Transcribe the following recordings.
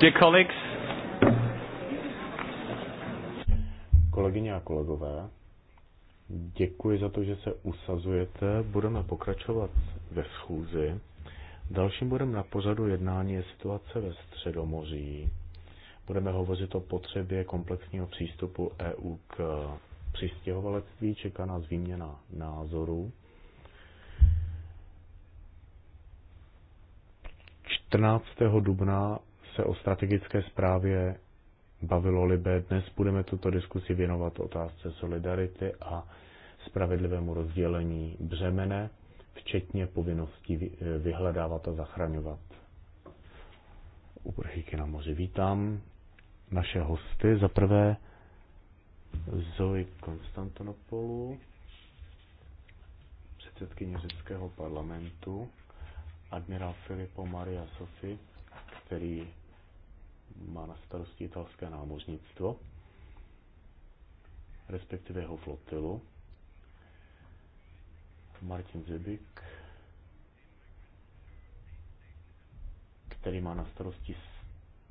Dear colleagues, Kolegyně a kolegové, děkuji za to, že se usazujete. Budeme pokračovat ve schůzi. Dalším bodem na pořadu jednání je situace ve Středomoří. Budeme hovořit o potřebě komplexního přístupu EU k přistěhovalectví. Čeká nás výměna názorů. 14. dubna se o strategické zprávě bavilo Libe. Dnes budeme tuto diskusi věnovat otázce solidarity a spravedlivému rozdělení břemene, včetně povinnosti eh, vyhledávat a zachraňovat. Uprchlíky na moři vítám. Naše hosty za prvé Zoe Konstantinopolu, předsedkyně řeckého parlamentu, admirál Filipo Maria Sofi, který má na starosti italské námořnictvo, respektive jeho flotilu. Martin Zibik, který má na starosti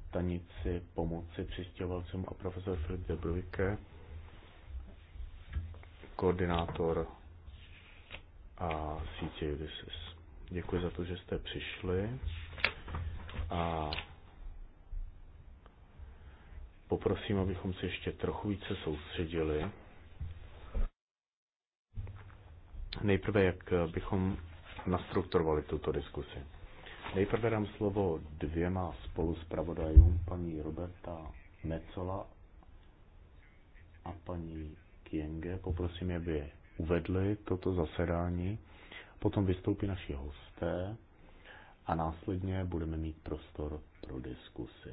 stanici pomoci přistěhovalcům a profesor Filip Debrujke, koordinátor a sítě Ulysses. Děkuji za to, že jste přišli a poprosím, abychom se ještě trochu více soustředili. Nejprve, jak bychom nastrukturovali tuto diskusi. Nejprve dám slovo dvěma pravodajům, paní Roberta Mecola a paní Kienge. Poprosím, aby je uvedli toto zasedání. Potom vystoupí naši hosté a následně budeme mít prostor pro diskusi.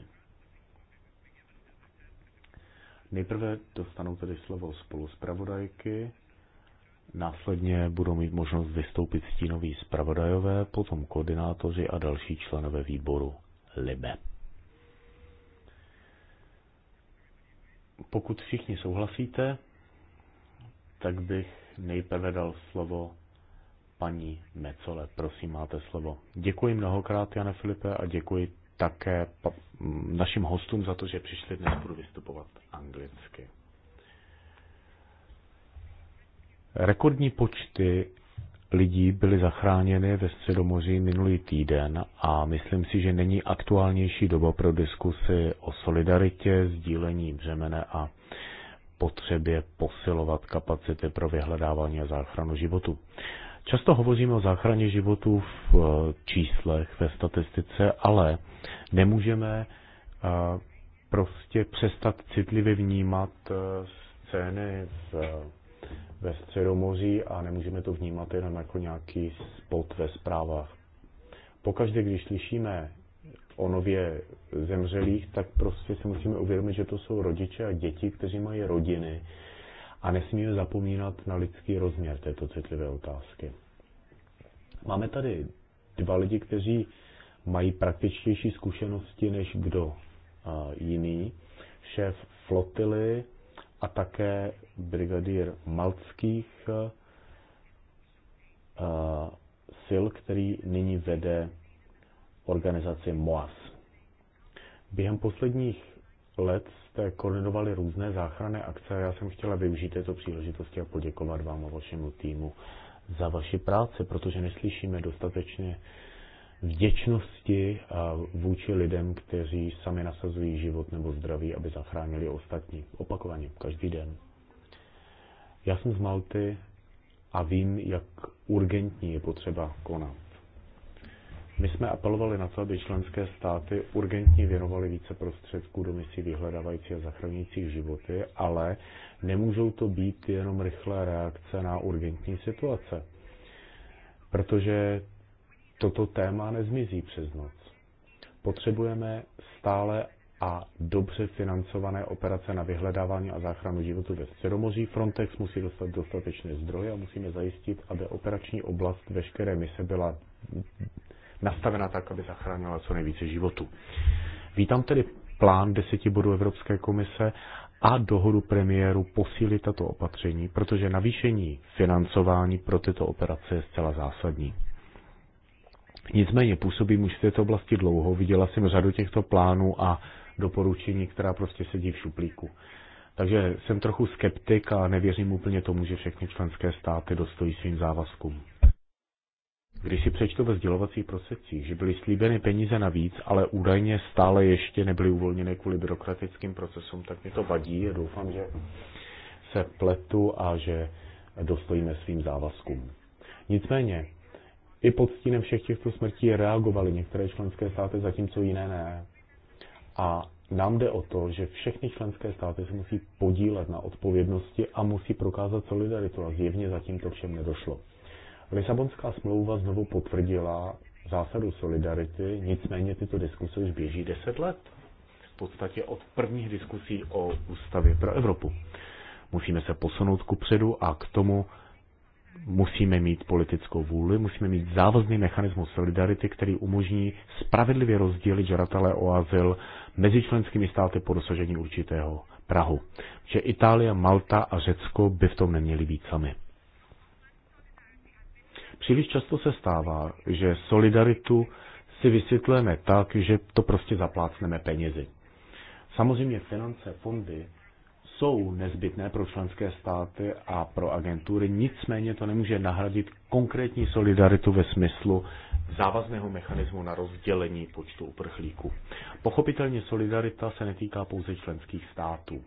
Nejprve dostanou tedy slovo spolu zpravodajky, následně budou mít možnost vystoupit stínoví zpravodajové, potom koordinátoři a další členové výboru LIBE. Pokud všichni souhlasíte, tak bych nejprve dal slovo paní Mecole. Prosím, máte slovo. Děkuji mnohokrát, Jane Filipe, a děkuji také našim hostům za to, že přišli dnes budu vystupovat anglicky. Rekordní počty lidí byly zachráněny ve Středomoří minulý týden a myslím si, že není aktuálnější doba pro diskusy o solidaritě, sdílení břemene a potřebě posilovat kapacity pro vyhledávání a záchranu životu. Často hovoříme o záchraně životů v eh, číslech, ve statistice, ale nemůžeme eh, prostě přestat citlivě vnímat eh, scény z ve Středomoří a nemůžeme to vnímat jenom jako nějaký spot ve zprávách. Pokaždé, když slyšíme o nově zemřelých, tak prostě si musíme uvědomit, že to jsou rodiče a děti, kteří mají rodiny, a nesmíme zapomínat na lidský rozměr této citlivé otázky. Máme tady dva lidi, kteří mají praktičtější zkušenosti než kdo uh, jiný. Šéf flotily a také brigadír malckých uh, sil, který nyní vede organizaci MOAS. Během posledních let jste koordinovali různé záchranné akce a já jsem chtěla využít této příležitosti a poděkovat vám a vašemu týmu za vaši práci, protože neslyšíme dostatečně vděčnosti a vůči lidem, kteří sami nasazují život nebo zdraví, aby zachránili ostatní. Opakovaně, každý den. Já jsem z Malty a vím, jak urgentní je potřeba konat. My jsme apelovali na to, aby členské státy urgentně věnovaly více prostředků do misí vyhledávající a zachraňujících životy, ale nemůžou to být jenom rychlé reakce na urgentní situace, protože toto téma nezmizí přes noc. Potřebujeme stále a dobře financované operace na vyhledávání a záchranu životu ve Středomoří. Frontex musí dostat dostatečné zdroje a musíme zajistit, aby operační oblast veškeré mise byla nastavena tak, aby zachránila co nejvíce životů. Vítám tedy plán deseti bodů Evropské komise a dohodu premiéru posílit tato opatření, protože navýšení financování pro tyto operace je zcela zásadní. Nicméně působím už v této oblasti dlouho, viděla jsem řadu těchto plánů a doporučení, která prostě sedí v šuplíku. Takže jsem trochu skeptik a nevěřím úplně tomu, že všechny členské státy dostojí svým závazkům. Když si přečtu ve sdělovacích prostředcích, že byly slíbeny peníze navíc, ale údajně stále ještě nebyly uvolněny kvůli byrokratickým procesům, tak mi to vadí a doufám, že se pletu a že dostojíme svým závazkům. Nicméně, i pod stínem všech těchto smrtí reagovaly některé členské státy, zatímco jiné ne. A nám jde o to, že všechny členské státy se musí podílet na odpovědnosti a musí prokázat solidaritu a zjevně zatím to všem nedošlo. Lisabonská smlouva znovu potvrdila zásadu solidarity, nicméně tyto diskuse už běží deset let, v podstatě od prvních diskusí o ústavě pro Evropu. Musíme se posunout ku předu a k tomu musíme mít politickou vůli, musíme mít závazný mechanismus solidarity, který umožní spravedlivě rozdělit žadatele o azyl mezi členskými státy po dosažení určitého Prahu. Že Itálie, Malta a Řecko by v tom neměly být sami. Příliš často se stává, že solidaritu si vysvětlujeme tak, že to prostě zaplácneme penězi. Samozřejmě finance, fondy jsou nezbytné pro členské státy a pro agentury, nicméně to nemůže nahradit konkrétní solidaritu ve smyslu závazného mechanismu na rozdělení počtu uprchlíků. Pochopitelně solidarita se netýká pouze členských států.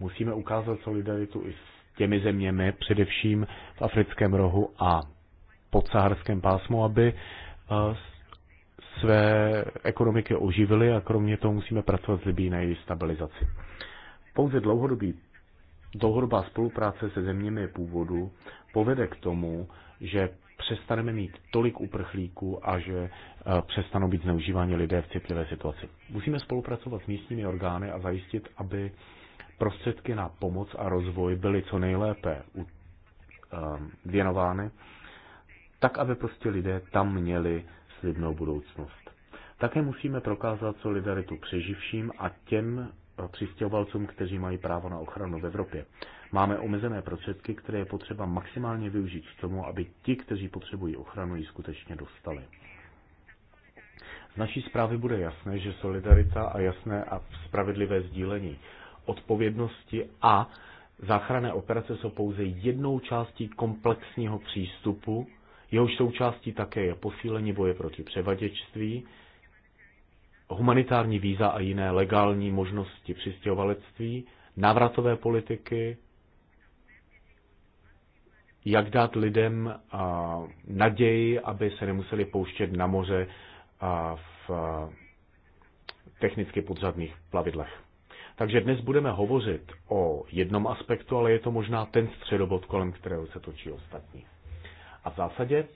Musíme ukázat solidaritu i s těmi zeměmi, především v africkém rohu a podsaharském pásmu, aby eh, své ekonomiky oživily a kromě toho musíme pracovat s Libí na její stabilizaci. Pouze dlouhodobý, dlouhodobá spolupráce se zeměmi původu povede k tomu, že přestaneme mít tolik uprchlíků a že eh, přestanou být zneužíváni lidé v citlivé situaci. Musíme spolupracovat s místními orgány a zajistit, aby prostředky na pomoc a rozvoj byly co nejlépe eh, věnovány tak aby prostě lidé tam měli slibnou budoucnost. Také musíme prokázat solidaritu přeživším a těm přistěhovalcům, kteří mají právo na ochranu v Evropě. Máme omezené prostředky, které je potřeba maximálně využít k tomu, aby ti, kteří potřebují ochranu, ji skutečně dostali. Z naší zprávy bude jasné, že solidarita a jasné a spravedlivé sdílení odpovědnosti a záchranné operace jsou pouze jednou částí komplexního přístupu Jehož součástí také je posílení boje proti převaděčství, humanitární víza a jiné legální možnosti přistěhovalectví, návratové politiky, jak dát lidem naději, aby se nemuseli pouštět na moře v technicky podřadných plavidlech. Takže dnes budeme hovořit o jednom aspektu, ale je to možná ten středobod, kolem kterého se točí ostatní. A v zásadě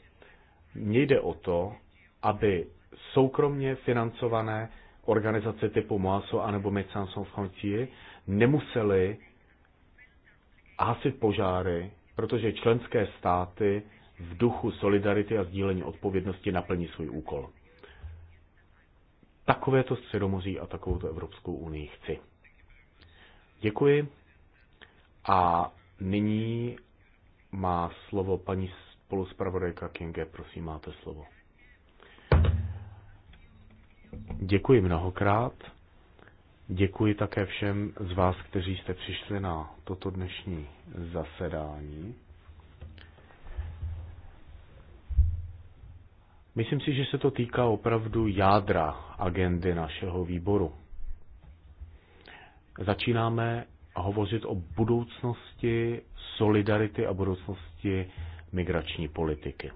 mně jde o to, aby soukromně financované organizace typu MOASO anebo Médecins Sans Frontières nemuseli hasit požáry, protože členské státy v duchu solidarity a sdílení odpovědnosti naplní svůj úkol. Takovéto středomoří a takovouto Evropskou unii chci. Děkuji. A nyní má slovo paní spoluspravodajka Kinge, prosím, máte slovo. Děkuji mnohokrát. Děkuji také všem z vás, kteří jste přišli na toto dnešní zasedání. Myslím si, že se to týká opravdu jádra agendy našeho výboru. Začínáme hovořit o budoucnosti solidarity a budoucnosti migrační politiky.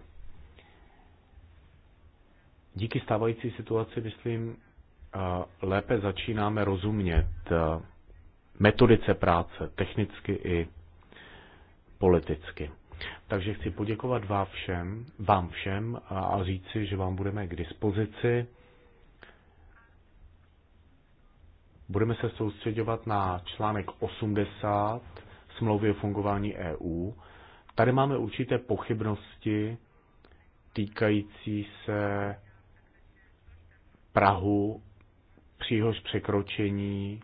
Díky stávající situaci, myslím, lépe začínáme rozumět metodice práce, technicky i politicky. Takže chci poděkovat vám všem, vám všem a říci, že vám budeme k dispozici. Budeme se soustředovat na článek 80 smlouvy o fungování EU Tady máme určité pochybnosti týkající se Prahu, jehož překročení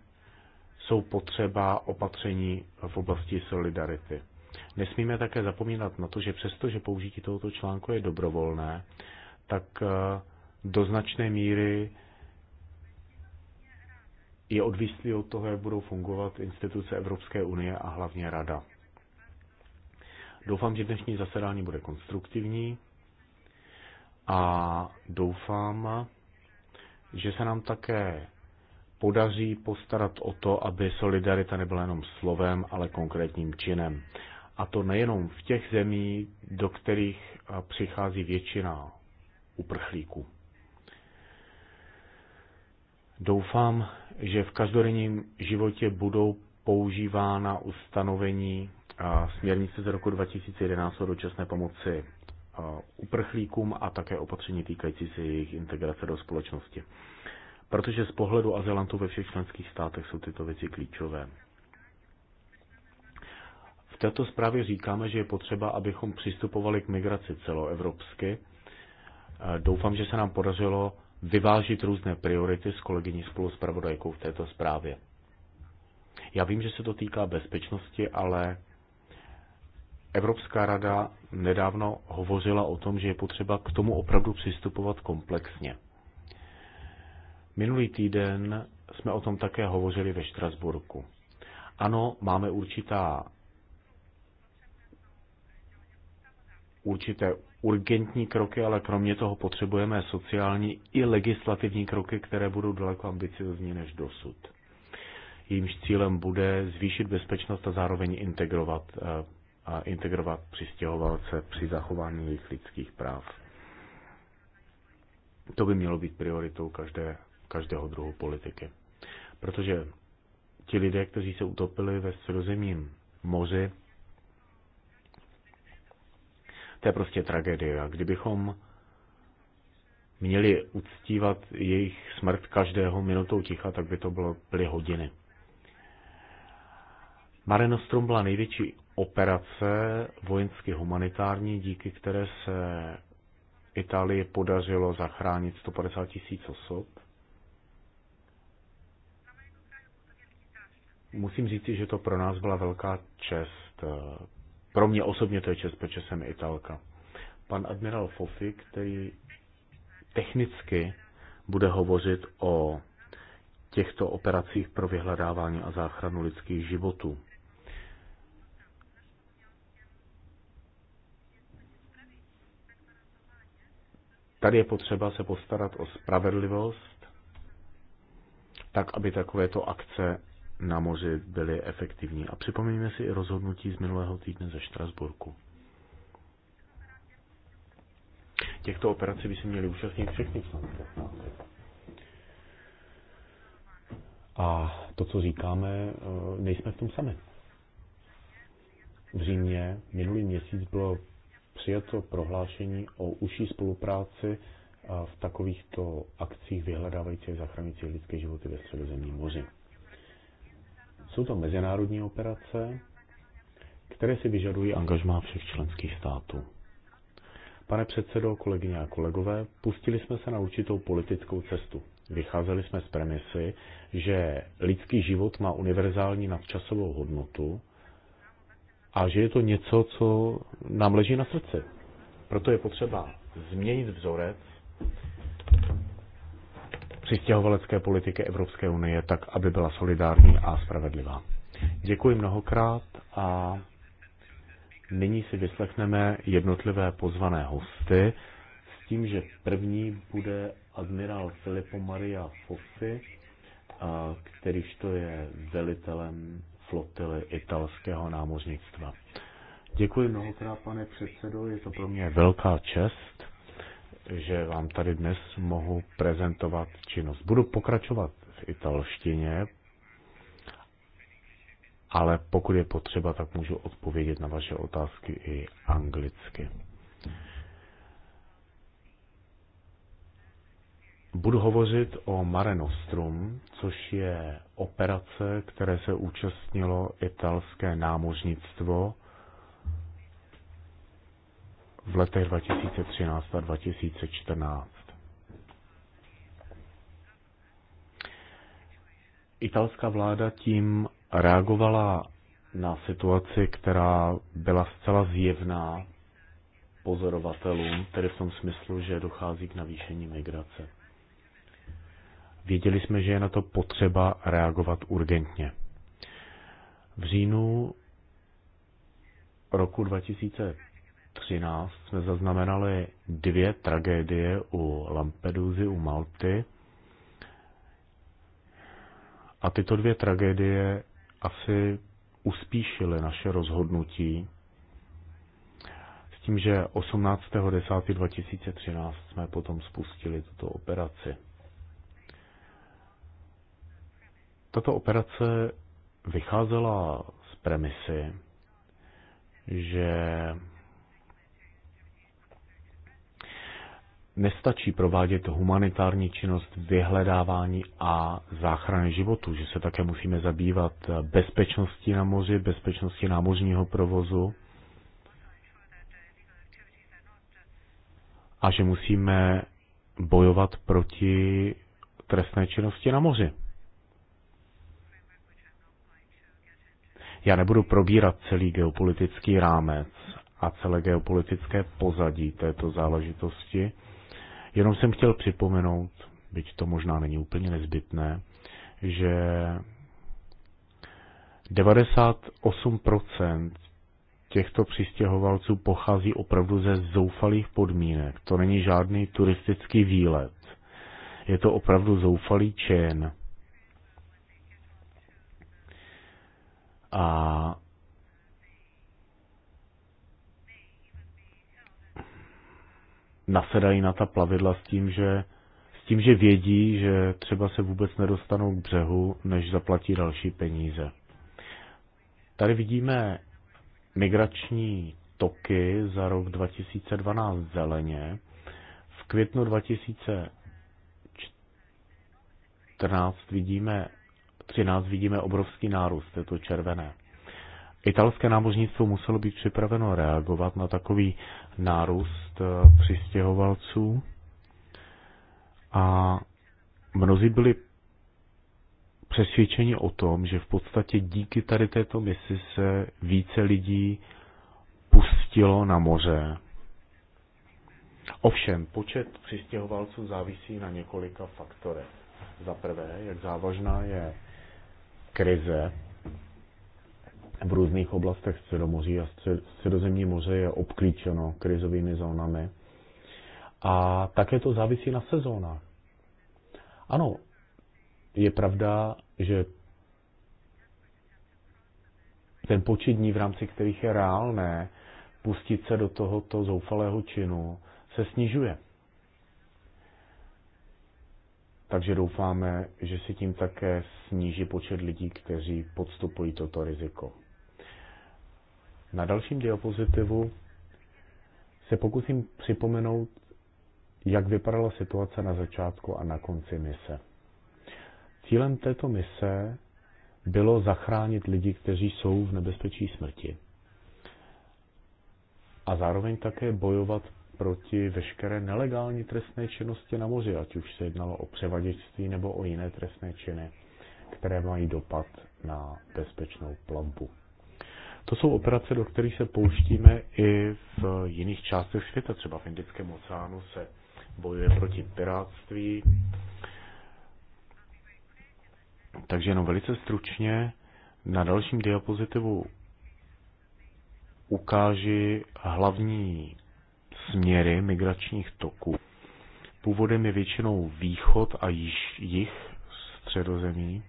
jsou potřeba opatření v oblasti solidarity. Nesmíme také zapomínat na to, že přesto, že použití tohoto článku je dobrovolné, tak eh, do značné míry je odvislý od toho, jak budou fungovat instituce Evropské unie a hlavně Rada. Doufám, že dnešní zasedání bude konstruktivní a doufám, že se nám také podaří postarat o to, aby solidarita nebyla jenom slovem, ale konkrétním činem. A to nejenom v těch zemí, do kterých přichází většina uprchlíků. Doufám, že v každodenním životě budou používána ustanovení směrnice z roku 2011 o dočasné pomoci uprchlíkům a také opatření týkající se jejich integrace do společnosti. Protože z pohledu azylantů ve všech členských státech jsou tyto věci klíčové. V této zprávě říkáme, že je potřeba, abychom přistupovali k migraci celoevropsky. Doufám, že se nám podařilo vyvážit různé priority s kolegyní spolu s pravodajkou v této zprávě. Já vím, že se to týká bezpečnosti, ale Evropská rada nedávno hovořila o tom, že je potřeba k tomu opravdu přistupovat komplexně. Minulý týden jsme o tom také hovořili ve Štrasburku. Ano, máme určitá určité urgentní kroky, ale kromě toho potřebujeme sociální i legislativní kroky, které budou daleko ambiciozní než dosud. Jímž cílem bude zvýšit bezpečnost a zároveň integrovat eh, a integrovat přistěhovalce při zachování jejich lidských práv. To by mělo být prioritou každé, každého druhu politiky. Protože ti lidé, kteří se utopili ve středozemním moři, to je prostě tragédie. A kdybychom měli uctívat jejich smrt každého minutou ticha, tak by to bylo, byly hodiny. Mare Nostrum byla největší operace vojensky humanitární, díky které se Itálii podařilo zachránit 150 tisíc osob. Musím říct, že to pro nás byla velká čest. Pro mě osobně to je čest, protože jsem Italka. Pan admirál Fofi, který technicky bude hovořit o těchto operacích pro vyhledávání a záchranu lidských životů. Tady je potřeba se postarat o spravedlivost, tak aby takovéto akce na moři byly efektivní. A připomeňme si i rozhodnutí z minulého týdne ze Štrasburku. Těchto operací by se měly účastnit všechny členské státy. A to, co říkáme, eh, nejsme v tom sami. V Římě minulý měsíc bylo přijato prohlášení o užší spolupráci v takovýchto akcích vyhledávajících a lidské životy ve středozemním moři. Jsou to mezinárodní operace, které si vyžadují angažmá všech členských států. Pane předsedo, kolegyně a kolegové, pustili jsme se na určitou politickou cestu. Vycházeli jsme z premisy, že lidský život má univerzální nadčasovou hodnotu a že je to něco, co nám leží na srdci. Proto je potřeba změnit vzorec přistěhovalecké politiky Evropské unie tak, aby byla solidární a spravedlivá. Děkuji mnohokrát a nyní si vyslechneme jednotlivé pozvané hosty s tím, že první bude admirál Filippo Maria Fossi, kterýž to je velitelem flotily italského námořnictva. Děkuji mnohokrát, pane předsedo, je to pro mě velká čest, že vám tady dnes mohu prezentovat činnost. Budu pokračovat v italštině, ale pokud je potřeba, tak můžu odpovědět na vaše otázky i anglicky. Budu hovořit o Mare Nostrum, což je operace, které se účastnilo italské námořnictvo v letech 2013 a 2014. Italská vláda tím reagovala na situaci, která byla zcela zjevná pozorovatelům, tedy v tom smyslu, že dochází k navýšení migrace. Věděli jsme, že je na to potřeba reagovat urgentně. V říjnu roku 2013 jsme zaznamenali dvě tragédie u Lampedusy, u Malty. A tyto dvě tragédie asi uspíšily naše rozhodnutí s tím, že 18.10.2013 jsme potom spustili tuto operaci. Tato operace vycházela z premisy, že nestačí provádět humanitární činnost vyhledávání a záchrany životu, že se také musíme zabývat bezpečností na moři, bezpečností námořního provozu a že musíme bojovat proti trestné činnosti na moři. Já nebudu probírat celý geopolitický rámec a celé geopolitické pozadí této záležitosti, jenom jsem chtěl připomenout, byť to možná není úplně nezbytné, že 98% těchto přistěhovalců pochází opravdu ze zoufalých podmínek. To není žádný turistický výlet. Je to opravdu zoufalý čin. A nasedají na ta plavidla s tím, že s tím, že vědí, že třeba se vůbec nedostanou k břehu, než zaplatí další peníze. Tady vidíme migrační toky za rok 2012 zeleně. V květnu 2014 vidíme 2013 vidíme obrovský nárůst této červené. Italské námořnictvo muselo být připraveno reagovat na takový nárůst eh, přistěhovalců a mnozí byli přesvědčeni o tom, že v podstatě díky tady této misi se více lidí pustilo na moře. Ovšem, počet přistěhovalců závisí na několika faktorech. Za prvé, jak závažná je krize v různých oblastech Středomoří a Středozemní moře je obklíčeno krizovými zónami. A také to závisí na sezónách. Ano, je pravda, že ten počet dní, v rámci kterých je reálné pustit se do tohoto zoufalého činu, se snižuje. Takže doufáme, že se tím také sníží počet lidí, kteří podstupují toto riziko. Na dalším diapozitivu se pokusím připomenout, jak vypadala situace na začátku a na konci mise. Cílem této mise bylo zachránit lidi, kteří jsou v nebezpečí smrti. A zároveň také bojovat proti veškeré nelegální trestné činnosti na moři, ať už se jednalo o převaděčství nebo o jiné trestné činy, které mají dopad na bezpečnou plavbu. To jsou operace, do kterých se pouštíme i v jiných částech světa, třeba v Indickém oceánu se bojuje proti piráctví. Takže jenom velice stručně na dalším diapozitivu ukáži hlavní směry migračních toků. Původem je většinou východ a již, jich středozemí.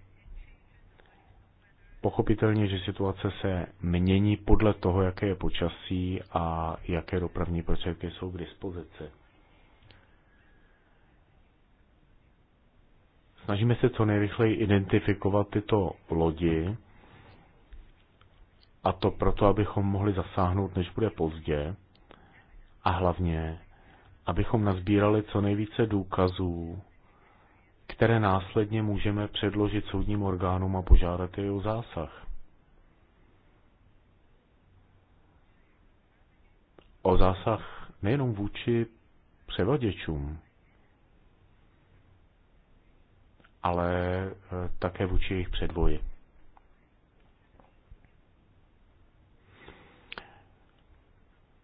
Pochopitelně, že situace se mění podle toho, jaké je počasí a jaké dopravní prostředky jsou k dispozici. Snažíme se co nejrychleji identifikovat tyto lodi, a to proto, abychom mohli zasáhnout, než bude pozdě a hlavně, abychom nazbírali co nejvíce důkazů, které následně můžeme předložit soudním orgánům a požádat je o zásah. O zásah nejenom vůči převaděčům, ale eh, také vůči jejich předvoji.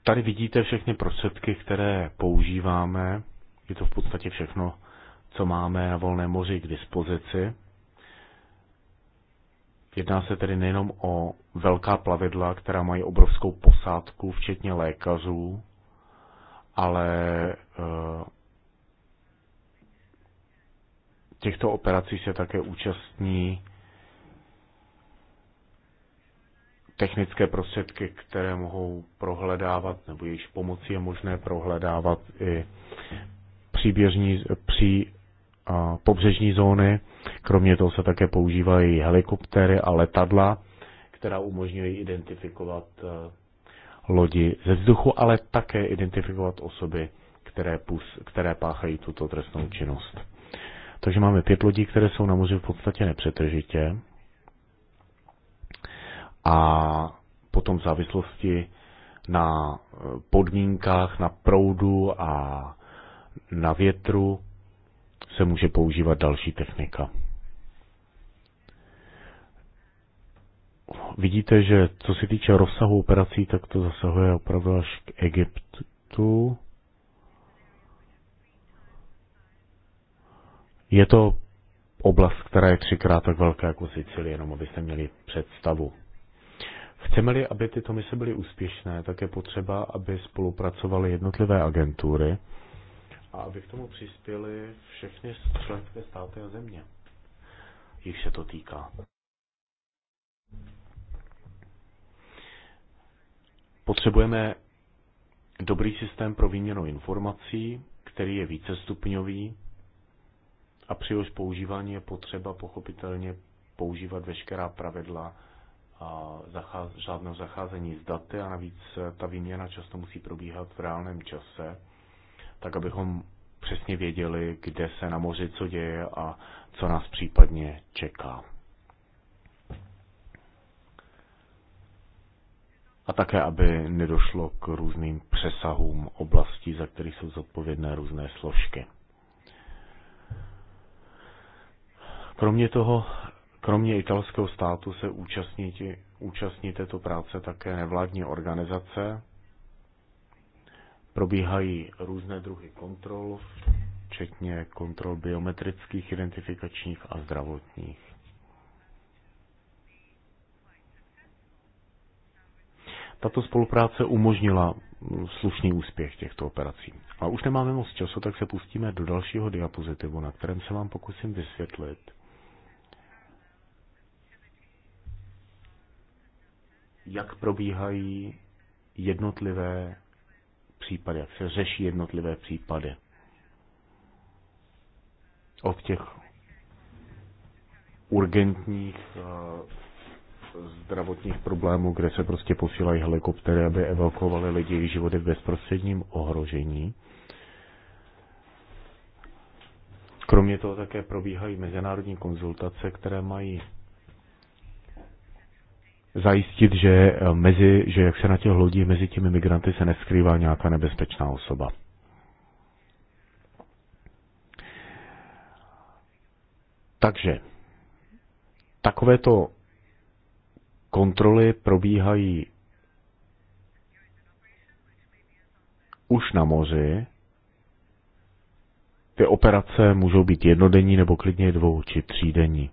Tady vidíte všechny prostředky, které používáme. Je to v podstatě všechno, co máme na volné moři k dispozici. Jedná se tedy nejenom o velká plavidla, která mají obrovskou posádku, včetně lékařů, ale eh, těchto operací se také účastní technické prostředky, které mohou prohledávat, nebo jejichž pomocí je možné prohledávat i příběžní, při a, pobřežní zóny. Kromě toho se také používají helikoptéry a letadla, která umožňují identifikovat a, e, lodi ze vzduchu, ale také identifikovat osoby, které, pus, které páchají tuto trestnou činnost. Takže máme pět lodí, které jsou na moři v podstatě nepřetržitě, a potom v závislosti na eh, podmínkách, na proudu a na větru se může používat další technika. Vidíte, že co se týče rozsahu operací, tak to zasahuje opravdu až k Egyptu. Je to oblast, která je třikrát tak velká jako Sicílie, jenom abyste měli představu. Chceme-li, aby tyto mise byly úspěšné, tak je potřeba, aby spolupracovaly jednotlivé agentury a aby k tomu přispěly všechny členské státy a země. Jich se to týká. Potřebujeme dobrý systém pro výměnu informací, který je vícestupňový a při jehož používání je potřeba pochopitelně používat veškerá pravidla žádného zacházení s daty a navíc ta výměna často musí probíhat v reálném čase, tak abychom přesně věděli, kde se na moři co děje a co nás případně čeká. A také, aby nedošlo k různým přesahům oblastí, za které jsou zodpovědné různé složky. Kromě toho Kromě italského státu se účastní, ti, účastní této práce také nevládní organizace. Probíhají různé druhy kontrol, včetně kontrol biometrických, identifikačních a zdravotních. Tato spolupráce umožnila slušný úspěch těchto operací. A už nemáme moc času, tak se pustíme do dalšího diapozitivu, na kterém se vám pokusím vysvětlit, jak probíhají jednotlivé případy, jak se řeší jednotlivé případy. Od těch urgentních eh, zdravotních problémů, kde se prostě posílají helikoptery, aby evakuovali lidi, jejich životy v bezprostředním ohrožení. Kromě toho také probíhají mezinárodní konzultace, které mají zajistit, že, eh, mezi, že jak se na těch lodí mezi těmi migranty se neskrývá nějaká nebezpečná osoba. Takže takovéto kontroly probíhají už na moři. Ty operace můžou být jednodenní nebo klidně dvou či třídenní.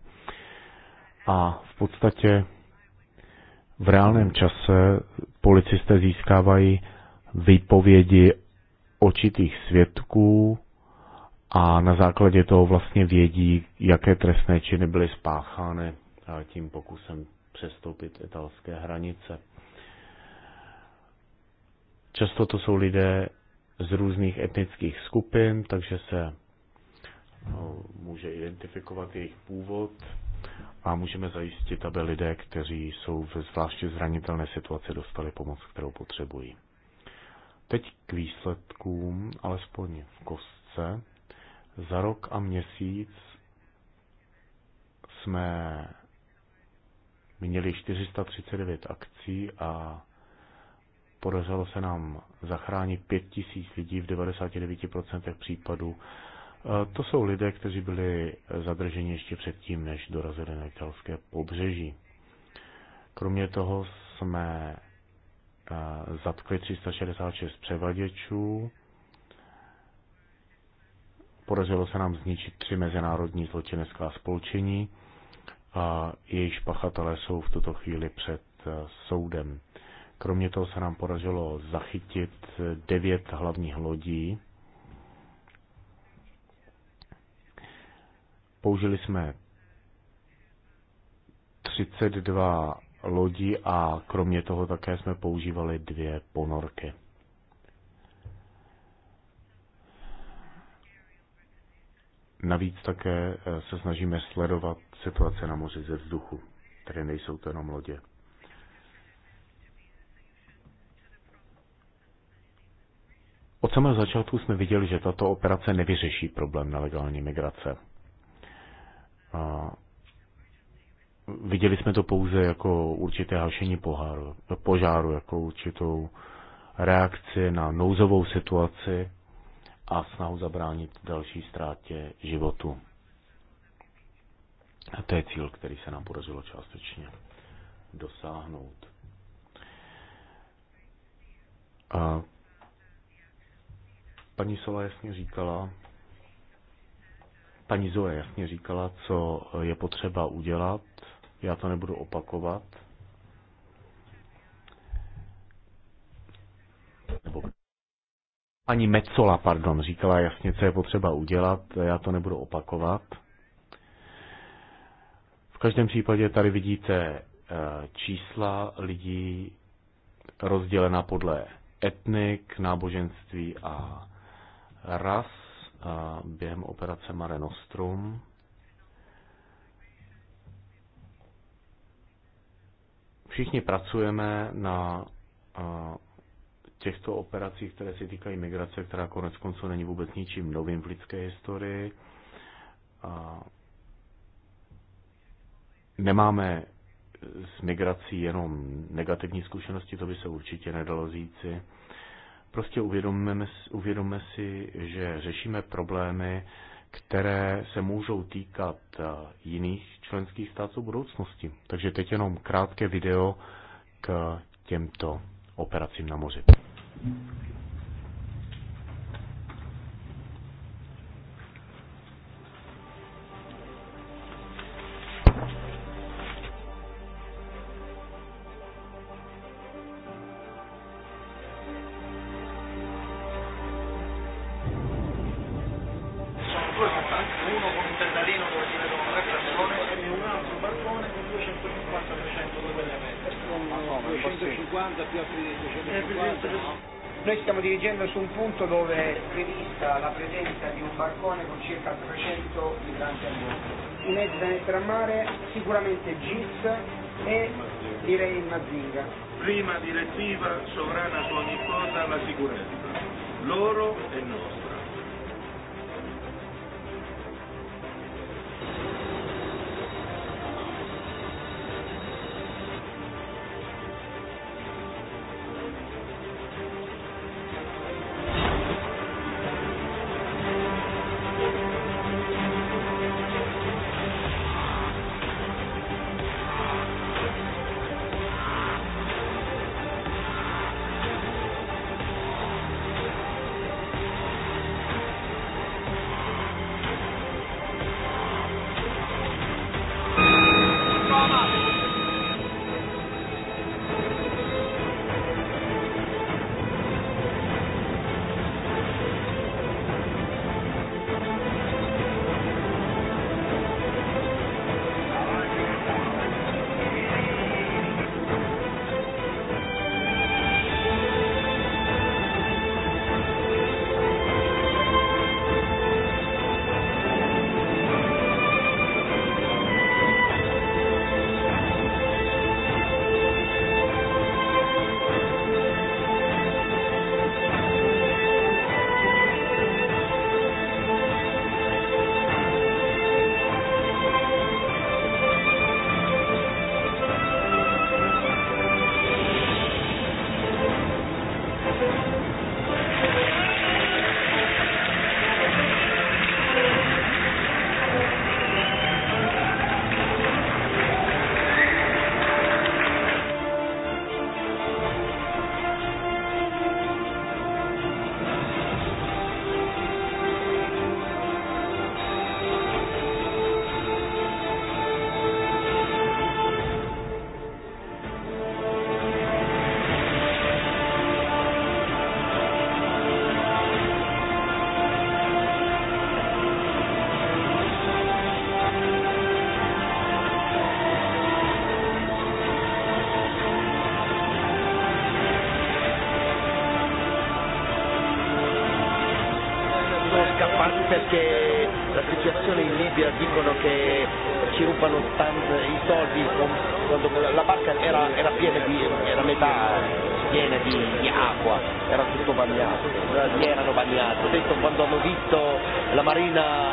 A v podstatě v reálném čase policisté získávají výpovědi očitých svědků a na základě toho vlastně vědí, jaké trestné činy byly spáchány tím pokusem přestoupit italské hranice. Často to jsou lidé z různých etnických skupin, takže se no, může identifikovat jejich původ a můžeme zajistit, aby lidé, kteří jsou ve zvláště zranitelné situaci, dostali pomoc, kterou potřebují. Teď k výsledkům, alespoň v kostce. Za rok a měsíc jsme měli 439 akcí a podařilo se nám zachránit 5000 lidí v 99% případů to jsou lidé, kteří byli zadrženi ještě předtím, než dorazili na italské pobřeží. Kromě toho jsme zatkli 366 převaděčů, podařilo se nám zničit tři mezinárodní zločinecká spolčení, a jejich pachatelé jsou v tuto chvíli před soudem. Kromě toho se nám podařilo zachytit devět hlavních lodí, Použili jsme 32 lodí a kromě toho také jsme používali dvě ponorky. Navíc také eh, se snažíme sledovat situace na moři ze vzduchu, které nejsou to jenom lodě. Od samého začátku jsme viděli, že tato operace nevyřeší problém nelegální migrace. viděli jsme to pouze jako určité hašení poháru, požáru, jako určitou reakci na nouzovou situaci a snahu zabránit další ztrátě životu. A to je cíl, který se nám podařilo částečně dosáhnout. A paní Sola jasně říkala, paní Zoe jasně říkala, co je potřeba udělat já to nebudu opakovat. Nebo ani Mecola, pardon, říkala jasně, co je potřeba udělat. Já to nebudu opakovat. V každém případě tady vidíte eh, čísla lidí rozdělena podle etnik, náboženství a ras během operace Mare Nostrum. Všichni pracujeme na těchto operacích, které se týkají migrace, která konec konců není vůbec ničím novým v lidské historii. Nemáme s migrací jenom negativní zkušenosti, to by se určitě nedalo říci. Prostě uvědomme, uvědomme si, že řešíme problémy, které se můžou týkat eh, jiných členských států budoucnosti. Takže teď jenom krátké video k těmto operacím na moři. Mazinga, prima direttiva sovrana su ogni cosa la sicurezza.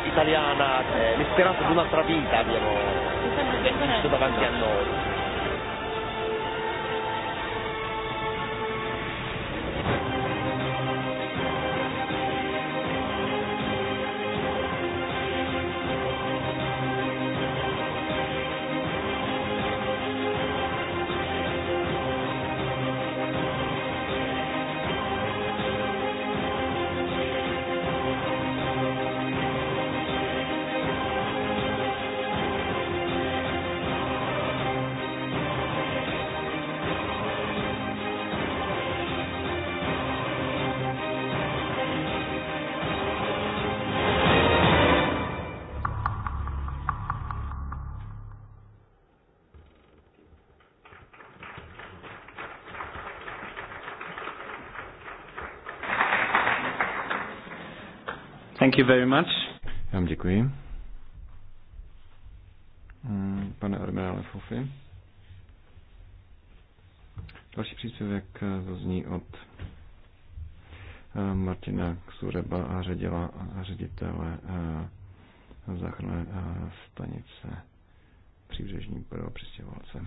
italiana, eh, l'esperanza di un'altra vita abbiamo visto davanti a noi. Thank you very much. Já vám děkuji. Mm, pane admirále Fofy. Další příspěvek eh, zazní od eh, Martina Ksureba a ředila a ředitele eh, záchranné stanice příbřežní pro přistěhovalce.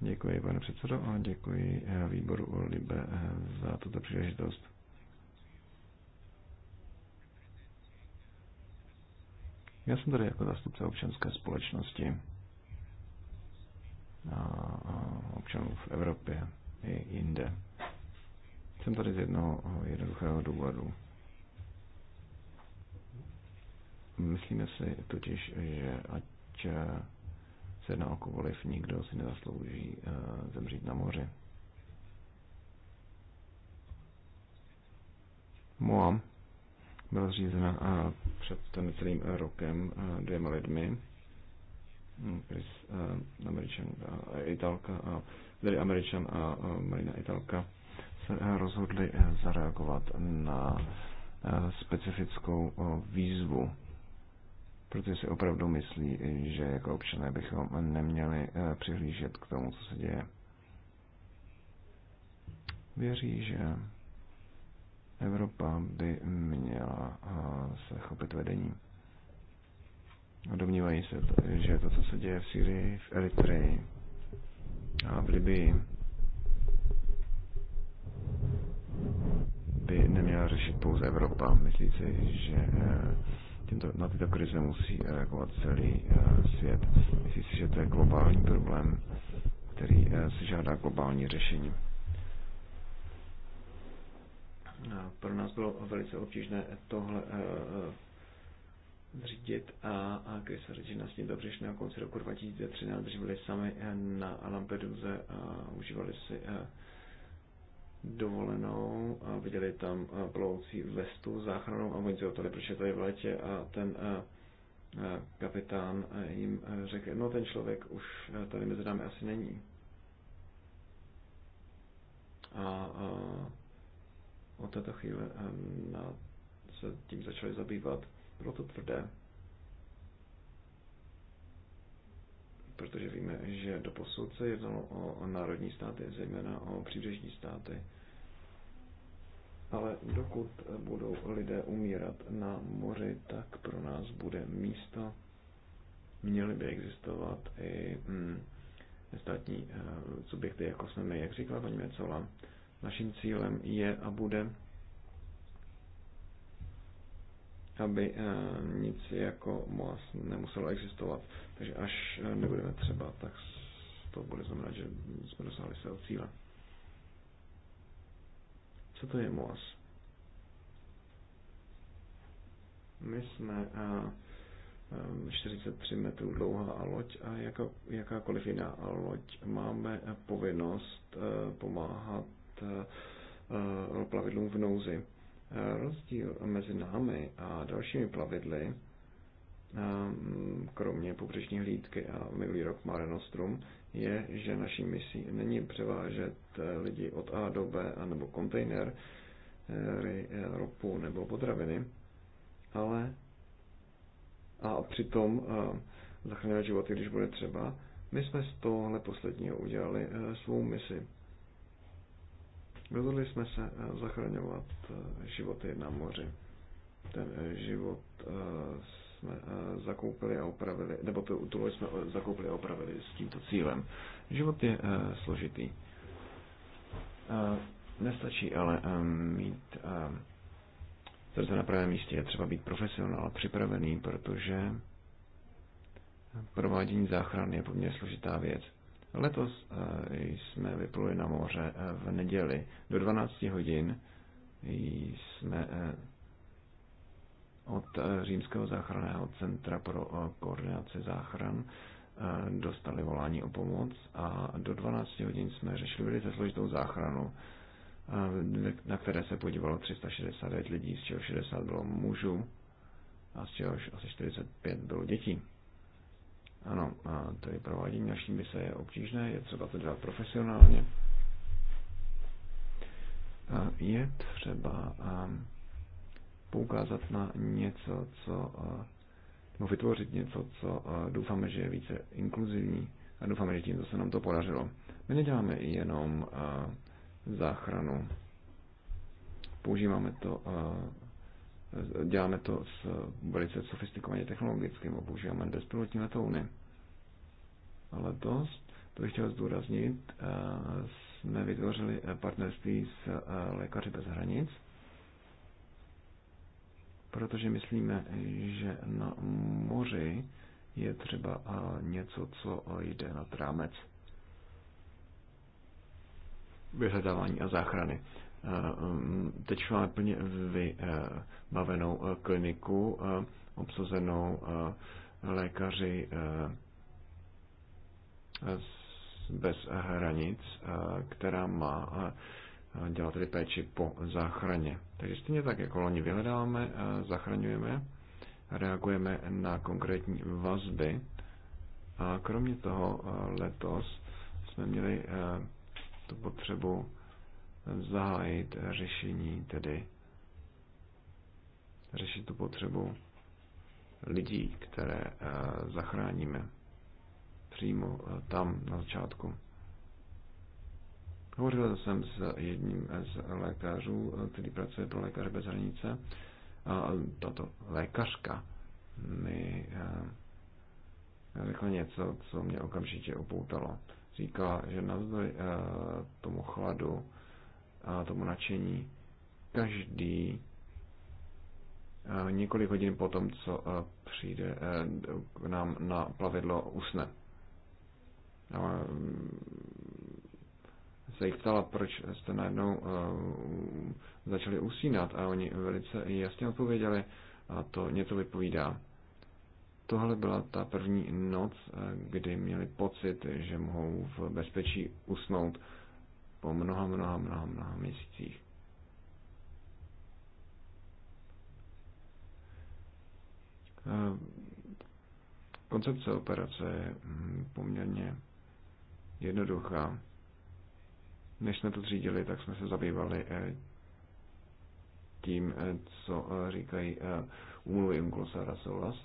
Děkuji, pane předsedo, a děkuji výboru Libe za tuto příležitost. Já jsem tady jako zastupce občanské společnosti a občanů v Evropě i jinde. Jsem tady z jednoho jednoduchého důvodu. Myslíme si totiž, že ať se na okoliv nikdo si nezaslouží eh, zemřít na moři. Moam byla zřízena před celým eh, rokem eh, dvěma lidmi, hm, Chris, eh, Američan, Italka, a, tedy Američan a Marina Italka, se rozhodli zareagovat na specifickou výzvu, protože si opravdu myslí, že jako občané bychom neměli přihlížet k tomu, co se děje. Věří, že Evropa by měla eh, se chopit vedení. A domnívají se, že to, co se děje v Syrii, v Eritreji a v Libii, by neměla řešit pouze Evropa. Myslí si, že eh, tímto, na tyto krize musí reagovat celý eh, svět. Myslí si, že to je globální problém, který si žádá globální řešení. Pro nás bylo velice obtížné tohle eh, eh, zřídit a, a se řídí s tím dobře šli na konci roku 2013, drželi byli sami eh, na Lampeduze a užívali si dovolenou a viděli tam ploucí vestu záchranou a oni se protože to je v letě a ten kapitán jim řekl, no ten člověk už tady mezi námi asi není. A, a od této chvíle ehm, na, se tím začali zabývat. Bylo to tvrdé, protože víme, že do posud se jednalo o, o národní státy, zejména o příbřežní státy. Ale dokud budou lidé umírat na moři, tak pro nás bude místo. Měly by existovat i mm, státní ehm, subjekty, jako jsme my, jak říkala paní Mecola, Naším cílem je a bude, aby eh, nic jako MOAS nemuselo existovat. Takže až eh, nebudeme třeba, tak to bude znamenat, že jsme dosáhli svého cíle. Co to je MOAS? My jsme 43 eh, metrů dlouhá loď a jaká, jakákoliv jiná loď máme povinnost pomáhat Eh, eh, plavidlům v nouzi. Eh, rozdíl mezi námi a dalšími plavidly, kromě pobřežní hlídky a minulý rok Mare Nostrum, je, že naší misí není převážet lidi od A do B, nebo kontejner, ropu nebo potraviny, ale a přitom zachránit životy, když bude třeba. My jsme z tohle posledního udělali svou misi. Rozhodli jsme se eh, zachraňovat eh, životy na moři. Ten eh, život jsme zakoupili a opravili, nebo tu, tu jsme zakoupili a opravili s tímto cílem. Život je složitý. Nestačí ale mít srdce na pravém místě. Je třeba být profesionál připravený, protože provádění záchrany je poměrně složitá věc. Letos eh, jsme vypluli na moře eh, v neděli. Do 12 hodin jsme eh, od Římského záchranného centra pro koordinaci záchran dostali volání o pomoc a do 12 hodin jsme řešili velice složitou záchranu, na které se podívalo 369 lidí, z čeho 60 bylo mužů a z čehož asi 45 bylo dětí. Ano, a tedy provádění naší mise je obtížné, je třeba to dělat profesionálně. A je třeba poukázat na něco, co, nebo vytvořit něco, co doufáme, že je více inkluzivní a doufáme, že tímto se nám to podařilo. My neděláme jenom záchranu, používáme to Děláme to s velice sofistikovaně technologickým, používáme bezpilotní letouny. Ale dost, to bych chtěl zdůraznit, eh, jsme vytvořili eh, partnerství s eh, Lékaři bez hranic, protože myslíme, že na moři je třeba něco, co jde na rámec vyhledávání a záchrany. Teď máme plně vybavenou eh, kliniku, eh, obsazenou eh, lékaři bez hranic, která má dělat tedy péči po záchraně. Takže stejně tak, jako loni vyhledáváme, zachraňujeme, reagujeme na konkrétní vazby a kromě toho letos jsme měli tu potřebu zahájit řešení, tedy řešit tu potřebu lidí, které eh, zachráníme přímo eh, tam na začátku. Hovořil jsem s jedním z lékařů, eh, který pracuje pro lékaře bez hranice. A tato lékařka mi řekla něco, co mě okamžitě upoutalo. Říkala, že navzdory tomu chladu a tomu nadšení každý eh, několik hodin po tom, co eh, přijde k eh, nám na plavidlo, usne. A mm, se jich ptala, proč jste najednou začali usínat a oni velice jasně odpověděli a to něco vypovídá. Tohle byla ta první noc, kdy měli pocit, že mohou v bezpečí usnout po mnoha, mnoha, mnoha, mnoha měsících. Eh, koncepce operace je hm, poměrně jednoduchá. Než jsme to třídili, tak jsme se zabývali eh, tím, eh, co říkají úmluvy Unclosa a Solas.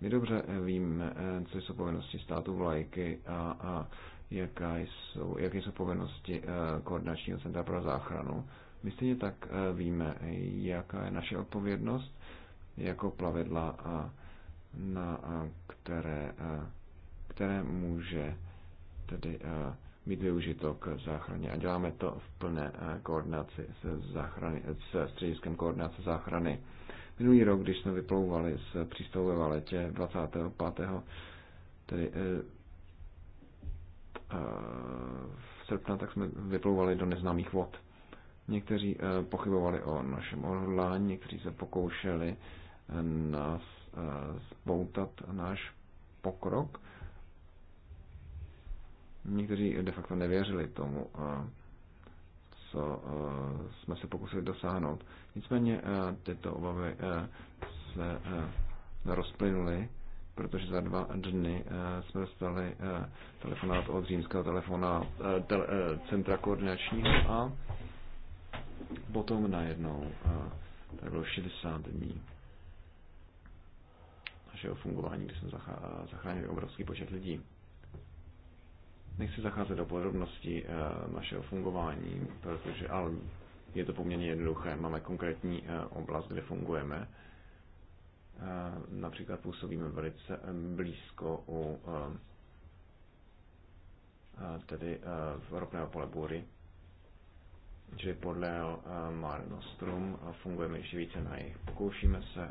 My dobře víme, co jsou povinnosti státu vlajky a, a jaká jsou, jaké jsou povinnosti eh, koordinačního centra pro záchranu. My stejně tak eh, víme, jaká je naše odpovědnost jako plavidla, a na které, eh, které může tedy být využito k záchraně. A děláme to v plné koordinaci se, záchrany, se střediskem koordinace záchrany. Minulý rok, když jsme vyplouvali z přístavu ve Valetě 25. tedy Eh, v srpna, tak jsme vyplouvali do neznámých vod. Někteří eh, pochybovali o našem odhodlání, někteří se pokoušeli eh, nás spoutat náš pokrok. Někteří de facto nevěřili tomu, co jsme se pokusili dosáhnout. Nicméně tyto obavy se rozplynuly protože za dva dny eh, jsme dostali eh, telefonát od římského telefona, uh, centra koordinačního a potom najednou tak bylo 60 dní našeho fungování, kdy jsme zachránili obrovský počet lidí. Nechci zacházet do podrobností našeho fungování, protože ale je to poměrně jednoduché. Máme konkrétní oblast, kde fungujeme Eh, například působíme velice eh, blízko u eh, tedy v ropného pole Bury, že podle Mare Nostrum fungujeme ještě více na jejich Pokoušíme se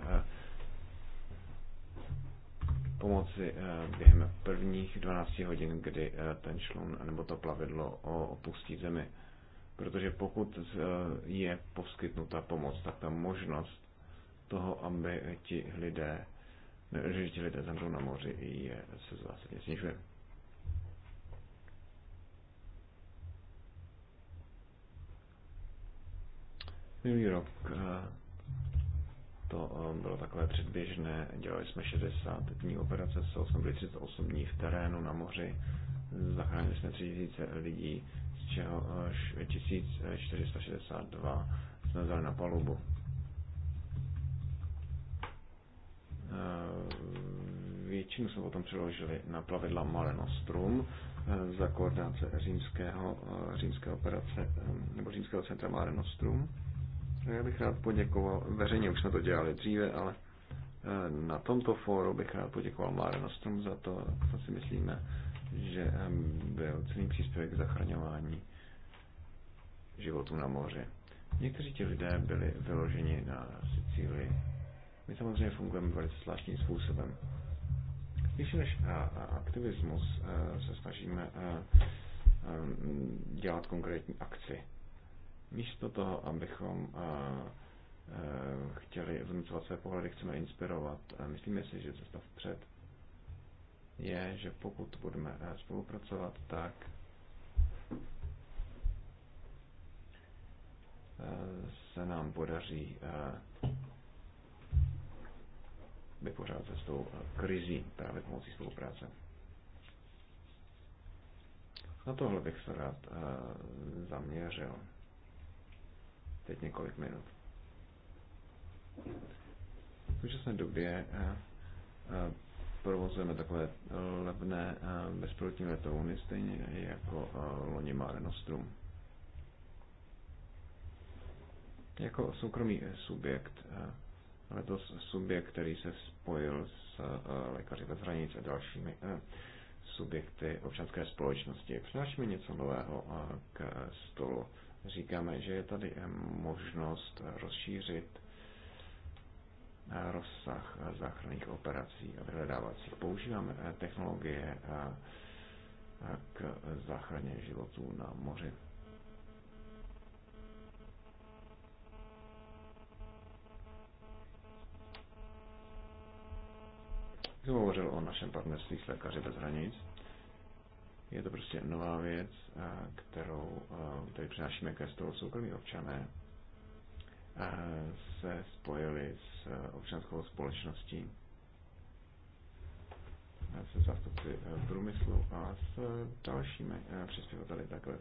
pomoci během prvních 12 hodin, kdy ten člun nebo to plavidlo opustí zemi. Protože pokud je poskytnuta pomoc, tak ta možnost toho, aby ti lidé, že ti lidé zemřou na moři, je, se zásadně snižuje. Minulý rok eh, to eh, bylo takové předběžné, dělali jsme 60 dní operace, jsou jsme byli 38 dní v terénu na moři, zachránili jsme 3000 lidí, z čeho 1462 jsme vzali na palubu. Eh, většinu jsme potom přeložili na plavidla Mare Nostrum eh, za koordinace římského, eh, římské operace, nebo římského centra Mare Nostrum. Já bych rád poděkoval, veřejně už jsme to dělali dříve, ale na tomto fóru bych rád poděkoval Mare Nostrum za to, co si myslíme, že byl cený příspěvek k zachraňování životu na moři. Někteří ti lidé byli vyloženi na Sicílii my samozřejmě fungujeme velice zvláštním způsobem. Spíše než aktivismus e, se snažíme e, e, dělat konkrétní akci. Místo toho, abychom chtěli vnucovat své pohledy, chceme inspirovat. Myslíme si, že cesta vpřed je, že pokud budeme spolupracovat, tak se nám podaří vypořádat se s tou eh, krizí právě pomocí spolupráce. Na tohle bych se rád eh, zaměřil. Teď několik minut. V současné době eh, provozujeme takové levné bezpilotní letouny, stejně jako loni Mare Nostrum. Jako soukromý subjekt ale to subjekt, který se spojil s eh, lékaři bez hranic a dalšími eh, subjekty občanské společnosti. Přinášíme něco nového eh, k stolu. Říkáme, že je tady možnost rozšířit rozsah záchranných operací a vyhledávacích. Používáme technologie k záchraně životů na moři. jsem hovořil o našem partnerství s Lékaři bez hranic. Je to prostě nová věc, eh, kterou eh, tady přinášíme ke stolu soukromí občané eh, se spojili s občanskou společností, se zástupci průmyslu a s dalšími přispěvateli takhle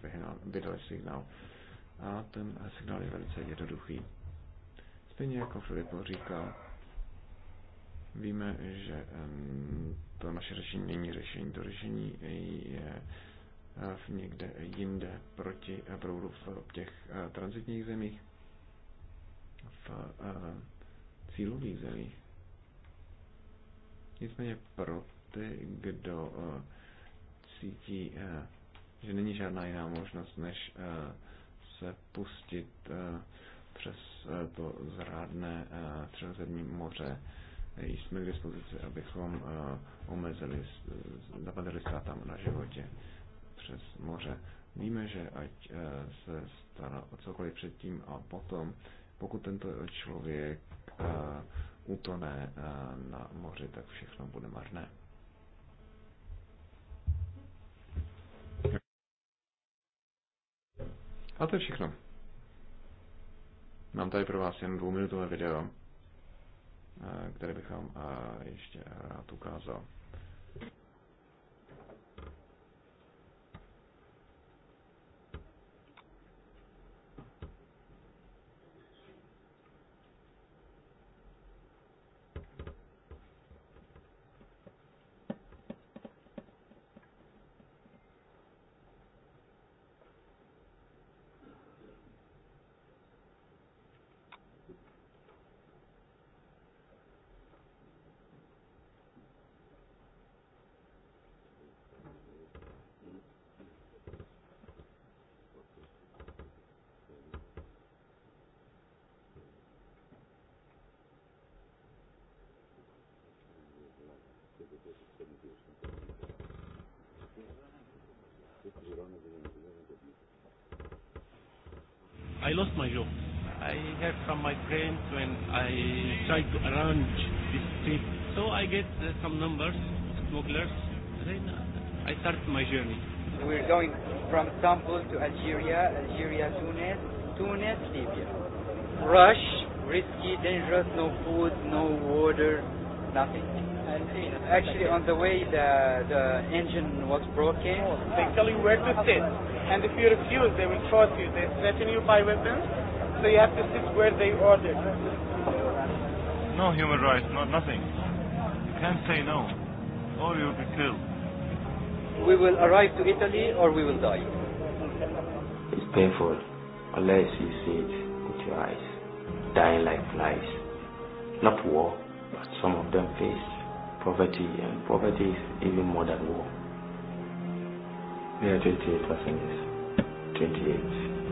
vydali signál. A ten signál je velice jednoduchý. Stejně jako Filipo říkal, Víme, že to naše řešení není řešení, to řešení je eh, v někde jinde proti eh, proudu v těch eh, transitních zemích, v cílových zemích. Nicméně pro ty, kdo cítí, že není žádná jiná možnost, než se pustit přes to zrádné středozemní moře, jsme k dispozici, abychom eh, omezili, zapadali ztrátám na životě přes moře. Víme, že ať eh, se stará o cokoliv předtím a potom, pokud tento člověk eh, utone na moři, tak všechno bude marné. A to je všechno. Mám tady pro vás jen dvouminutové video. Eh, které bych vám eh, ještě rád ukázal. I lost my job. I heard from my friends when I tried to arrange this trip. So I get uh, some numbers, smugglers. Then uh, I start my journey. We're going from Istanbul to Algeria, Algeria, Tunis, Tunis, Libya. Rush, risky, dangerous, no food, no water, nothing. Actually, on the way, the, the engine was broken. Oh, they tell you where to sit. And if you refuse, they will force you. They threaten you by weapons, so you have to sit where they ordered. No human rights, not nothing. You can't say no, or you'll be killed. We will arrive to Italy, or we will die. It's painful, unless you see it with your eyes. Dying like flies. Not war, but some of them face poverty, and poverty is even more than war. We are 28 passengers. 28.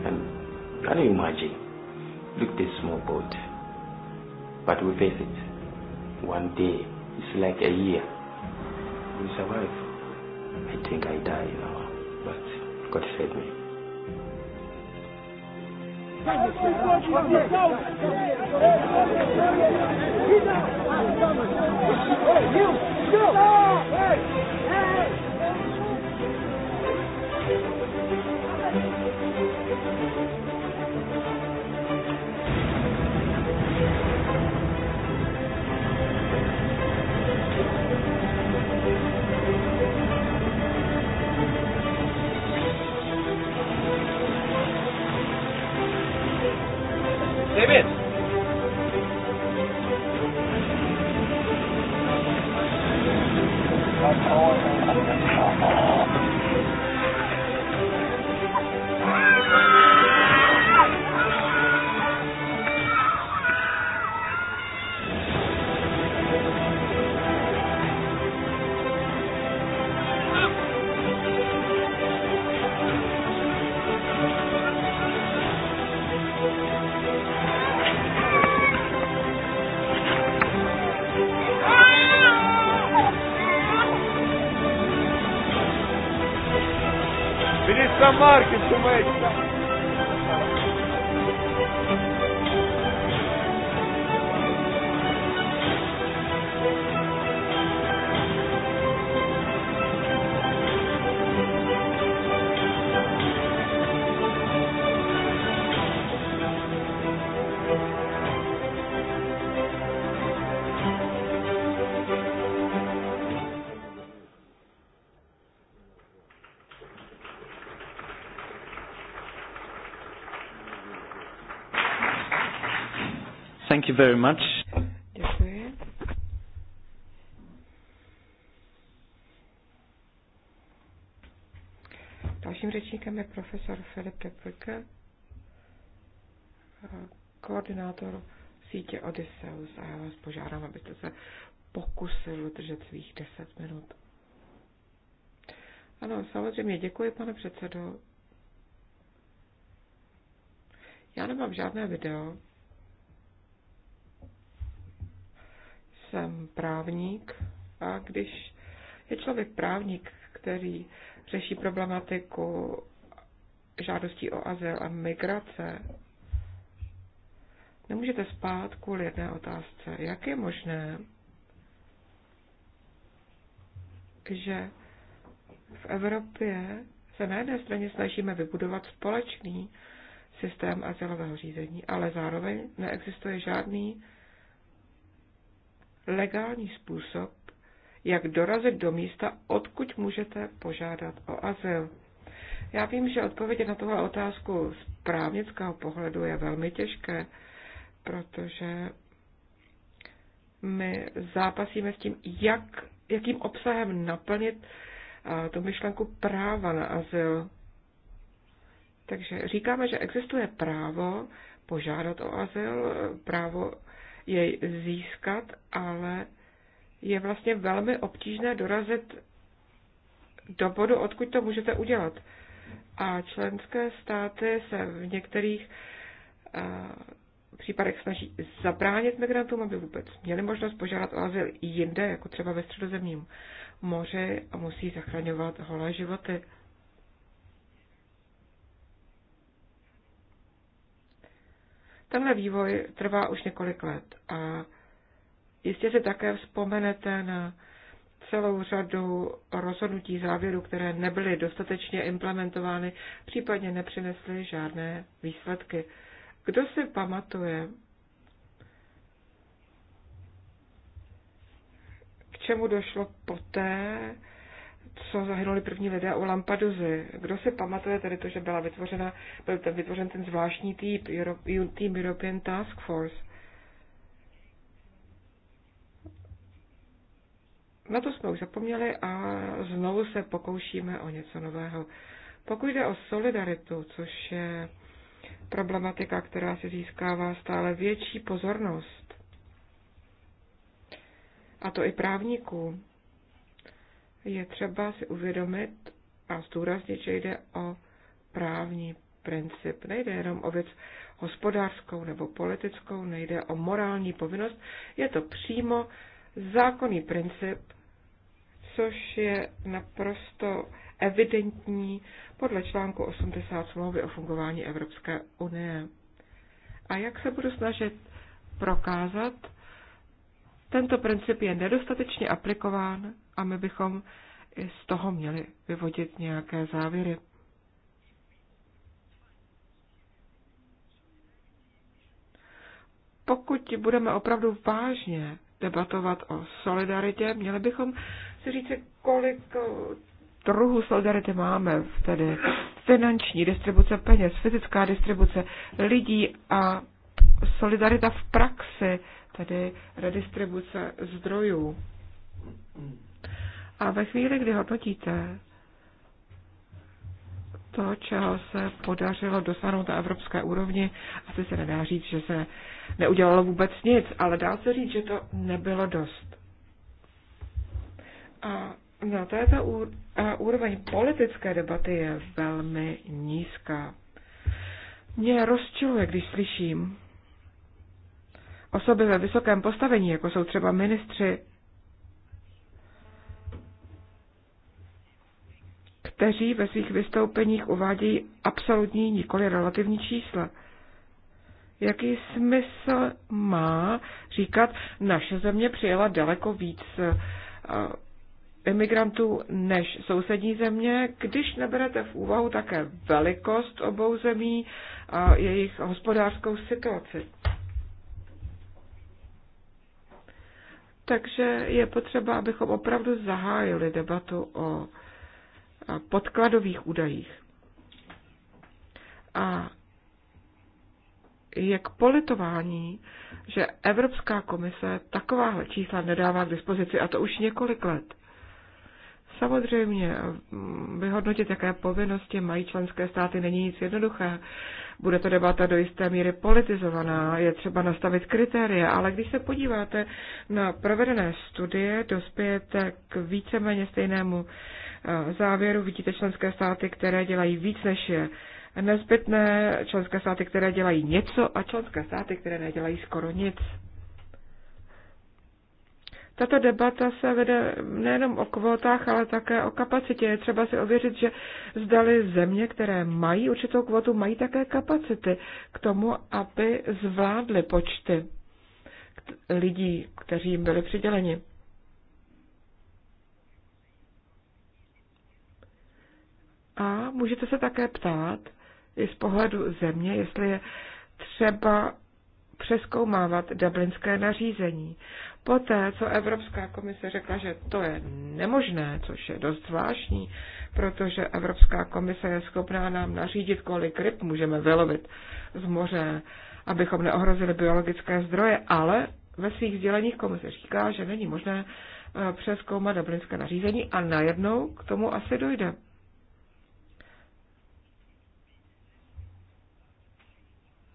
And can you imagine? Look this small boat. But we face it. One day, it's like a year. We survive. I think I die, you now. But God save me. Hey, you! Go! Hey! David. you very much. Děkuji. Dalším řečníkem je profesor Filip Debrücke, eh, koordinátor sítě Odysseus a já vás požádám, abyste se pokusil držet svých 10 minut. Ano, samozřejmě, děkuji, pane předsedo. Já nemám žádné video, Jsem právník a když je člověk právník, který řeší problematiku žádostí o azyl a migrace, nemůžete spát kvůli jedné otázce. Jak je možné, že v Evropě se na jedné straně snažíme vybudovat společný systém azylového řízení, ale zároveň neexistuje žádný legální způsob, jak dorazit do místa, odkud můžete požádat o azyl. Já vím, že odpovědět na tuhle otázku z právnického pohledu je velmi těžké, protože my zápasíme s tím, jak, jakým obsahem naplnit tu myšlenku práva na azyl. Takže říkáme, že existuje právo požádat o azyl, právo jej získat, ale je vlastně velmi obtížné dorazit do bodu, odkud to můžete udělat. A členské státy se v některých eh, případech snaží zabránit migrantům, aby vůbec měli možnost požádat o azyl jinde, jako třeba ve středozemním moři, a musí zachraňovat holé životy. Tenhle vývoj trvá už několik let a jistě si také vzpomenete na celou řadu rozhodnutí závěru, které nebyly dostatečně implementovány, případně nepřinesly žádné výsledky. Kdo si pamatuje, k čemu došlo poté, co zahynuli první lidé u Lampaduzy. Kdo si pamatuje tedy to, že byla vytvořena, byl ten, vytvořen ten zvláštní tým, Euro, tým European Task Force? Na to jsme už zapomněli a znovu se pokoušíme o něco nového. Pokud jde o solidaritu, což je problematika, která si získává stále větší pozornost, a to i právníků, je třeba si uvědomit a zdůraznit, že jde o právní princip. Nejde jenom o věc hospodářskou nebo politickou, nejde o morální povinnost, je to přímo zákonný princip, což je naprosto evidentní podle článku 80 smlouvy o fungování Evropské unie. A jak se budu snažit prokázat, tento princip je nedostatečně aplikován a my bychom i z toho měli vyvodit nějaké závěry. Pokud budeme opravdu vážně debatovat o solidaritě, měli bychom si říct, kolik druhů solidarity máme, tedy finanční distribuce peněz, fyzická distribuce lidí a solidarita v praxi, tedy redistribuce zdrojů. A ve chvíli, kdy hodnotíte to, čeho se podařilo dosáhnout na evropské úrovni, asi se nedá říct, že se neudělalo vůbec nic, ale dá se říct, že to nebylo dost. A na této úroveň politické debaty je velmi nízká. Mě rozčiluje, když slyším osoby ve vysokém postavení, jako jsou třeba ministři kteří ve svých vystoupeních uvádějí absolutní, nikoli relativní čísla. Jaký smysl má říkat, naše země přijela daleko víc eh, imigrantů než sousední země, když neberete v úvahu také velikost obou zemí a jejich hospodářskou situaci. Takže je potřeba, abychom opravdu zahájili debatu o podkladových údajích. A je k politování, že Evropská komise takováhle čísla nedává k dispozici a to už několik let. Samozřejmě mm, vyhodnotit, jaké povinnosti mají členské státy, není nic jednoduché. Bude to debata do jisté míry politizovaná, je třeba nastavit kritéria, ale když se podíváte na provedené studie, dospějete k víceméně stejnému Eh, závěru vidíte členské státy, které dělají víc, než je nezbytné, členské státy, které dělají něco a členské státy, které nedělají skoro nic. Tato debata se vede nejenom o kvotách, ale také o kapacitě. Je třeba si ověřit, že zdali země, které mají určitou kvotu, mají také kapacity k tomu, aby zvládly počty lidí, kteří jim byli přiděleni. A můžete se také ptát, i z pohledu země, jestli je třeba přeskoumávat dublinské nařízení. Poté, co Evropská komise řekla, že to je nemožné, což je dost zvláštní, protože Evropská komise je schopná nám nařídit, kolik ryb můžeme vylovit z moře, abychom neohrozili biologické zdroje, ale ve svých sděleních komise říká, že není možné eh, přeskoumat dublinské nařízení a najednou k tomu asi dojde.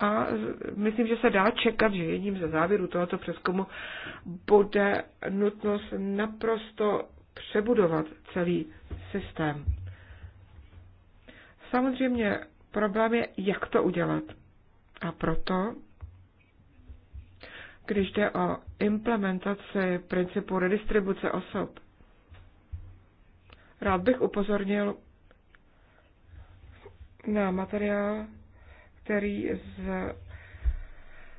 a myslím, že se dá čekat, že jedním ze závěrů tohoto přeskumu bude nutnost naprosto přebudovat celý systém. Samozřejmě problém je, jak to udělat. A proto, když jde o implementaci principu redistribuce osob, rád bych upozornil na materiál který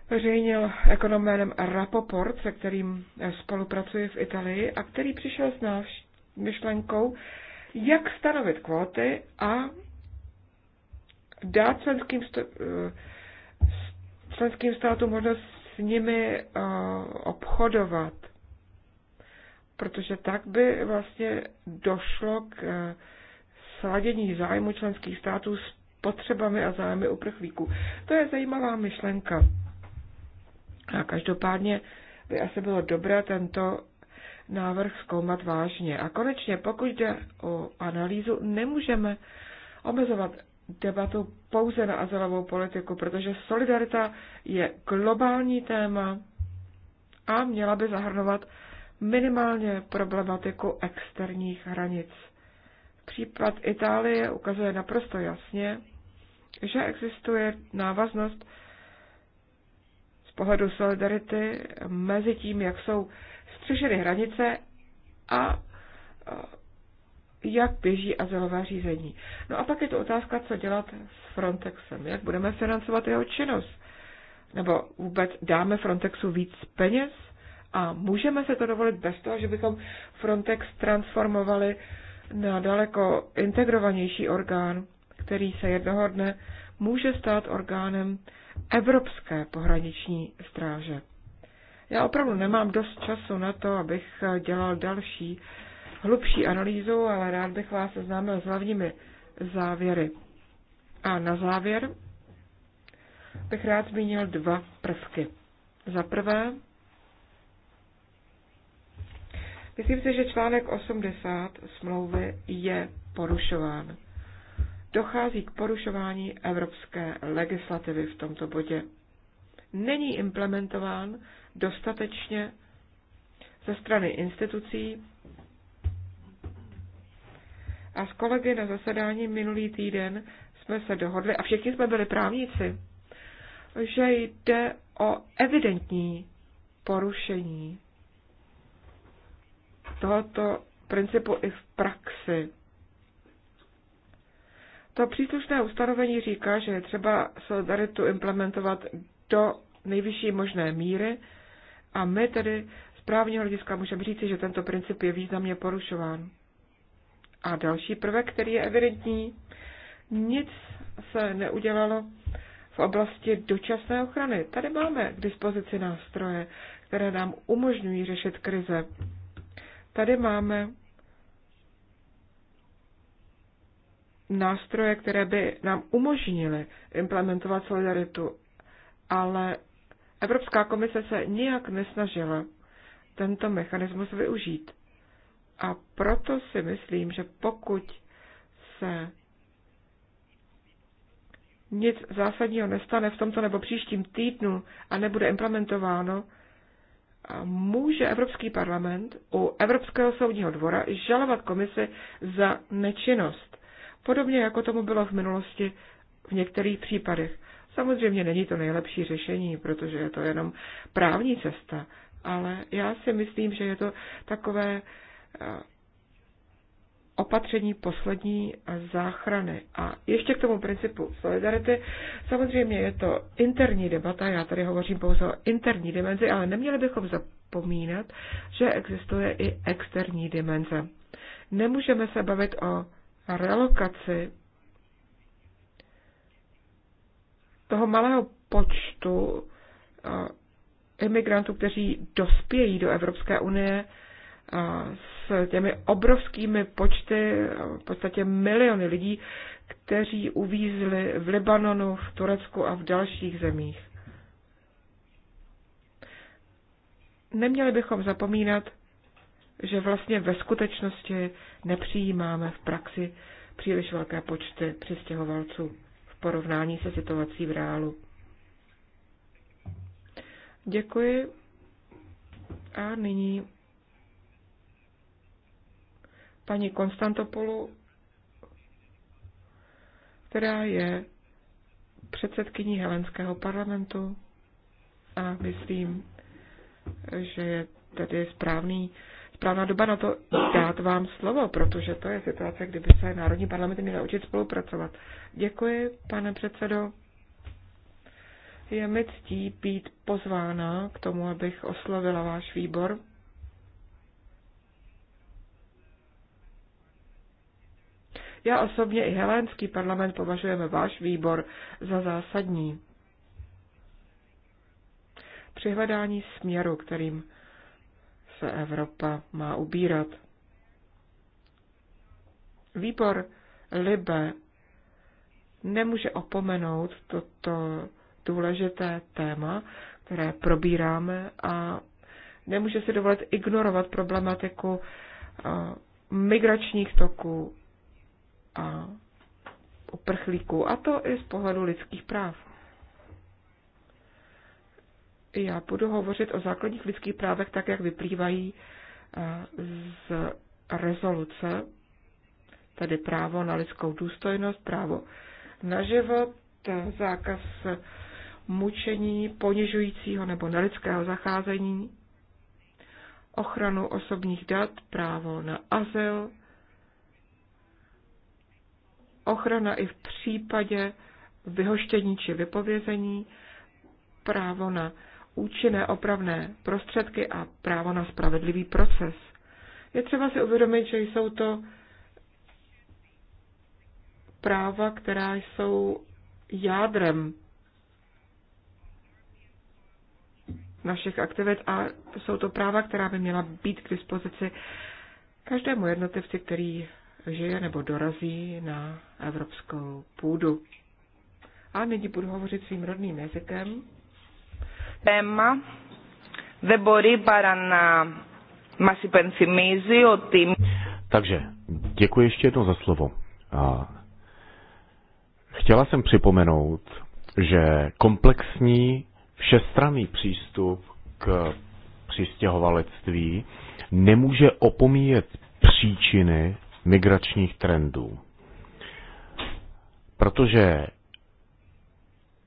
zveřejnil ekonom Rapoport, se kterým spolupracuji v Itálii a který přišel s návš myšlenkou, jak stanovit kvóty a dát členským, eh, členským státům možnost s nimi eh, obchodovat. Protože tak by vlastně došlo k eh, sladění zájmu členských států s potřebami a zájmy uprchlíků. To je zajímavá myšlenka. A každopádně by asi bylo dobré tento návrh zkoumat vážně. A konečně, pokud jde o analýzu, nemůžeme omezovat debatu pouze na azylovou politiku, protože solidarita je globální téma a měla by zahrnovat minimálně problematiku externích hranic. Případ Itálie ukazuje naprosto jasně, že existuje návaznost z pohledu solidarity mezi tím, jak jsou střeženy hranice a jak běží azylové řízení. No a pak je to otázka, co dělat s Frontexem, jak budeme financovat jeho činnost. Nebo vůbec dáme Frontexu víc peněz a můžeme se to dovolit bez toho, že bychom Frontex transformovali na daleko integrovanější orgán, který se dne může stát orgánem Evropské pohraniční stráže. Já opravdu nemám dost času na to, abych dělal další hlubší analýzu, ale rád bych vás seznámil s hlavními závěry. A na závěr bych rád zmínil dva prvky. Za prvé, myslím si, že článek 80 smlouvy je porušován dochází k porušování evropské legislativy v tomto bodě. Není implementován dostatečně ze strany institucí a s kolegy na zasedání minulý týden jsme se dohodli, a všichni jsme byli právníci, že jde o evidentní porušení tohoto principu i v praxi. To příslušné ustanovení říká, že je třeba solidaritu implementovat do nejvyšší možné míry a my tedy z právního hlediska můžeme říci, že tento princip je významně porušován. A další prvek, který je evidentní, nic se neudělalo v oblasti dočasné ochrany. Tady máme k dispozici nástroje, které nám umožňují řešit krize. Tady máme nástroje, které by nám umožnily implementovat solidaritu, ale Evropská komise se nijak nesnažila tento mechanismus využít. A proto si myslím, že pokud se nic zásadního nestane v tomto nebo příštím týdnu a nebude implementováno, může Evropský parlament u Evropského soudního dvora žalovat komisi za nečinnost podobně jako tomu bylo v minulosti v některých případech. Samozřejmě není to nejlepší řešení, protože je to jenom právní cesta, ale já si myslím, že je to takové eh, opatření poslední záchrany. A ještě k tomu principu solidarity. Samozřejmě je to interní debata, já tady hovořím pouze o interní dimenzi, ale neměli bychom zapomínat, že existuje i externí dimenze. Nemůžeme se bavit o relokaci toho malého počtu eh, imigrantů, kteří dospějí do Evropské unie eh, s těmi obrovskými počty, v podstatě miliony lidí, kteří uvízli v Libanonu, v Turecku a v dalších zemích. Neměli bychom zapomínat že vlastně ve skutečnosti nepřijímáme v praxi příliš velké počty přistěhovalců v porovnání se situací v reálu. Děkuji. A nyní paní Konstantopolu, která je předsedkyní Helenského parlamentu a myslím, že je tady správný správná doba na to dát vám slovo, protože to je situace, kdyby se Národní parlamenty měly učit spolupracovat. Děkuji, pane předsedo. Je mi ctí být pozvána k tomu, abych oslovila váš výbor. Já osobně i helénský parlament považujeme váš výbor za zásadní. Při hledání směru, kterým se Evropa má ubírat. Výbor Libe nemůže opomenout toto důležité téma, které probíráme a nemůže si dovolit ignorovat problematiku migračních toků a uprchlíků, a to i z pohledu lidských práv já budu hovořit o základních lidských právech tak, jak vyplývají eh, z rezoluce, tedy právo na lidskou důstojnost, právo na život, zákaz mučení, ponižujícího nebo nelidského zacházení, ochranu osobních dat, právo na azyl, ochrana i v případě vyhoštění či vypovězení, právo na účinné opravné prostředky a právo na spravedlivý proces. Je třeba si uvědomit, že jsou to práva, která jsou jádrem našich aktivit a jsou to práva, která by měla být k dispozici každému jednotlivci, který žije nebo dorazí na evropskou půdu. A nyní budu hovořit svým rodným jazykem θέμα δεν μπορεί παρά να μας υπενθυμίζει ότι... Takže, děkuji ještě jednou za slovo. A chtěla jsem připomenout, že komplexní všestranný přístup k přistěhovalectví nemůže opomíjet příčiny migračních trendů. Protože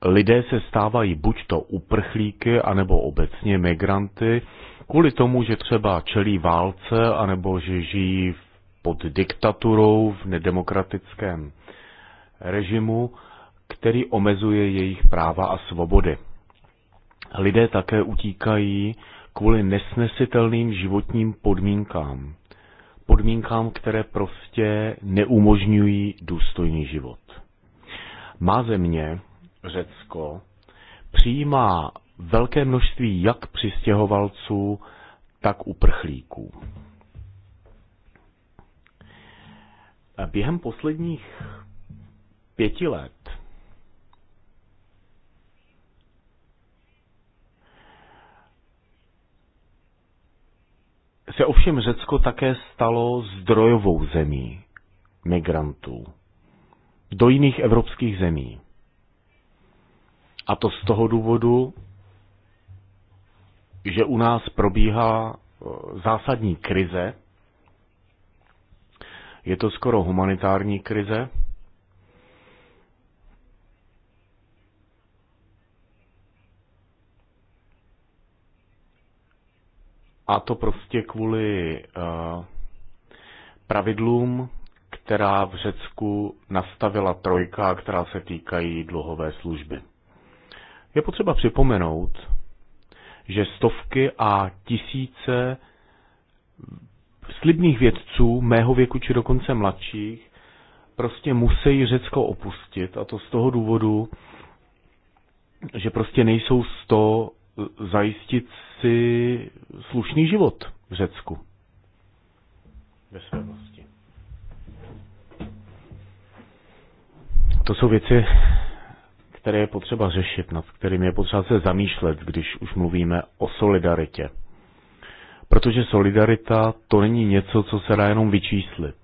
lidé se stávají buď to uprchlíky, anebo obecně migranty, kvůli tomu, že třeba čelí válce, anebo že žijí pod diktaturou v nedemokratickém režimu, který omezuje jejich práva a svobody. Lidé také utíkají kvůli nesnesitelným životním podmínkám. Podmínkám, které prostě neumožňují důstojný život. Má země Řecko přijímá velké množství jak přistěhovalců, tak uprchlíků. Během posledních pěti let se ovšem Řecko také stalo zdrojovou zemí migrantů do jiných evropských zemí. A to z toho důvodu, že u nás probíhá e, zásadní krize. Je to skoro humanitární krize. A to prostě kvůli uh, pravidlům, která v Řecku nastavila trojka, která se týkají dluhové služby. Je potřeba připomenout, že stovky a tisíce slibných vědců mého věku či dokonce mladších prostě musí Řecko opustit a to z toho důvodu, že prostě nejsou z to zajistit si slušný život v Řecku. Ve své vlasti. To jsou věci, které je potřeba řešit, nad kterými je potřeba se zamýšlet, když už mluvíme o solidaritě. Protože solidarita to není něco, co se dá jenom vyčíslit.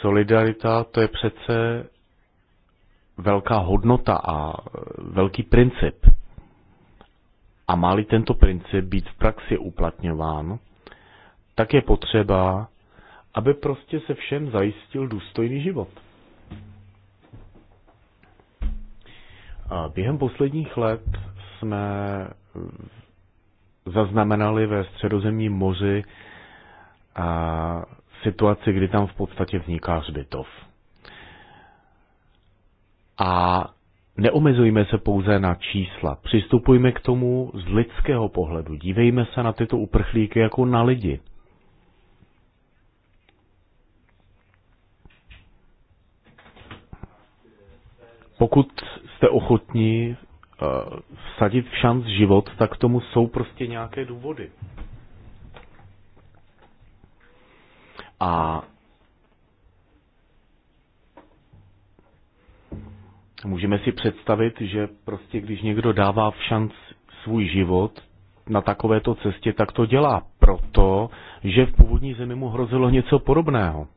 Solidarita to je přece velká hodnota a velký princip. A má-li tento princip být v praxi uplatňován, tak je potřeba, aby prostě se všem zajistil důstojný život. A během posledních let jsme zaznamenali ve středozemním moři a situaci, kdy tam v podstatě vzniká zbytov. A neomezujme se pouze na čísla. Přistupujme k tomu z lidského pohledu. Dívejme se na tyto uprchlíky jako na lidi. Pokud jste ochotní eh, vsadit v šanc život, tak tomu jsou prostě nějaké důvody. A můžeme si představit, že prostě když někdo dává v šanc svůj život na takovéto cestě, tak to dělá proto, že v původní zemi mu hrozilo něco podobného.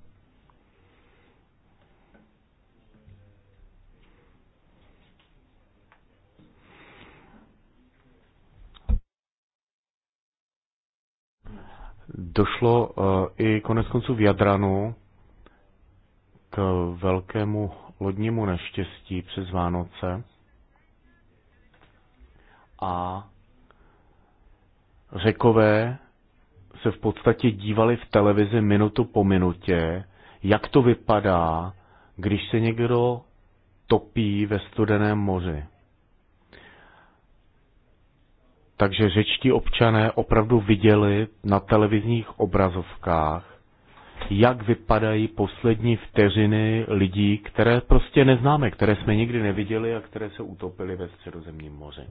Došlo eh, i konec konců v Jadranu k velkému lodnímu neštěstí přes Vánoce a řekové se v podstatě dívali v televizi minutu po minutě, jak to vypadá, když se někdo topí ve studeném moři. Takže řečtí občané opravdu viděli na televizních obrazovkách, jak vypadají poslední vteřiny lidí, které prostě neznáme, které jsme nikdy neviděli a které se utopily ve středozemním moři.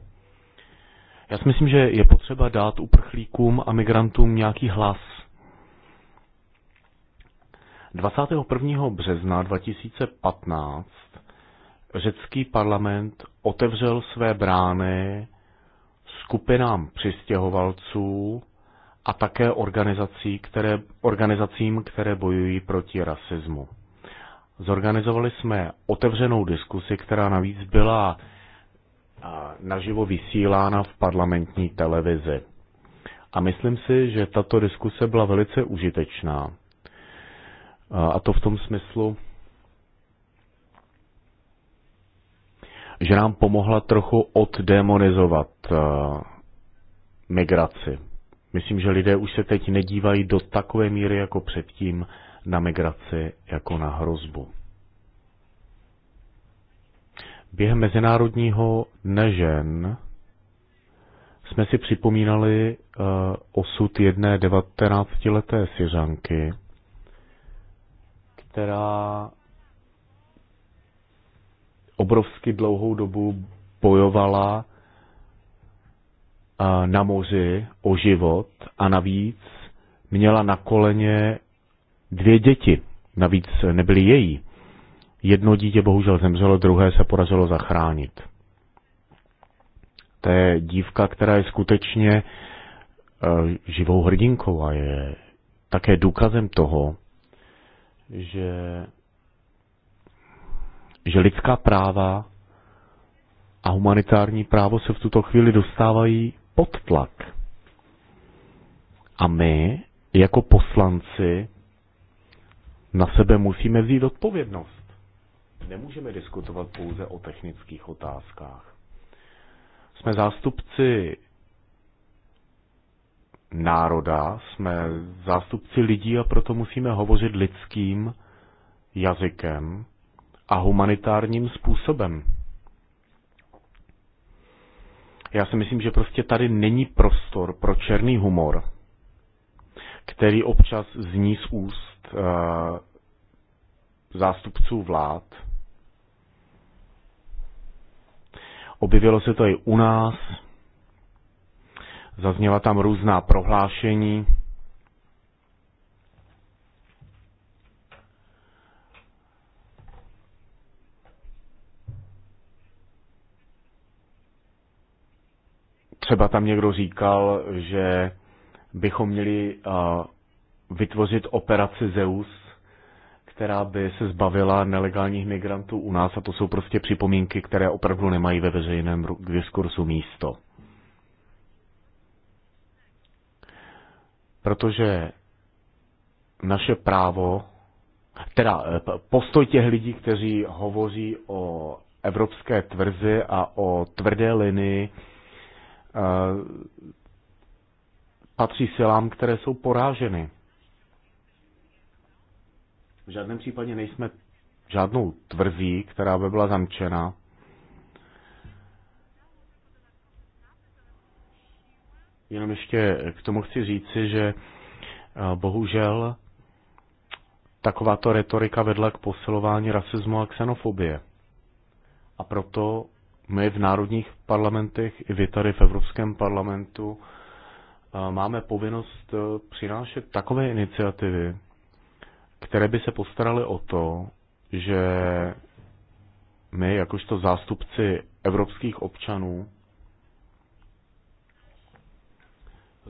Já si myslím, že je potřeba dát uprchlíkům a migrantům nějaký hlas. 21. března 2015 řecký parlament otevřel své brány skupinám přistěhovalců a také organizací, které, organizacím, které bojují proti rasismu. Zorganizovali jsme otevřenou diskusi, která navíc byla naživo vysílána v parlamentní televizi. A myslím si, že tato diskuse byla velice užitečná. A to v tom smyslu, že nám pomohla trochu oddemonizovat eh, migraci. Myslím, že lidé už se teď nedívají do takové míry jako předtím na migraci jako na hrozbu. Během Mezinárodního dne žen jsme si připomínali uh, osud jedné 19-leté Syřanky, která obrovsky dlouhou dobu bojovala eh, na moři o život a navíc měla na koleně dvě děti. Navíc nebyly její. Jedno dítě bohužel zemřelo, druhé se podařilo zachránit. To je dívka, která je skutečně eh, živou hrdinkou a je také důkazem toho, že že lidská práva a humanitární právo se v tuto chvíli dostávají pod tlak. A my, jako poslanci, na sebe musíme vzít odpovědnost. Nemůžeme diskutovat pouze o technických otázkách. Jsme zástupci národa, jsme zástupci lidí a proto musíme hovořit lidským jazykem, a humanitárním způsobem. Já si myslím, že prostě tady není prostor pro černý humor, který občas zní z úst uh, zástupců vlád. Objevilo se to i u nás, zazněla tam různá prohlášení, třeba tam někdo říkal, že bychom měli eh, vytvořit operaci Zeus, která by se zbavila nelegálních migrantů u nás a to jsou prostě připomínky, které opravdu nemají ve veřejném diskursu místo. Protože naše právo, teda eh, postoj těch lidí, kteří hovoří o evropské tvrzi a o tvrdé linii Eh, patří silám, které jsou poráženy. V žádném případě nejsme žádnou tvrzí, která by byla zamčena. Jenom ještě k tomu chci říci, že eh, bohužel takováto retorika vedla k posilování rasismu a xenofobie. A proto my v národních parlamentech i vy tady v Evropském parlamentu eh, máme povinnost eh, přinášet takové iniciativy, které by se postaraly o to, že my, jakožto zástupci evropských občanů,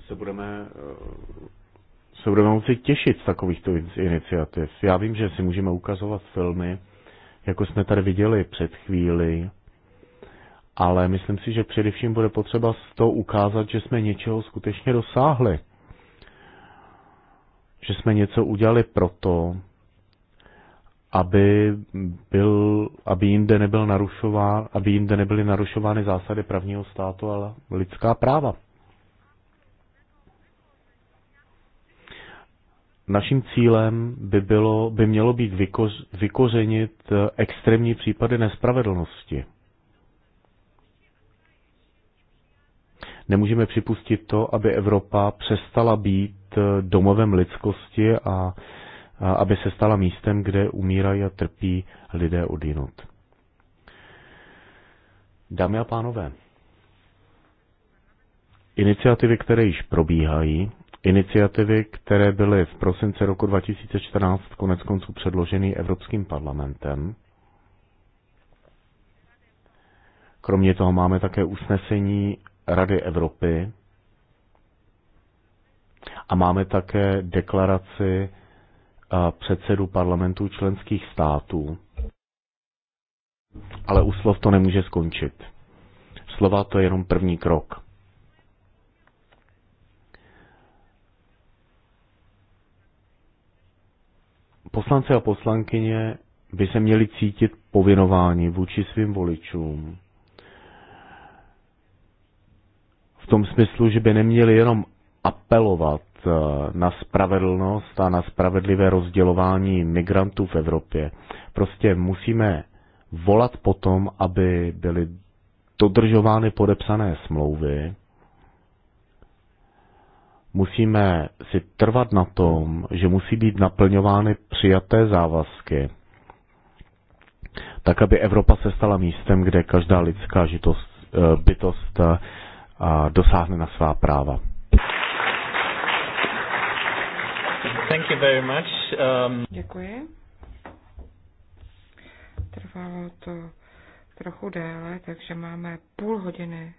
se budeme, eh, se budeme moci těšit z takovýchto iniciativ. Já vím, že si můžeme ukazovat filmy, jako jsme tady viděli před chvíli, ale myslím si, že především bude potřeba z toho ukázat, že jsme něčeho skutečně dosáhli. Že jsme něco udělali proto, aby, byl, aby, jinde, nebyl narušován, aby jinde nebyly narušovány zásady pravního státu, ale lidská práva. Naším cílem by, bylo, by mělo být vykořenit eh, extrémní případy nespravedlnosti. Nemůžeme připustit to, aby Evropa přestala být eh, domovem lidskosti a aby se stala místem, kde umírají a trpí lidé jinot. Dámy a pánové, iniciativy, které již probíhají, iniciativy, které byly v prosince roku 2014 konec konců předloženy Evropským parlamentem, kromě toho máme také usnesení Rady Evropy a máme také deklaraci eh, předsedu parlamentu členských států. Ale u slov to nemůže skončit. Slova to je jenom první krok. Poslanci a poslankyně by se měli cítit povinováni vůči svým voličům v tom smyslu, že by neměli jenom apelovat eh, na spravedlnost a na spravedlivé rozdělování migrantů v Evropě. Prostě musíme volat potom, aby byly dodržovány podepsané smlouvy. Musíme si trvat na tom, že musí být naplňovány přijaté závazky, tak aby Evropa se stala místem, kde každá lidská žitost, eh, bytost eh, dosáhne na svá práva. Thank you very much. Um... Děkuji. Trvalo to trochu déle, takže máme půl hodiny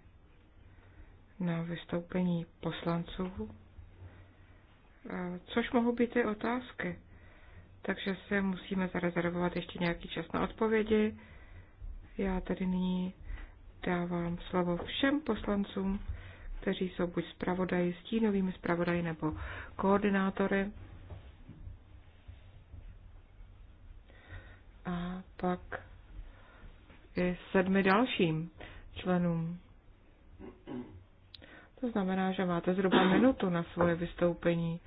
na vystoupení poslanců, eh, což mohou být i otázky. Takže se musíme zarezervovat ještě nějaký čas na odpovědi. Já tedy nyní dávám slovo všem poslancům, kteří jsou buď zpravodaji, stínovými zpravodaji nebo koordinátory. A pak i sedmi dalším členům. To znamená, že máte zhruba minutu na svoje vystoupení.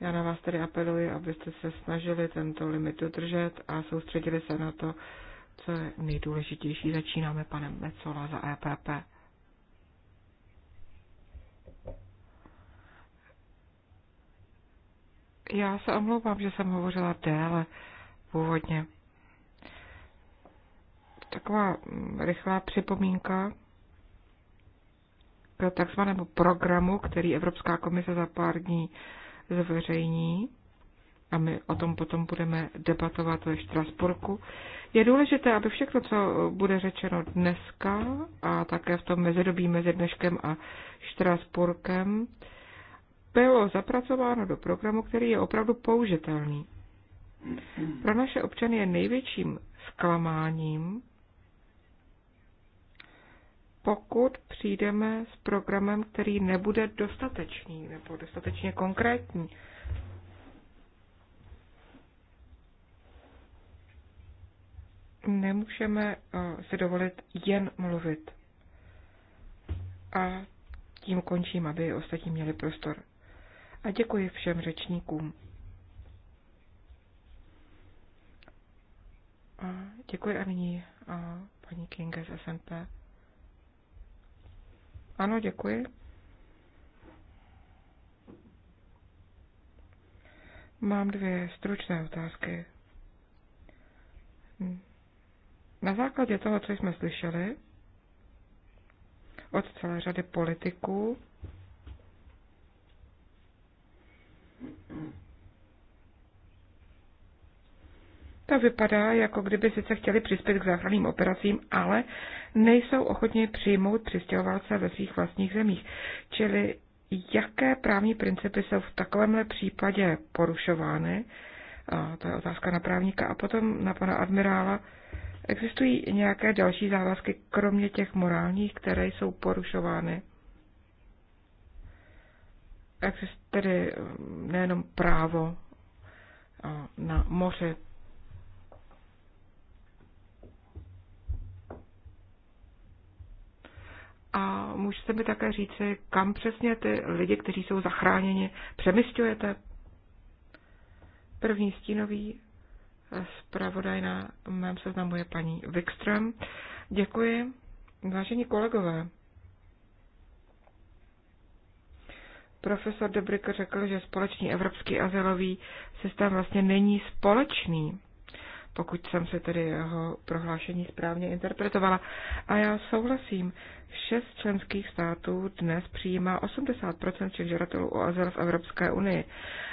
Já na vás tedy apeluji, abyste se snažili tento limit udržet a soustředili se na to, co je nejdůležitější. Začínáme panem Mecola za EPP. Já se omlouvám, že jsem hovořila déle původně. Taková rychlá připomínka k takzvanému programu, který Evropská komise za pár dní zveřejní a my o tom potom budeme debatovat ve Štrasburku. Je důležité, aby všechno, co bude řečeno dneska a také v tom mezidobí mezi dneškem a Štrasburkem, bylo zapracováno do programu, který je opravdu použitelný. Pro naše občany je největším zklamáním, pokud přijdeme s programem, který nebude dostatečný nebo dostatečně konkrétní nemůžeme eh, si dovolit jen mluvit. A tím končím, aby ostatní měli prostor. A děkuji všem řečníkům. A děkuji a nyní a eh, paní Kinga z SMP. Ano, děkuji. Mám dvě stručné otázky. Na základě toho, co jsme slyšeli od celé řady politiků, to vypadá, jako kdyby sice chtěli přispět k záchranným operacím, ale nejsou ochotni přijmout přistěhovalce ve svých vlastních zemích. Čili jaké právní principy jsou v takovémhle případě porušovány, a to je otázka na právníka, a potom na pana admirála, Existují nějaké další závazky, kromě těch morálních, které jsou porušovány? Existuje tedy mm, nejenom právo na moře. A můžete mi také říci, kam přesně ty lidi, kteří jsou zachráněni, přemysťujete? První stínový Zpravodaj na mém seznamu je paní Wikström. Děkuji. Vážení kolegové, profesor Debrika řekl, že společný evropský azylový systém vlastně není společný pokud jsem se tedy jeho prohlášení správně interpretovala. A já souhlasím, šest členských států dnes přijímá 80 všech žadatelů o azyl v Evropské unii.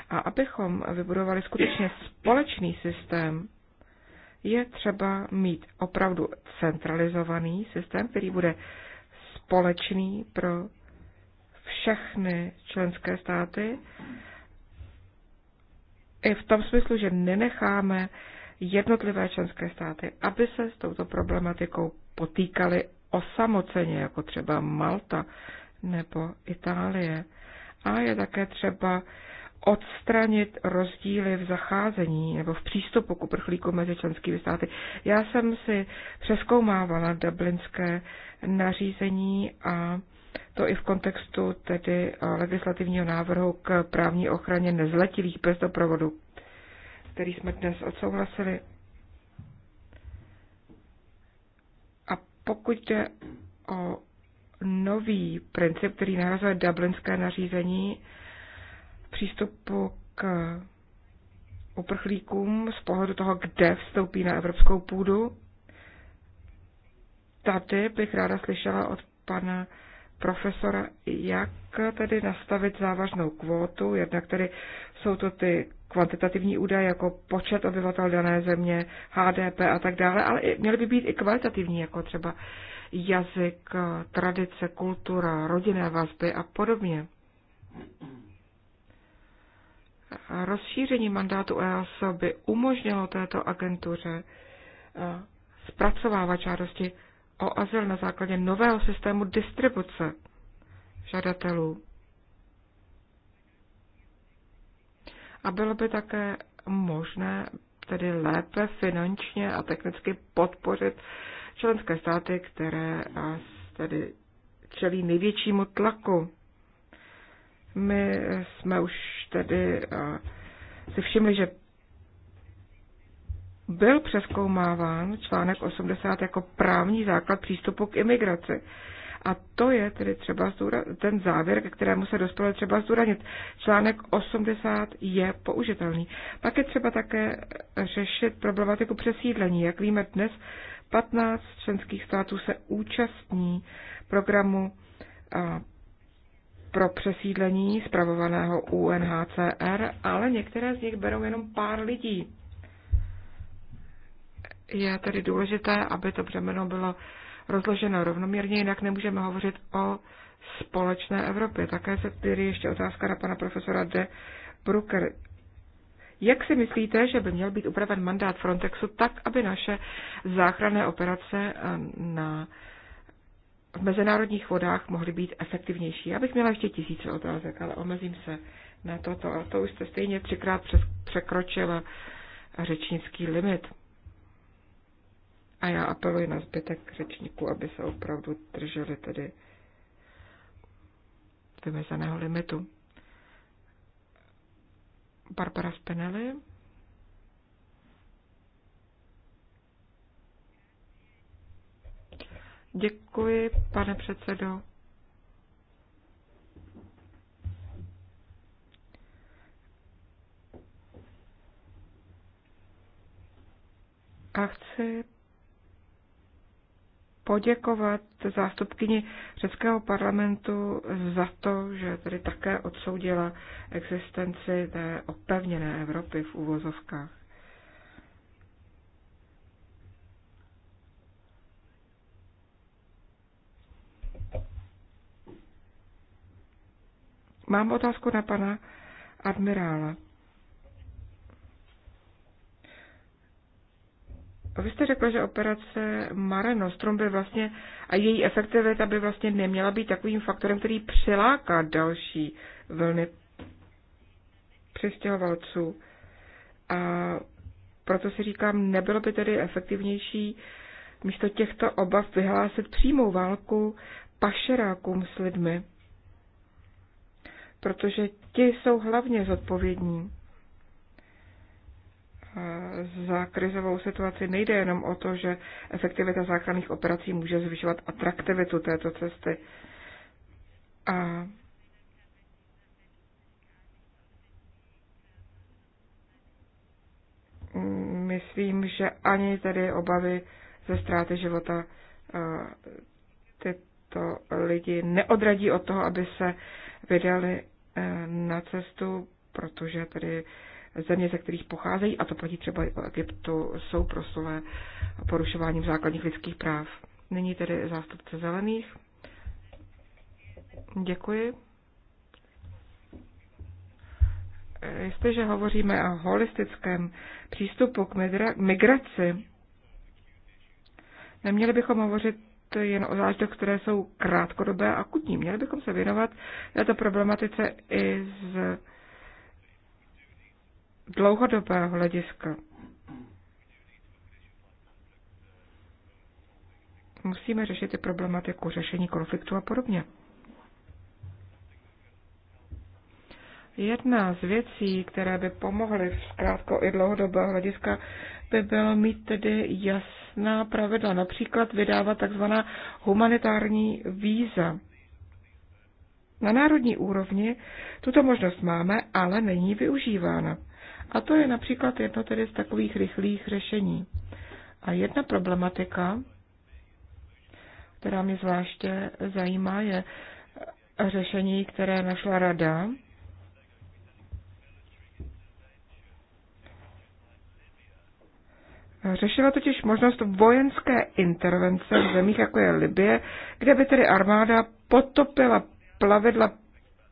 A abychom vybudovali skutečně společný systém, je třeba mít opravdu centralizovaný systém, který bude společný pro všechny členské státy. I v tom smyslu, že nenecháme uh, jednotlivé členské státy, aby se s touto problematikou potýkaly osamoceně, jako třeba Malta nebo Itálie. A je také třeba odstranit rozdíly v zacházení nebo v přístupu k uprchlíku mezi členskými státy. Já jsem si přeskoumávala dublinské nařízení a to i v kontextu tedy eh, legislativního návrhu k právní ochraně nezletilých bez doprovodu který jsme dnes odsouhlasili. A pokud jde o nový princip, který nahrazuje dublinské nařízení přístupu k uprchlíkům z pohledu toho, kde vstoupí na evropskou půdu. Tady bych ráda slyšela od pana profesora, jak tedy nastavit závažnou kvótu, jednak tedy jsou to ty kvantitativní údaje jako počet obyvatel dané země, HDP a tak dále, ale měly by být i kvalitativní, jako třeba jazyk, tradice, kultura, rodinné vazby a podobně. Rozšíření mandátu EASO by umožnilo této agentuře eh, zpracovávat žádosti o azyl na základě nového systému distribuce žadatelů. a bylo by také možné tedy lépe finančně a technicky podpořit členské státy, které tedy čelí největšímu tlaku. My jsme už tedy si všimli, že byl přeskoumáván článek 80 jako právní základ přístupu k imigraci. A to je tedy třeba ten závěr, ke kterému se dostalo třeba zdůraznit. Článek 80 je použitelný. Pak je třeba také řešit problematiku přesídlení. Jak víme dnes, 15 členských států se účastní programu pro přesídlení zpravovaného UNHCR, ale některé z nich berou jenom pár lidí. Je tedy důležité, aby to břemeno bylo rozloženo rovnoměrně, jinak nemůžeme hovořit o společné Evropě. Také se tedy ještě otázka na pana profesora De Brucker. Jak si myslíte, že by měl být upraven mandát Frontexu tak, aby naše záchranné operace eh, na v mezinárodních vodách mohly být efektivnější. Já bych měla ještě tisíce otázek, ale omezím se na toto. A to už jste stejně třikrát překročil překročila řečnický limit. A já apeluji na zbytek řečníků, aby se opravdu drželi tedy vymezeného limitu. Barbara Spinelli. Děkuji, pane předsedo. A chci poděkovat zástupkyni řeckého parlamentu za to, že tedy také odsoudila existenci té opevněné Evropy v uvozovkách. Mám otázku na pana admirála. Vy jste řekla, že operace Mare Nostrum by vlastně a její efektivita by vlastně neměla být takovým faktorem, který přiláká další vlny přistěhovalců. A proto si říkám, nebylo by tedy efektivnější místo těchto obav vyhlásit přímou válku pašerákům s lidmi, protože ti jsou hlavně zodpovědní za krizovou situaci nejde jenom o to, že efektivita záchranných operací může zvyšovat atraktivitu této cesty. A myslím, že ani tedy obavy ze ztráty života eh, tyto lidi neodradí od toho, aby se vydali eh, na cestu, protože tedy země, ze kterých pocházejí, a to platí třeba o Egyptu, jsou proslulé porušováním základních lidských práv. Nyní tedy zástupce zelených. Děkuji. Jestliže hovoříme o holistickém přístupu k migraci, neměli bychom hovořit jen o záždech, které jsou krátkodobé a kutní. Měli bychom se věnovat této problematice i z dlouhodobého hlediska. Musíme řešit i problematiku řešení konfliktu a podobně. Jedna z věcí, které by pomohly zkrátko i dlouhodobého hlediska, by bylo mít tedy jasná pravidla, například vydávat takzvaná humanitární víza. Na národní úrovni tuto možnost máme, ale není využívána. A to je například jedno tedy z takových rychlých řešení. A jedna problematika, která mě zvláště zajímá, je řešení, které našla rada. Řešila totiž možnost vojenské intervence v zemích, jako je Libie, kde by tedy armáda potopila plavidla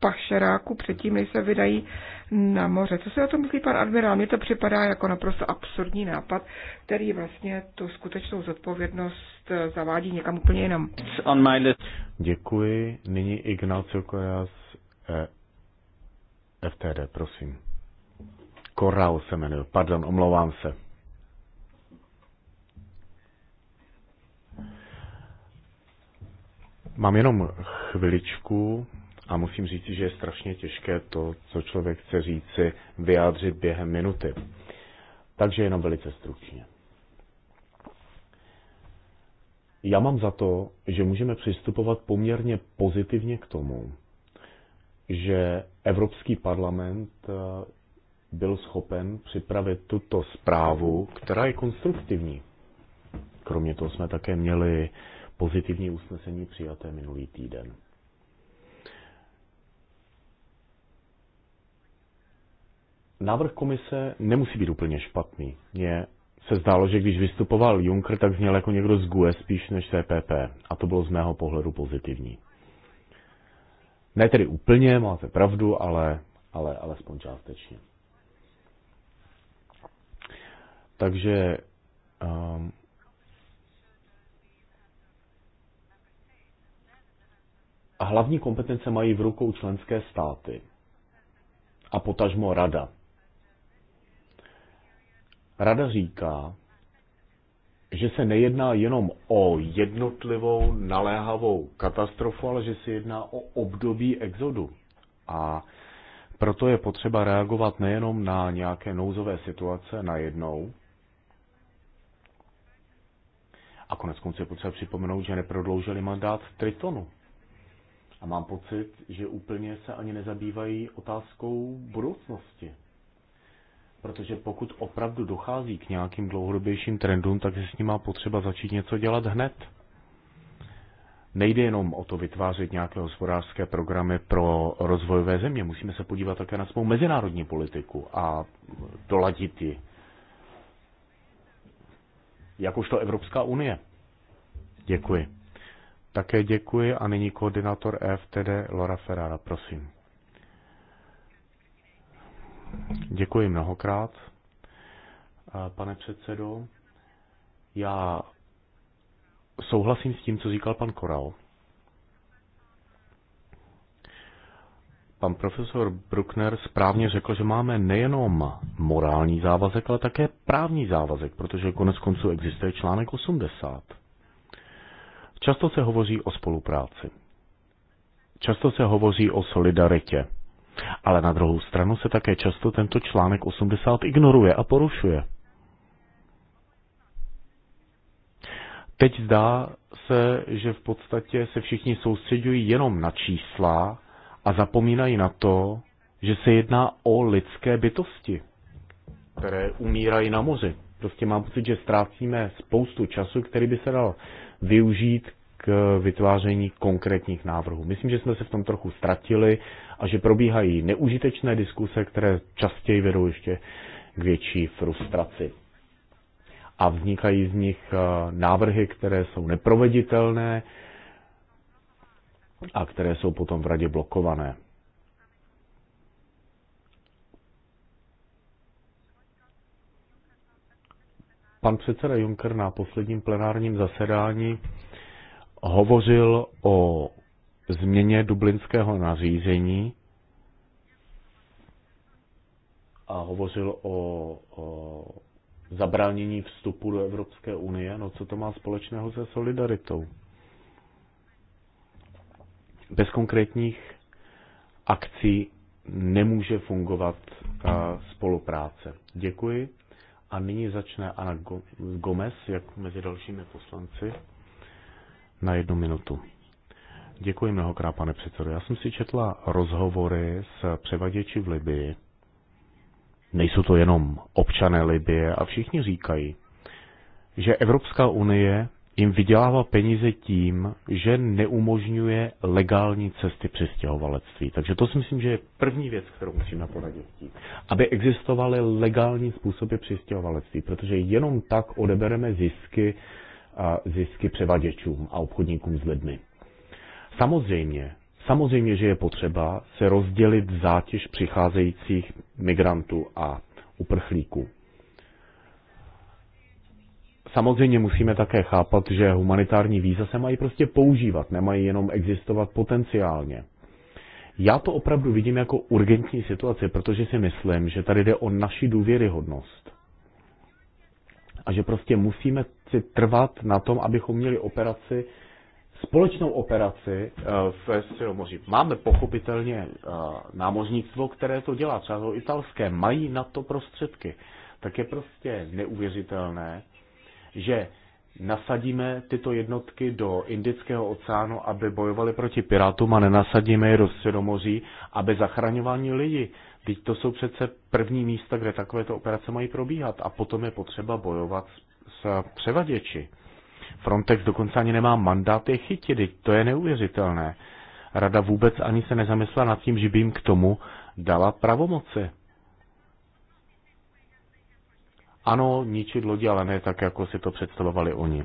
pašeráku předtím, než se vydají na moře. Co si o tom myslí pan admirál? Mně to připadá jako naprosto absurdní nápad, který vlastně tu skutečnou zodpovědnost eh, zavádí někam úplně jinam. Děkuji. Nyní Ignacio Koras, eh, FTD, prosím. Koral se jmenuje, pardon, omlouvám se. Mám jenom chviličku, a musím říct, že je strašně těžké to, co člověk chce říci, vyjádřit během minuty. Takže jenom velice stručně. Já mám za to, že můžeme přistupovat poměrně pozitivně k tomu, že Evropský parlament eh, byl schopen připravit tuto zprávu, která je konstruktivní. Kromě toho jsme také měli pozitivní usnesení přijaté minulý týden. Návrh komise nemusí být úplně špatný. Mně se zdálo, že když vystupoval Juncker, tak zněl jako někdo z GUE spíš než CPP. A to bylo z mého pohledu pozitivní. Ne tedy úplně, máte pravdu, ale, ale alespoň částečně. Takže um, ehm, a hlavní kompetence mají v rukou členské státy a potažmo rada. Rada říká, že se nejedná jenom o jednotlivou naléhavou katastrofu, ale že se jedná o období exodu. A proto je potřeba reagovat nejenom na nějaké nouzové situace najednou, a konec konců je potřeba připomenout, že neprodloužili mandát Tritonu. A mám pocit, že úplně se ani nezabývají otázkou budoucnosti. Protože pokud opravdu dochází k nějakým dlouhodobějším trendům, tak s s má potřeba začít něco dělat hned. Nejde jenom o to vytvářet nějaké hospodářské programy pro rozvojové země. Musíme se podívat také na svou mezinárodní politiku a doladit ji. Jakožto Evropská unie. Děkuji. Také děkuji a nyní koordinátor EFTD Laura Ferrara, prosím. Děkuji mnohokrát, pane předsedo. Já souhlasím s tím, co říkal pan Koral. Pan profesor Bruckner správně řekl, že máme nejenom morální závazek, ale také právní závazek, protože konec konců existuje článek 80. Často se hovoří o spolupráci. Často se hovoří o solidaritě ale na druhou stranu se také často tento článek 80 ignoruje a porušuje. Teď zdá se, že v podstatě se všichni soustředují jenom na čísla a zapomínají na to, že se jedná o lidské bytosti, které umírají na moři. Prostě mám pocit, že ztrácíme spoustu času, který by se dal využít k vytváření konkrétních návrhů. Myslím, že jsme se v tom trochu ztratili a že probíhají neužitečné diskuse, které častěji vedou ještě k větší frustraci. A vznikají z nich eh, návrhy, které jsou neproveditelné a které jsou potom v radě blokované. Pan předseda Juncker na posledním plenárním zasedání hovořil o změně dublinského nařízení a hovořil o, o zabránění vstupu do Evropské unie. No co to má společného se solidaritou? Bez konkrétních akcí nemůže fungovat spolupráce. Děkuji. A nyní začne Ana Gomez, jak mezi dalšími poslanci na jednu minutu. Děkuji mnohokrát, pane předsedo. Já jsem si četla rozhovory s převaděči v Libii. Nejsou to jenom občané Libie a všichni říkají, že Evropská unie jim vydělává peníze tím, že neumožňuje legální cesty přistěhovalectví. Takže to si myslím, že je první věc, kterou musíme poradit tím. Aby existovaly legální způsoby přistěhovalectví, protože jenom tak odebereme zisky zisky převaděčům a obchodníkům s lidmi. Samozřejmě, samozřejmě, že je potřeba se rozdělit zátěž přicházejících migrantů a uprchlíků. Samozřejmě musíme také chápat, že humanitární víza se mají prostě používat, nemají jenom existovat potenciálně. Já to opravdu vidím jako urgentní situaci, protože si myslím, že tady jde o naši důvěryhodnost. A že prostě musíme chci trvat na tom, abychom měli operaci, společnou operaci eh, v Středomoří. Máme pochopitelně eh, námořnictvo, které to dělá, třeba to italské, mají na to prostředky. Tak je prostě neuvěřitelné, že nasadíme tyto jednotky do Indického oceánu, aby bojovali proti pirátům a nenasadíme je do Středomoří, aby zachraňovali lidi. Teď to jsou přece první místa, kde takovéto operace mají probíhat a potom je potřeba bojovat s převaděči. Frontex dokonce ani nemá mandát je chytit, to je neuvěřitelné. Rada vůbec ani se nezamyslela nad tím, že by jim k tomu dala pravomoci. Ano, ničit lodi, ale ne tak, jako si to představovali oni.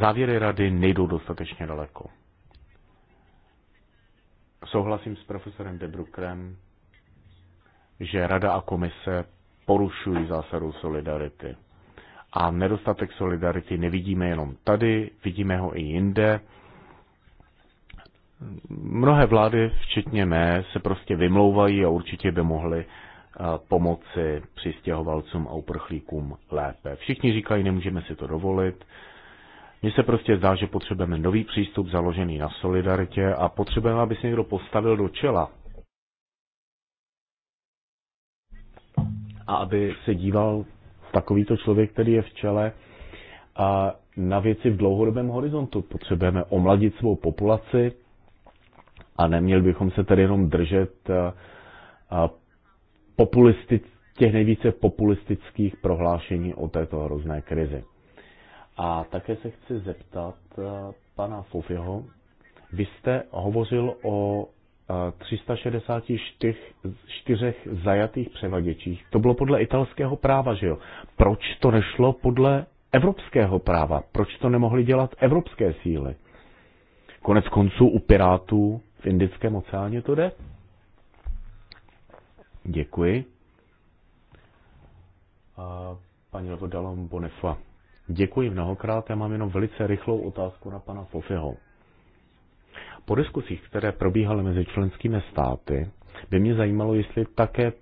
Závěry rady nejdou dostatečně daleko. Souhlasím s profesorem Debrukrem, že rada a komise porušují zásadu solidarity. A nedostatek solidarity nevidíme jenom tady, vidíme ho i jinde. Mnohé vlády, včetně mé, se prostě vymlouvají a určitě by mohly eh, pomoci přistěhovalcům a uprchlíkům lépe. Všichni říkají, nemůžeme si to dovolit. Mně se prostě zdá, že potřebujeme nový přístup založený na solidaritě a potřebujeme, aby se někdo postavil do čela. A aby se díval takovýto člověk, který je v čele a na věci v dlouhodobém horizontu. Potřebujeme omladit svou populaci a neměli bychom se tedy jenom držet eh, eh, populistic, těch nejvíce populistických prohlášení o této hrozné krizi. A také se chci zeptat eh, pana Fofiho, vy jste hovořil o 364 zajatých převaděčích. To bylo podle italského práva, že jo? Proč to nešlo podle evropského práva? Proč to nemohli dělat evropské síly? Konec konců u pirátů v Indickém oceáně to jde? Děkuji. A paní Levodalom Bonefa. Děkuji mnohokrát, já mám jenom velice rychlou otázku na pana Fofiho. Po diskusích, které probíhaly mezi členskými státy, by mě zajímalo, jestli také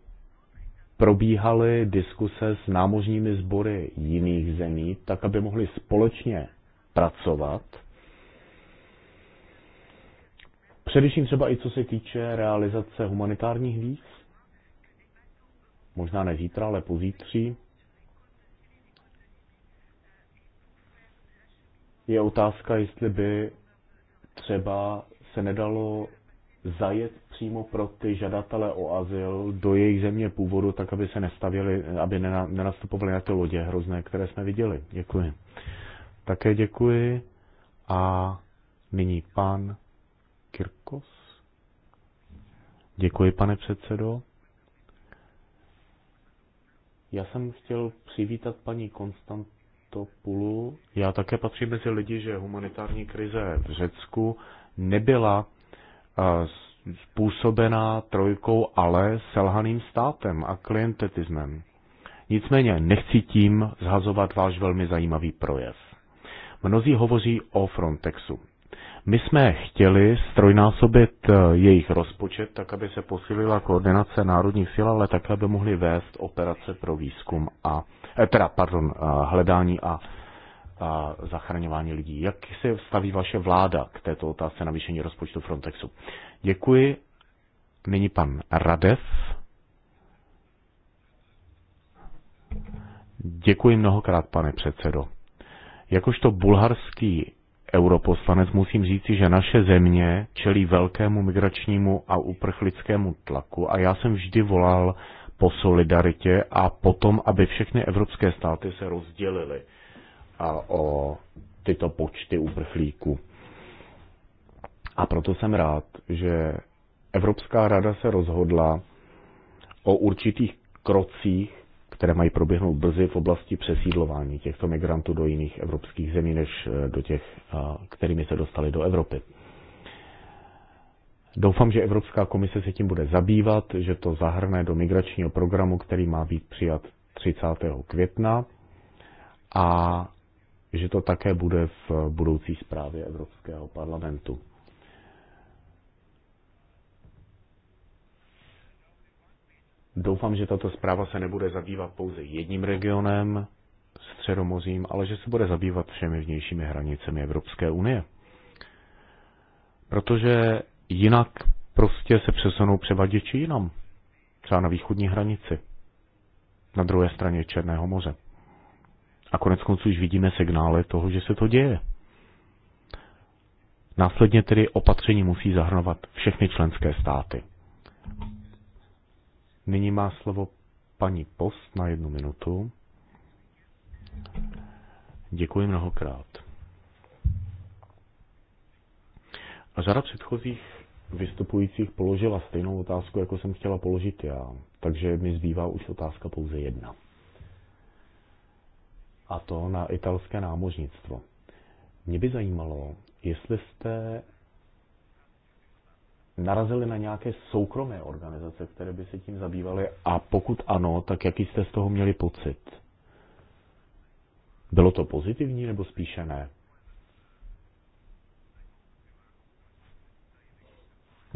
probíhaly diskuse s námořními sbory jiných zemí, tak aby mohli společně pracovat. Především třeba i co se týče realizace humanitárních víc. Možná ne zítra, ale pozítří. Je otázka, jestli by třeba se nedalo zajet přímo pro ty žadatele o azyl do jejich země původu, tak aby se nestavili, aby nenastupovali na ty lodě hrozné, které jsme viděli. Děkuji. Také děkuji. A nyní pan Kirkos. Děkuji, pane předsedo. Já jsem chtěl přivítat paní Konstant Topulu. Já také patřím mezi lidi, že humanitární krize v Řecku nebyla eh, způsobená trojkou, ale selhaným státem a klientetismem. Nicméně nechci tím zhazovat váš velmi zajímavý projev. Mnozí hovoří o Frontexu. My jsme chtěli strojnásobit eh, jejich rozpočet, tak aby se posílila koordinace národních sil, ale také aby mohli vést operace pro výzkum a Eh, teda pardon, eh, hledání a, a zachraňování lidí. Jak se staví vaše vláda k této otázce navýšení rozpočtu Frontexu? Děkuji. Nyní pan Radev. Děkuji mnohokrát, pane předsedo. Jakožto bulharský europoslanec musím říci, že naše země čelí velkému migračnímu a uprchlickému tlaku a já jsem vždy volal po solidaritě a potom, aby všechny evropské státy se rozdělily o tyto počty uprchlíků. A proto jsem rád, že Evropská rada se rozhodla o určitých krocích, které mají proběhnout brzy v oblasti přesídlování těchto migrantů do jiných evropských zemí, než eh, do těch, eh, kterými se dostali do Evropy. Doufám, že Evropská komise se tím bude zabývat, že to zahrne do migračního programu, který má být přijat 30. května a že to také bude v budoucí zprávě Evropského parlamentu. Doufám, že tato zpráva se nebude zabývat pouze jedním regionem, středomozím, ale že se bude zabývat všemi vnějšími hranicemi Evropské unie. Protože jinak prostě se přesunou převaděči jinam, třeba na východní hranici, na druhé straně Černého moře. A konec konců už vidíme signály toho, že se to děje. Následně tedy opatření musí zahrnovat všechny členské státy. Nyní má slovo paní Post na jednu minutu. Děkuji mnohokrát. A řada předchozích vystupujících položila stejnou otázku, jako jsem chtěla položit já. Takže mi zbývá už otázka pouze jedna. A to na italské námořnictvo. Mě by zajímalo, jestli jste narazili na nějaké soukromé organizace, které by se tím zabývaly a pokud ano, tak jaký jste z toho měli pocit? Bylo to pozitivní nebo spíše ne?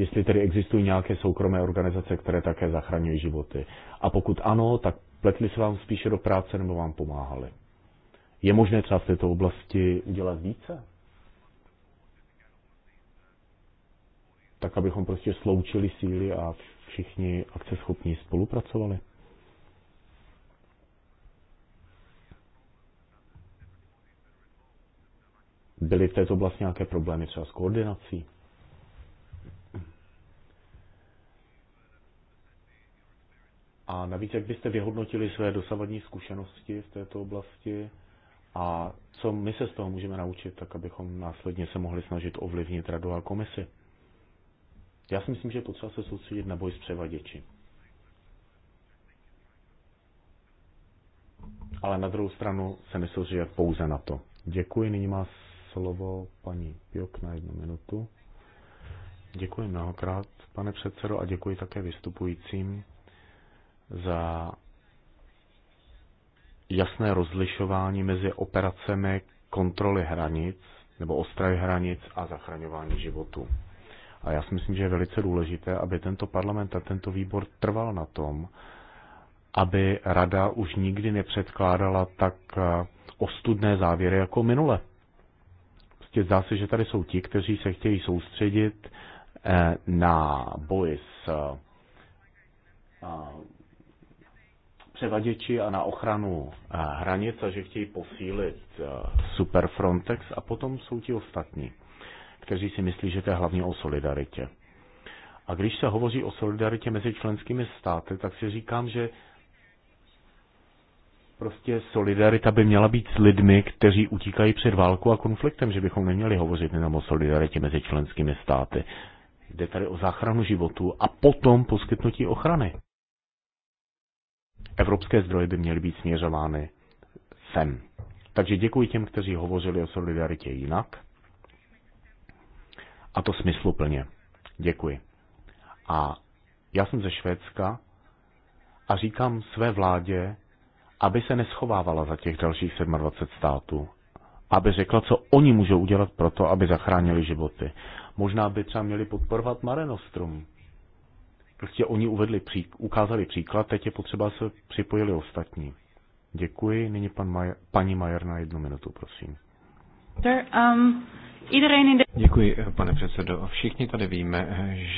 jestli tedy existují nějaké soukromé organizace, které také zachraňují životy. A pokud ano, tak pletli se vám spíše do práce nebo vám pomáhali. Je možné třeba v této oblasti udělat více? Tak, abychom prostě sloučili síly a všichni akceschopní spolupracovali? Byly v této oblasti nějaké problémy třeba s koordinací? A navíc, jak byste vyhodnotili své dosavadní zkušenosti v této oblasti a co my se z toho můžeme naučit, tak abychom následně se mohli snažit ovlivnit radu a komisi? Já si myslím, že je potřeba se soustředit na boj s převaděči. Ale na druhou stranu se nesoustředit pouze na to. Děkuji, nyní má slovo paní Pjok na jednu minutu. Děkuji mnohokrát, pane předsedo, a děkuji také vystupujícím za jasné rozlišování mezi operacemi kontroly hranic nebo ostravy hranic a zachraňování životu. A já si myslím, že je velice důležité, aby tento parlament a tento výbor trval na tom, aby rada už nikdy nepředkládala tak eh, ostudné závěry jako minule. Prostě zdá se, že tady jsou ti, kteří se chtějí soustředit eh, na boj s eh, převaděči a na ochranu eh, hranic a že chtějí posílit eh, Super Frontex a potom jsou ti ostatní, kteří si myslí, že to je hlavně o solidaritě. A když se hovoří o solidaritě mezi členskými státy, tak si říkám, že prostě solidarita by měla být s lidmi, kteří utíkají před válkou a konfliktem, že bychom neměli hovořit jenom o solidaritě mezi členskými státy. Jde tady o záchranu životu a potom poskytnutí ochrany. Evropské zdroje by měly být směřovány sem. Takže děkuji těm, kteří hovořili o solidaritě jinak. A to smysluplně. Děkuji. A já jsem ze Švédska a říkám své vládě, aby se neschovávala za těch dalších 27 států. Aby řekla, co oni můžou udělat pro to, aby zachránili životy. Možná by třeba měli podporovat Marenostrum. Prostě oni uvedli ukázali příklad, teď je potřeba se připojili ostatní. Děkuji. Nyní pan Majer, paní Majer na jednu minutu, prosím. Um, Děkuji, pane předsedo. Všichni tady víme,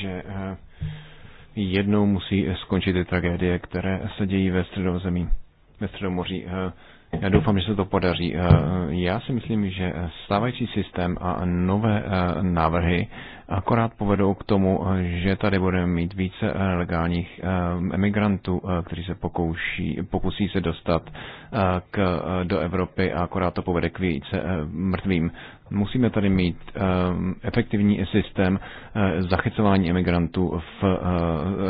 že eh, jednou musí skončit ty tragédie, které se dějí ve středozemí, ve středomoří. Eh, já doufám, že se to podaří. Eh, já si myslím, že stávající systém a nové eh, návrhy akorát povedou k tomu, eh, že tady budeme mít více legálních emigrantů, kteří se pokouší, pokusí se dostat k, do Evropy a akorát to povede k více mrtvým. Musíme tady mít efektivní systém zachycování emigrantů v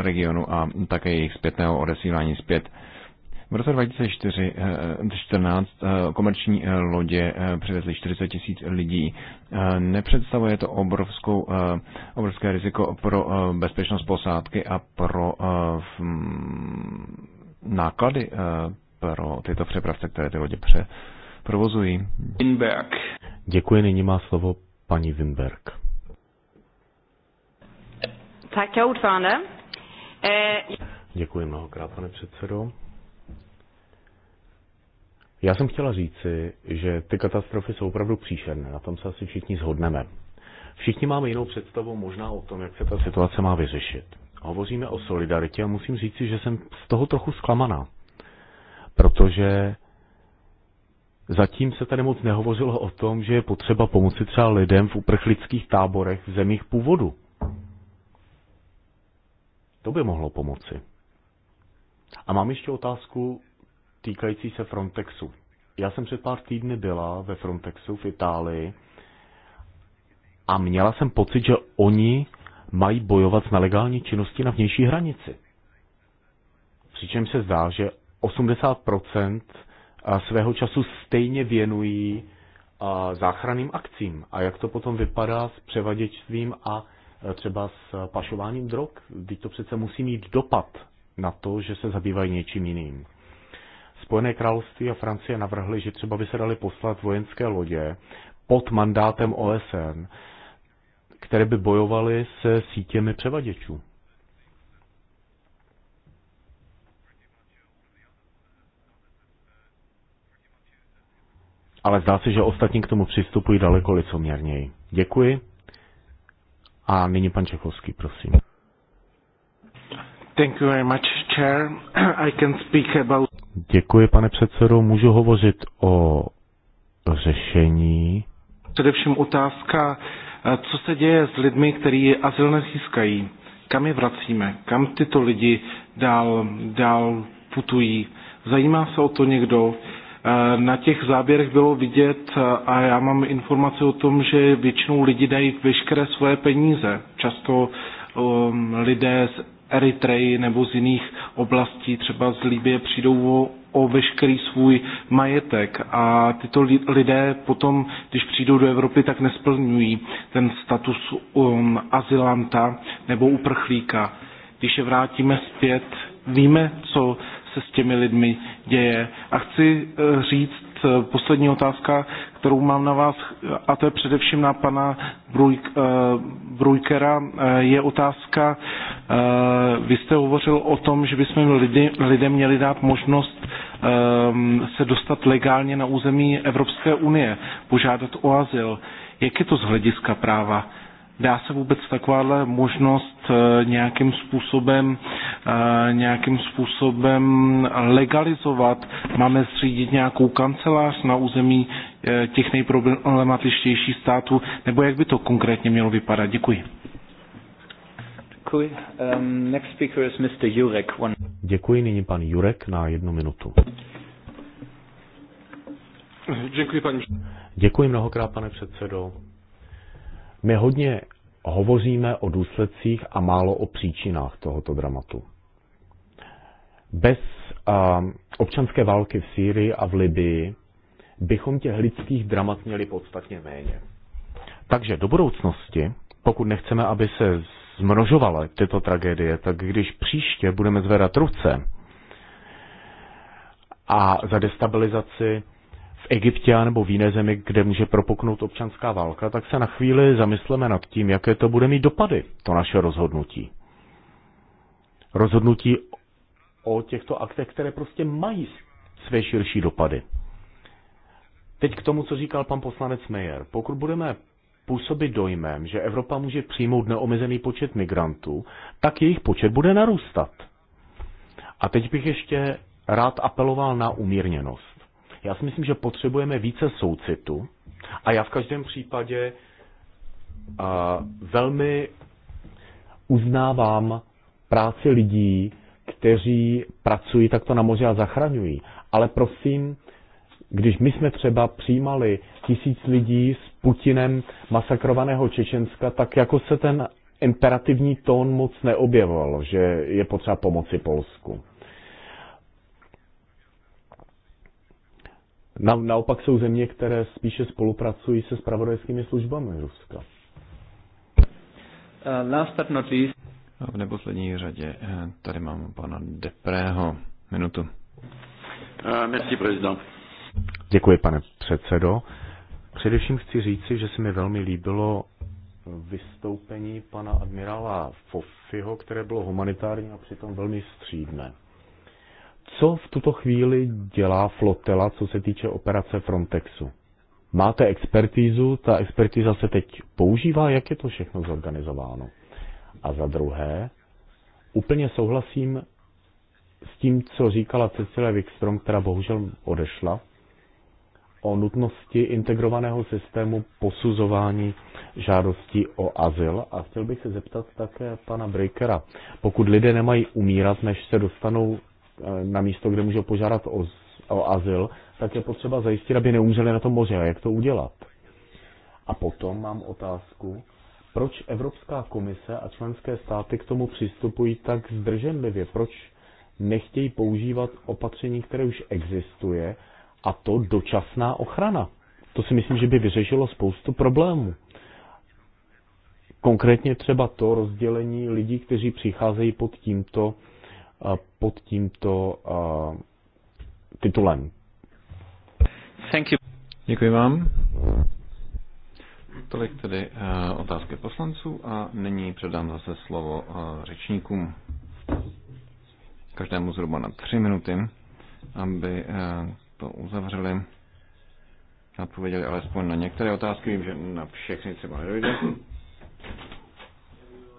regionu a také jejich zpětného odesílání zpět. V roce 2014 eh, eh, komerční eh, lodě přivezly 40 tisíc lidí. Nepředstavuje to obrovskou, obrovské riziko pro bezpečnost posádky a pro mm, náklady pro tyto přepravce, které ty lodě pře provozují. Winberg. Děkuji, nyní má slovo paní Winberg. Tak, Děkuji mnohokrát, pane předsedo. Já jsem chtěla říci, že ty katastrofy jsou opravdu příšerné, na tom se asi všichni zhodneme. Všichni máme jinou představu možná o tom, jak se ta situace má vyřešit. Hovoříme o solidaritě a musím říci, že jsem z toho trochu zklamaná, protože zatím se tady moc nehovořilo o tom, že je potřeba pomoci třeba lidem v uprchlických táborech v zemích původu. To by mohlo pomoci. A mám ještě otázku týkající se Frontexu. Já jsem před pár týdny byla ve Frontexu v Itálii a měla jsem pocit, že oni mají bojovat s nelegální činností na vnější hranici. Přičemž se zdá, že 80% svého času stejně věnují záchranným akcím. A jak to potom vypadá s převaděčstvím a e, třeba s pašováním drog? Teď to přece musí mít dopad na to, že se zabývají něčím jiným. Spojené království a Francie navrhly, že třeba by se dali poslat vojenské lodě pod mandátem OSN, které by bojovaly se sítěmi převaděčů. Ale zdá se, že ostatní k tomu přistupují daleko licoměrněji. Děkuji. A nyní pan Čechovský, prosím. Thank you very much, Chair. I can speak about... Děkuji, pane předsedo. Můžu hovořit o řešení. Především otázka, co se děje s lidmi, kteří azyl nezískají. Kam je vracíme? Kam tyto lidi dál, dál putují? Zajímá se o to někdo? Na těch záběrech bylo vidět, a já mám informace o tom, že většinou lidi dají veškeré svoje peníze. Často um, lidé z Eritreji nebo z jiných oblastí, třeba z Líbie, přijdou o, o veškerý svůj majetek a tyto lidé potom, když přijdou do Evropy, tak nesplňují ten status um, azylanta nebo uprchlíka. Když je vrátíme zpět, víme, co se s těmi lidmi děje. A chci eh, říct, Eh, poslední otázka, kterou mám na vás, a to je především na pana Brujk, eh, Brujkera, eh, je otázka, vy jste hovořil o tom, že bychom lidi, lidem měli dát možnost ehm, se dostat legálně na území Evropské unie, požádat o azyl. Jak je to z hlediska práva? Dá se vůbec takováhle možnost eh, nějakým způsobem, eh, nějakým způsobem legalizovat? Máme zřídit nějakou kancelář na území eh, těch nejproblematičtějších států? Nebo jak by to konkrétně mělo vypadat? Děkuji. Děkuji. Um, next speaker is Mr. Jurek. One... Děkuji. Nyní pan Jurek na jednu minutu. Děkuji, paní. Děkuji mnohokrát, pane předsedo. My hodně hovoříme o důsledcích a málo o příčinách tohoto dramatu. Bez občanské války v Sýrii a v Libii bychom těch lidských dramat měli podstatně méně. Takže do budoucnosti, pokud nechceme, aby se zmnožovaly tyto tragédie, tak když příště budeme zvedat ruce a za destabilizaci v Egyptě nebo v jiné zemi, kde může propuknout občanská válka, tak se na chvíli zamysleme nad tím, jaké to bude mít dopady, to naše rozhodnutí. Rozhodnutí o těchto aktech, které prostě mají své širší dopady. Teď k tomu, co říkal pan poslanec Meyer. Pokud budeme působit dojmem, že Evropa může přijmout neomezený počet migrantů, tak jejich počet bude narůstat. A teď bych ještě rád apeloval na umírněnost. Já si myslím, že potřebujeme více soucitu a já v každém případě a, velmi uznávám práci lidí, kteří pracují takto na moři a zachraňují. Ale prosím, když my jsme třeba přijímali tisíc lidí s Putinem masakrovaného Čečenska, tak jako se ten imperativní tón moc neobjevoval, že je potřeba pomoci Polsku. Na, naopak jsou země, které spíše spolupracují se spravodajskými službami Ruska. Uh, last but not least. A v neposlední řadě eh, tady mám pana Deprého. Minutu. Uh, merci, prezident. Děkuji, pane předsedo. Především chci říci, že se mi velmi líbilo vystoupení pana admirála Fofiho, které bylo humanitární a přitom velmi střídné. Co v tuto chvíli dělá flotela, co se týče operace Frontexu? Máte expertízu, ta expertíza se teď používá, jak je to všechno zorganizováno? A za druhé, úplně souhlasím s tím, co říkala Cecilia Wikström, která bohužel odešla, o nutnosti integrovaného systému posuzování žádostí o azyl. A chtěl bych se zeptat také pana Breakera. Pokud lidé nemají umírat, než se dostanou Eh, na místo, kde můžou požádat o, o azyl, tak je potřeba zajistit, aby neumřeli na tom moře. Jak to udělat? A potom mám otázku, proč Evropská komise a členské státy k tomu přistupují tak zdrženlivě? Proč nechtějí používat opatření, které už existuje, a to dočasná ochrana? To si myslím, že by vyřešilo spoustu problémů. Konkrétně třeba to rozdělení lidí, kteří přicházejí pod tímto pod tímto titulem. Thank you. Děkuji vám. Tolik tedy uh, otázky poslanců a nyní předám zase slovo uh, řečníkům. Každému zhruba na tři minuty, aby uh, to uzavřeli odpověděli alespoň na některé otázky. Vím, že na všechny třeba nedojde.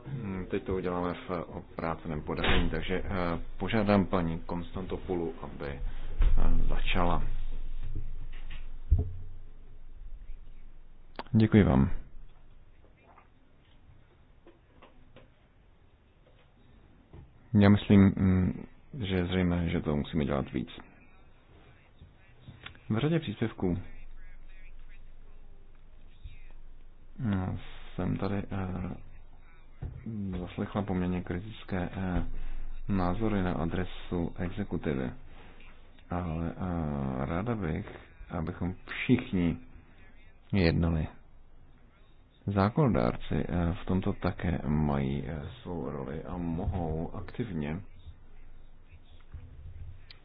Hmm, teď to uděláme v eh, opráceném podání, takže eh, požádám paní Konstantopulu, aby eh, začala. Děkuji vám. Já myslím, mm, že je zřejmé, že to musíme dělat víc. V řadě příspěvků mm, jsem tady zaslechla poměrně kritické eh, názory na adresu exekutivy. Ale eh, ráda bych, abychom všichni jednali. Zákonodárci eh, v tomto také mají svou roli a mohou aktivně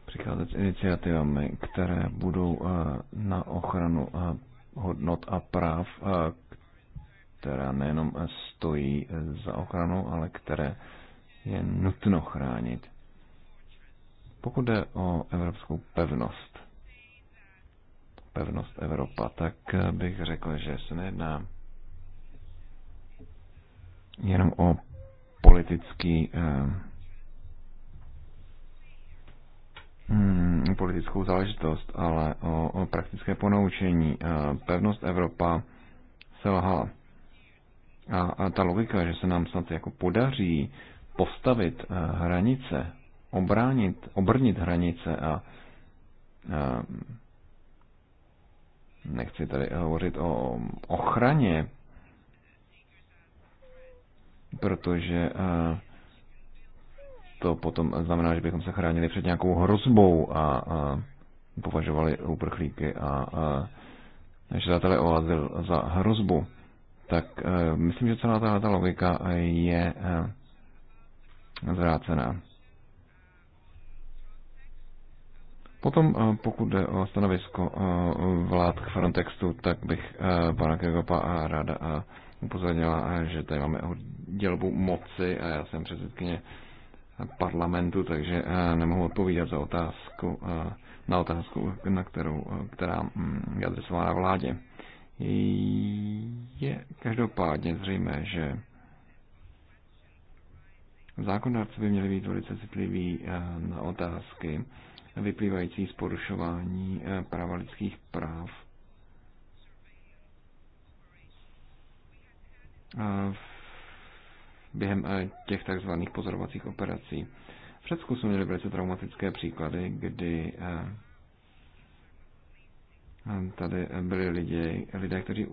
přicházet s iniciativami, které budou na ochranu hodnot a práv která nejenom stojí za ochranou, ale které je nutno chránit. Pokud jde o evropskou pevnost, pevnost Evropa, tak bych řekl, že se nejedná jenom o politický hmm, politickou záležitost, ale o, o praktické ponaučení. Eh, pevnost Evropa selhala. A, a ta logika, že se nám snad jako podaří postavit eh, hranice, obránit, obrnit hranice a, a eh, nechci tady hovořit o ochraně, protože eh, to potom znamená, že bychom se chránili před nějakou hrozbou a, a považovali uprchlíky a, a žadatele o azyl za hrozbu tak eh, myslím, že celá ta, logika je eh, zvrácená. Potom, eh, pokud jde o stanovisko vlád k Frontextu, tak bych pana Kegopa a ráda upozornila, že tady máme dělbu moci a já jsem předsedkyně parlamentu, takže nemohu odpovídat za otázku, na otázku, na kterou, která mm, je adresována vládě. Je každopádně zřejmé, že zákonodárci by měli být velice citliví eh, na otázky vyplývající z porušování eh, práva lidských práv během eh, těch takzvaných pozorovacích operací. V Řecku jsme měli velice traumatické příklady, kdy Tady byli lidi, lidé, kteří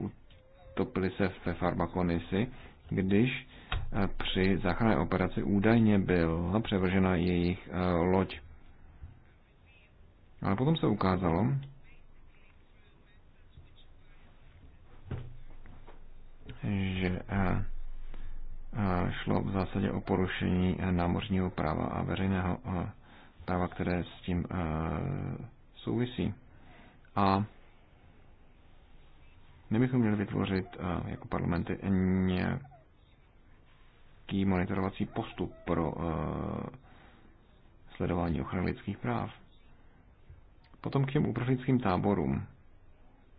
utopili se ve farmakonisi, když eh, při záchranné operaci údajně byla převržena jejich eh, loď. Ale potom se ukázalo, že eh, šlo v zásadě o porušení námořního práva a veřejného práva, které s tím souvisí. A my bychom měli vytvořit eh, jako parlamenty nějaký monitorovací postup pro eh, sledování ochrany lidských práv. Potom k těm uprchlickým táborům.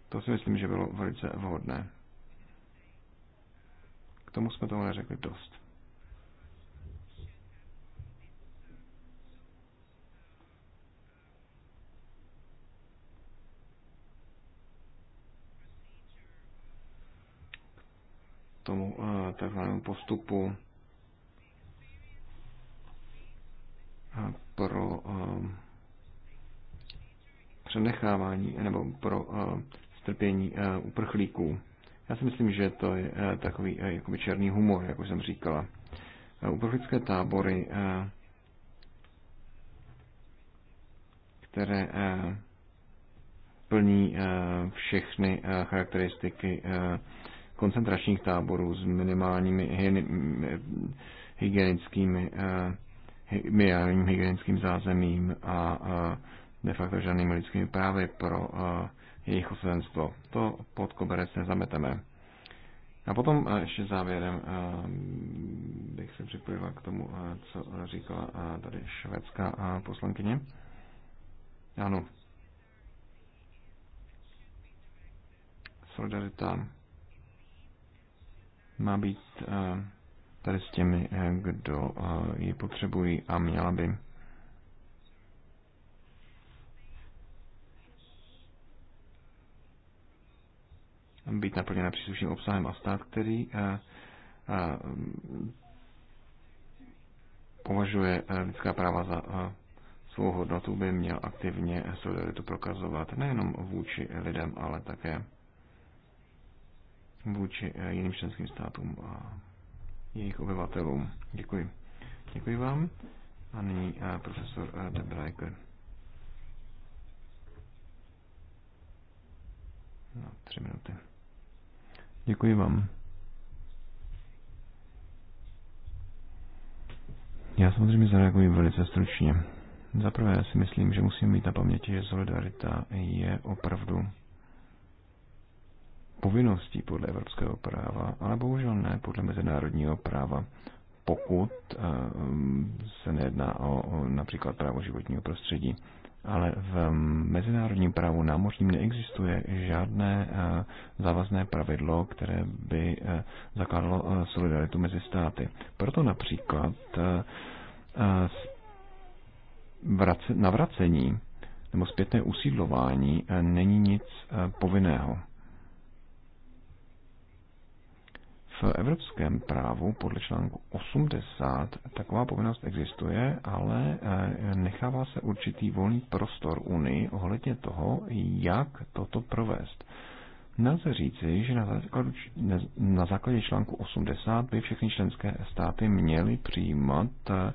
To si myslím, že bylo velice vhodné. K tomu jsme toho neřekli dost. tomu eh, takzvanému postupu eh, pro eh, přenechávání nebo pro strpění uprchlíků. Já si myslím, že to je takový jakoby černý humor, jak už jsem říkala. Uprchlické tábory, které plní všechny charakteristiky koncentračních táborů s minimálními hygienickými, eh, minimálním hygienickým zázemím a eh, de facto žádnými lidskými právy pro eh, jejich osvědenstvo. To pod koberec nezameteme. A potom ještě závěrem bych se připojila k tomu, co říkala tady švédská poslankyně. Ano. Solidarita má být eh, tady s těmi, eh, kdo eh, ji potřebují a měla by být naplněna příslušným obsahem a stát, který považuje lidská práva za svou hodnotu, by měl aktivně solidaritu prokazovat nejenom vůči lidem, ale také vůči eh, jiným členským státům a jejich obyvatelům. Děkuji. Děkuji vám. A nyní eh, profesor eh, Debrajker. Na no, tři minuty. Děkuji vám. Já samozřejmě zareaguji velice stručně. Zaprvé, si myslím, že musím mít na paměti, že solidarita je opravdu povinností podle evropského práva, ale bohužel ne podle mezinárodního práva, pokud eh, se nejedná o například právo životního prostředí. Ale v mezinárodním právu námořním neexistuje žádné eh, závazné pravidlo, které by eh, zakládalo solidaritu mezi státy. Proto například navracení nebo zpětné usídlování není nic povinného. evropském právu podle článku 80 taková povinnost existuje, ale eh, nechává se určitý volný prostor Unii ohledně toho, jak toto provést. Nelze říci, že na základě článku 80 by všechny členské státy měly přijímat eh,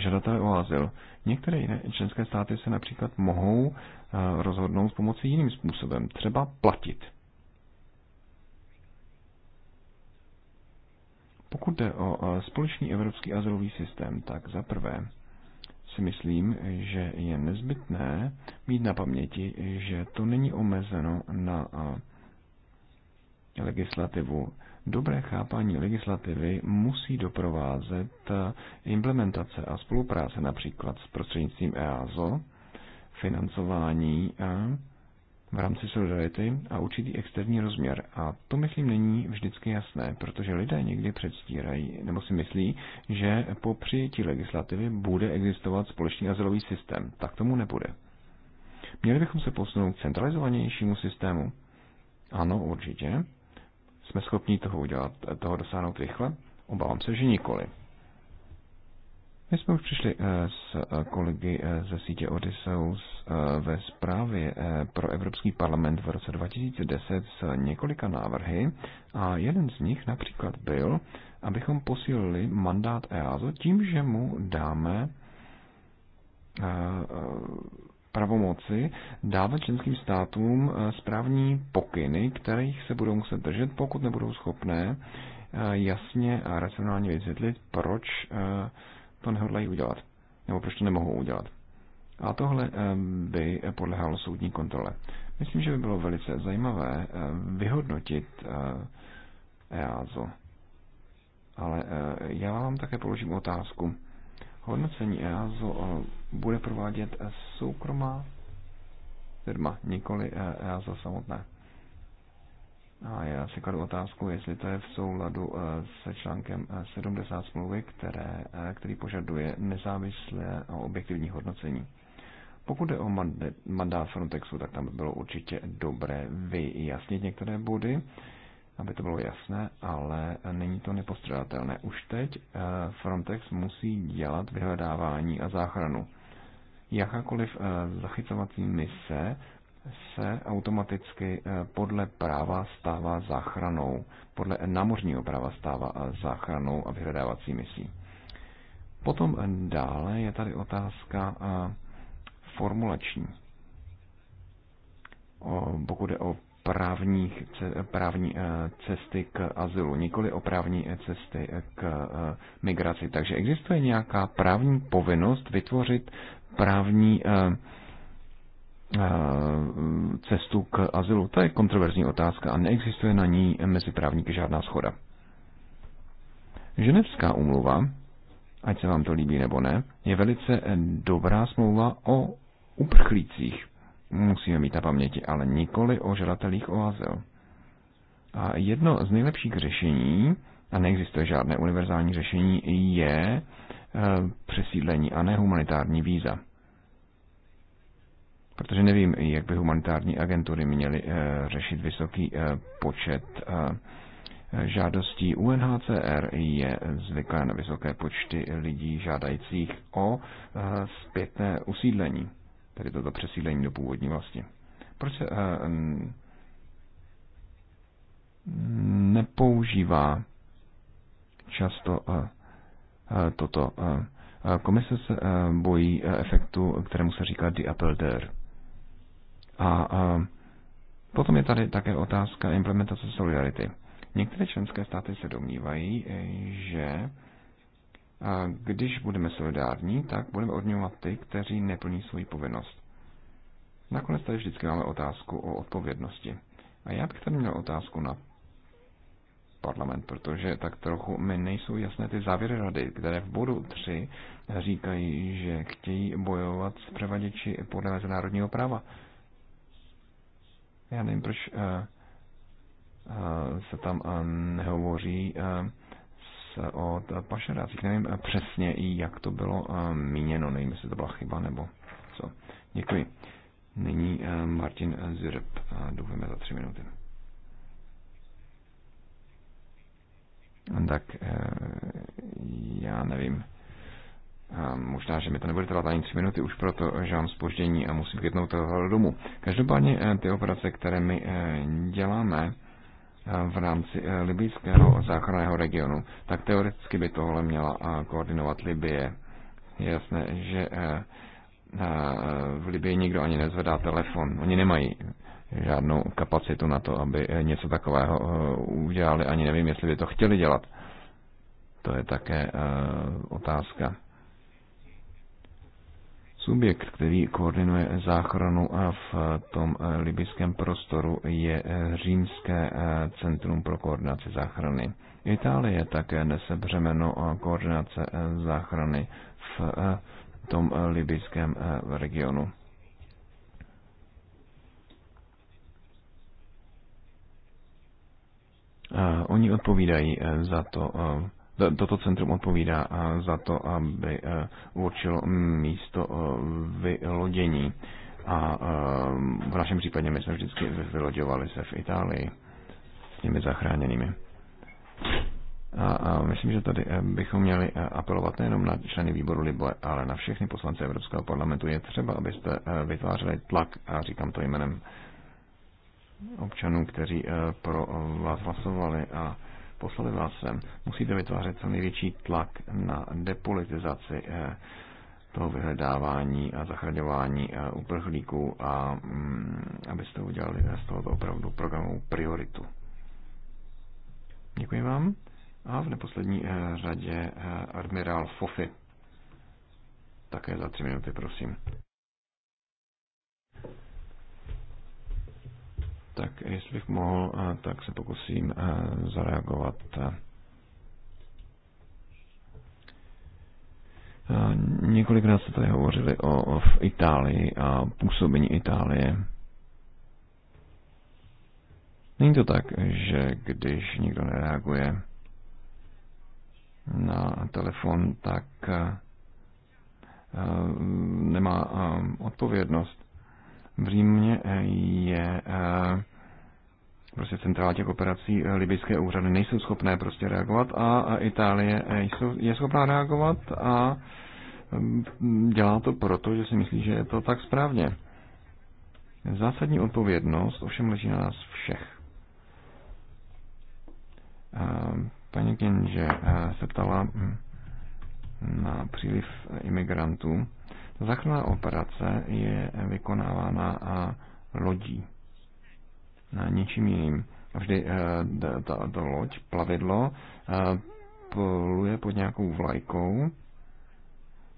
žadatele o azyl. Některé jiné členské státy se například mohou eh, rozhodnout pomocí jiným způsobem, třeba platit Pokud jde o společný evropský azylový systém, tak za prvé si myslím, že je nezbytné mít na paměti, že to není omezeno na legislativu. Dobré chápání legislativy musí doprovázet implementace a spolupráce například s prostřednictvím EASO, financování a v rámci solidarity a určitý externí rozměr. A to, myslím, není vždycky jasné, protože lidé někdy předstírají nebo si myslí, že po přijetí legislativy bude existovat společný azylový systém. Tak tomu nebude. Měli bychom se posunout k centralizovanějšímu systému? Ano, určitě. Jsme schopni toho udělat, toho dosáhnout rychle? Obávám se, že nikoli. My jsme už přišli eh, s eh, kolegy eh, ze sítě Odysseus ve zprávě pro Evropský parlament v roce 2010 s několika návrhy a jeden z nich například byl, abychom posílili mandát EASO tím, že mu dáme pravomoci dávat členským státům správní pokyny, kterých se budou muset držet, pokud nebudou schopné jasně a racionálně vysvětlit, proč to nehodlají udělat. Nebo proč to nemohou udělat. A tohle eh, by podlehalo soudní kontrole. Myslím, že by bylo velice zajímavé eh, vyhodnotit eh, EASO. Ale já vám také položím otázku. Hodnocení EASO bude provádět soukromá firma, nikoli EASO samotné. A já si kladu otázku, jestli to je v souladu eh, se článkem 70 eh, smlouvy, které, eh, který požaduje nezávislé a objektivní hodnocení. Pokud je o mandát Frontexu, tak tam by bylo určitě dobré vyjasnit některé body, aby to bylo jasné, ale není to nepostradatelné. Už teď Frontex musí dělat vyhledávání a záchranu. Jakákoliv zachycovací mise se automaticky eh, podle práva stává záchranou, podle námořního práva stává eh, záchranou a vyhledávací misí. Potom eh, dále je tady otázka formulační. O, pokud je o právních, právní cesty k azylu, nikoli o právní cesty k migraci. Takže existuje nějaká právní povinnost vytvořit právní Eh, cestu k azylu? To je kontroverzní otázka a neexistuje na ní mezi právníky žádná schoda. Ženevská úmluva, ať se vám to líbí nebo ne, je velice dobrá smlouva o uprchlících. Musíme mít na paměti, ale nikoli o žadatelích o azyl. A jedno z nejlepších řešení, a neexistuje žádné univerzální řešení, je eh, přesídlení a ne humanitární víza protože nevím, jak by humanitární agentury měly eh, řešit vysoký eh, počet eh, žádostí. UNHCR je zvyklá na vysoké počty lidí žádajících o zpětné usídlení, tedy toto přesídlení do původní vlasti. Proč se nepoužívá často toto? Komise se bojí efektu, kterému se říká diapeldér. A potom je tady také otázka implementace solidarity. Některé členské státy se domnívají, eh, že když budeme solidární, tak budeme odměňovat ty, kteří neplní svoji povinnost. Nakonec tady vždycky máme otázku o odpovědnosti. A já bych tady měl otázku na parlament, protože tak trochu mi nejsou jasné ty závěry rady, které v bodu 3 říkají, že chtějí bojovat s převaděči podle mezinárodního práva. Já nevím, proč eh, eh, se tam eh, nehovoří o pašerácích. Nevím přesně, jak to bylo míněno. Nevím, jestli to byla chyba nebo co. Děkuji. Nyní Martin Zirb. Doufujeme za tři minuty. Tak já nevím. A možná, že mi to nebude trvat ani tři minuty, už proto, eh, že mám spoždění a musím květnout eh, toho domů. Každopádně eh, ty operace, které my děláme v rámci libijského záchranného regionu, tak teoreticky by tohle měla koordinovat Libie. Jasné, že v Libii nikdo ani nezvedá telefon. Oni nemají žádnou kapacitu na to, aby něco takového udělali. Ani nevím, jestli by to chtěli dělat. To je také otázka. Subjekt, který koordinuje záchranu a v tom eh, libyském prostoru, je eh, Římské eh, centrum pro koordinaci záchrany. Itálie také nese břemeno koordinace záchrany v tom libyském regionu. Oni odpovídají za to, toto centrum odpovídá za to, aby e, určilo místo e, vylodění. A e, v našem případě my jsme vždycky vyloďovali se v Itálii s těmi zachráněnými. A, myslím, že tady bychom měli apelovat nejenom na členy výboru Libe, ale na všechny poslance Evropského parlamentu. Je třeba, abyste vytvářeli tlak, a říkám to jménem občanů, kteří pro vás hlasovali a poslali vás sem, musíte vytvářet co největší tlak na depolitizaci eh, toho vyhledávání a zachraňování eh, uprchlíků a mm, abyste udělali z tohoto opravdu programovou prioritu. Děkuji vám. A v neposlední eh, řadě admirál Fofy. Také za tři minuty, prosím tak jestli bych mohl, eh, tak se pokusím eh, zareagovat. Eh. Několikrát se tady hovořili o, o v Itálii a působení Itálie. Není to tak, že když nikdo nereaguje na telefon, tak nemá odpovědnost. V Římě je prostě centrála těch operací eh, libyské úřady nejsou schopné prostě reagovat a Itálie eh, je schopná reagovat a mm, dělá to proto, že si myslí, že je to tak správně. Zásadní odpovědnost ovšem leží na nás všech. Paní Kenže eh, se ptala hm, na příliv imigrantů. Záchranná operace je vykonávána lodí ničím jiným. Vždy eh, ta, ta loď, plavidlo, eh, pluje pod nějakou vlajkou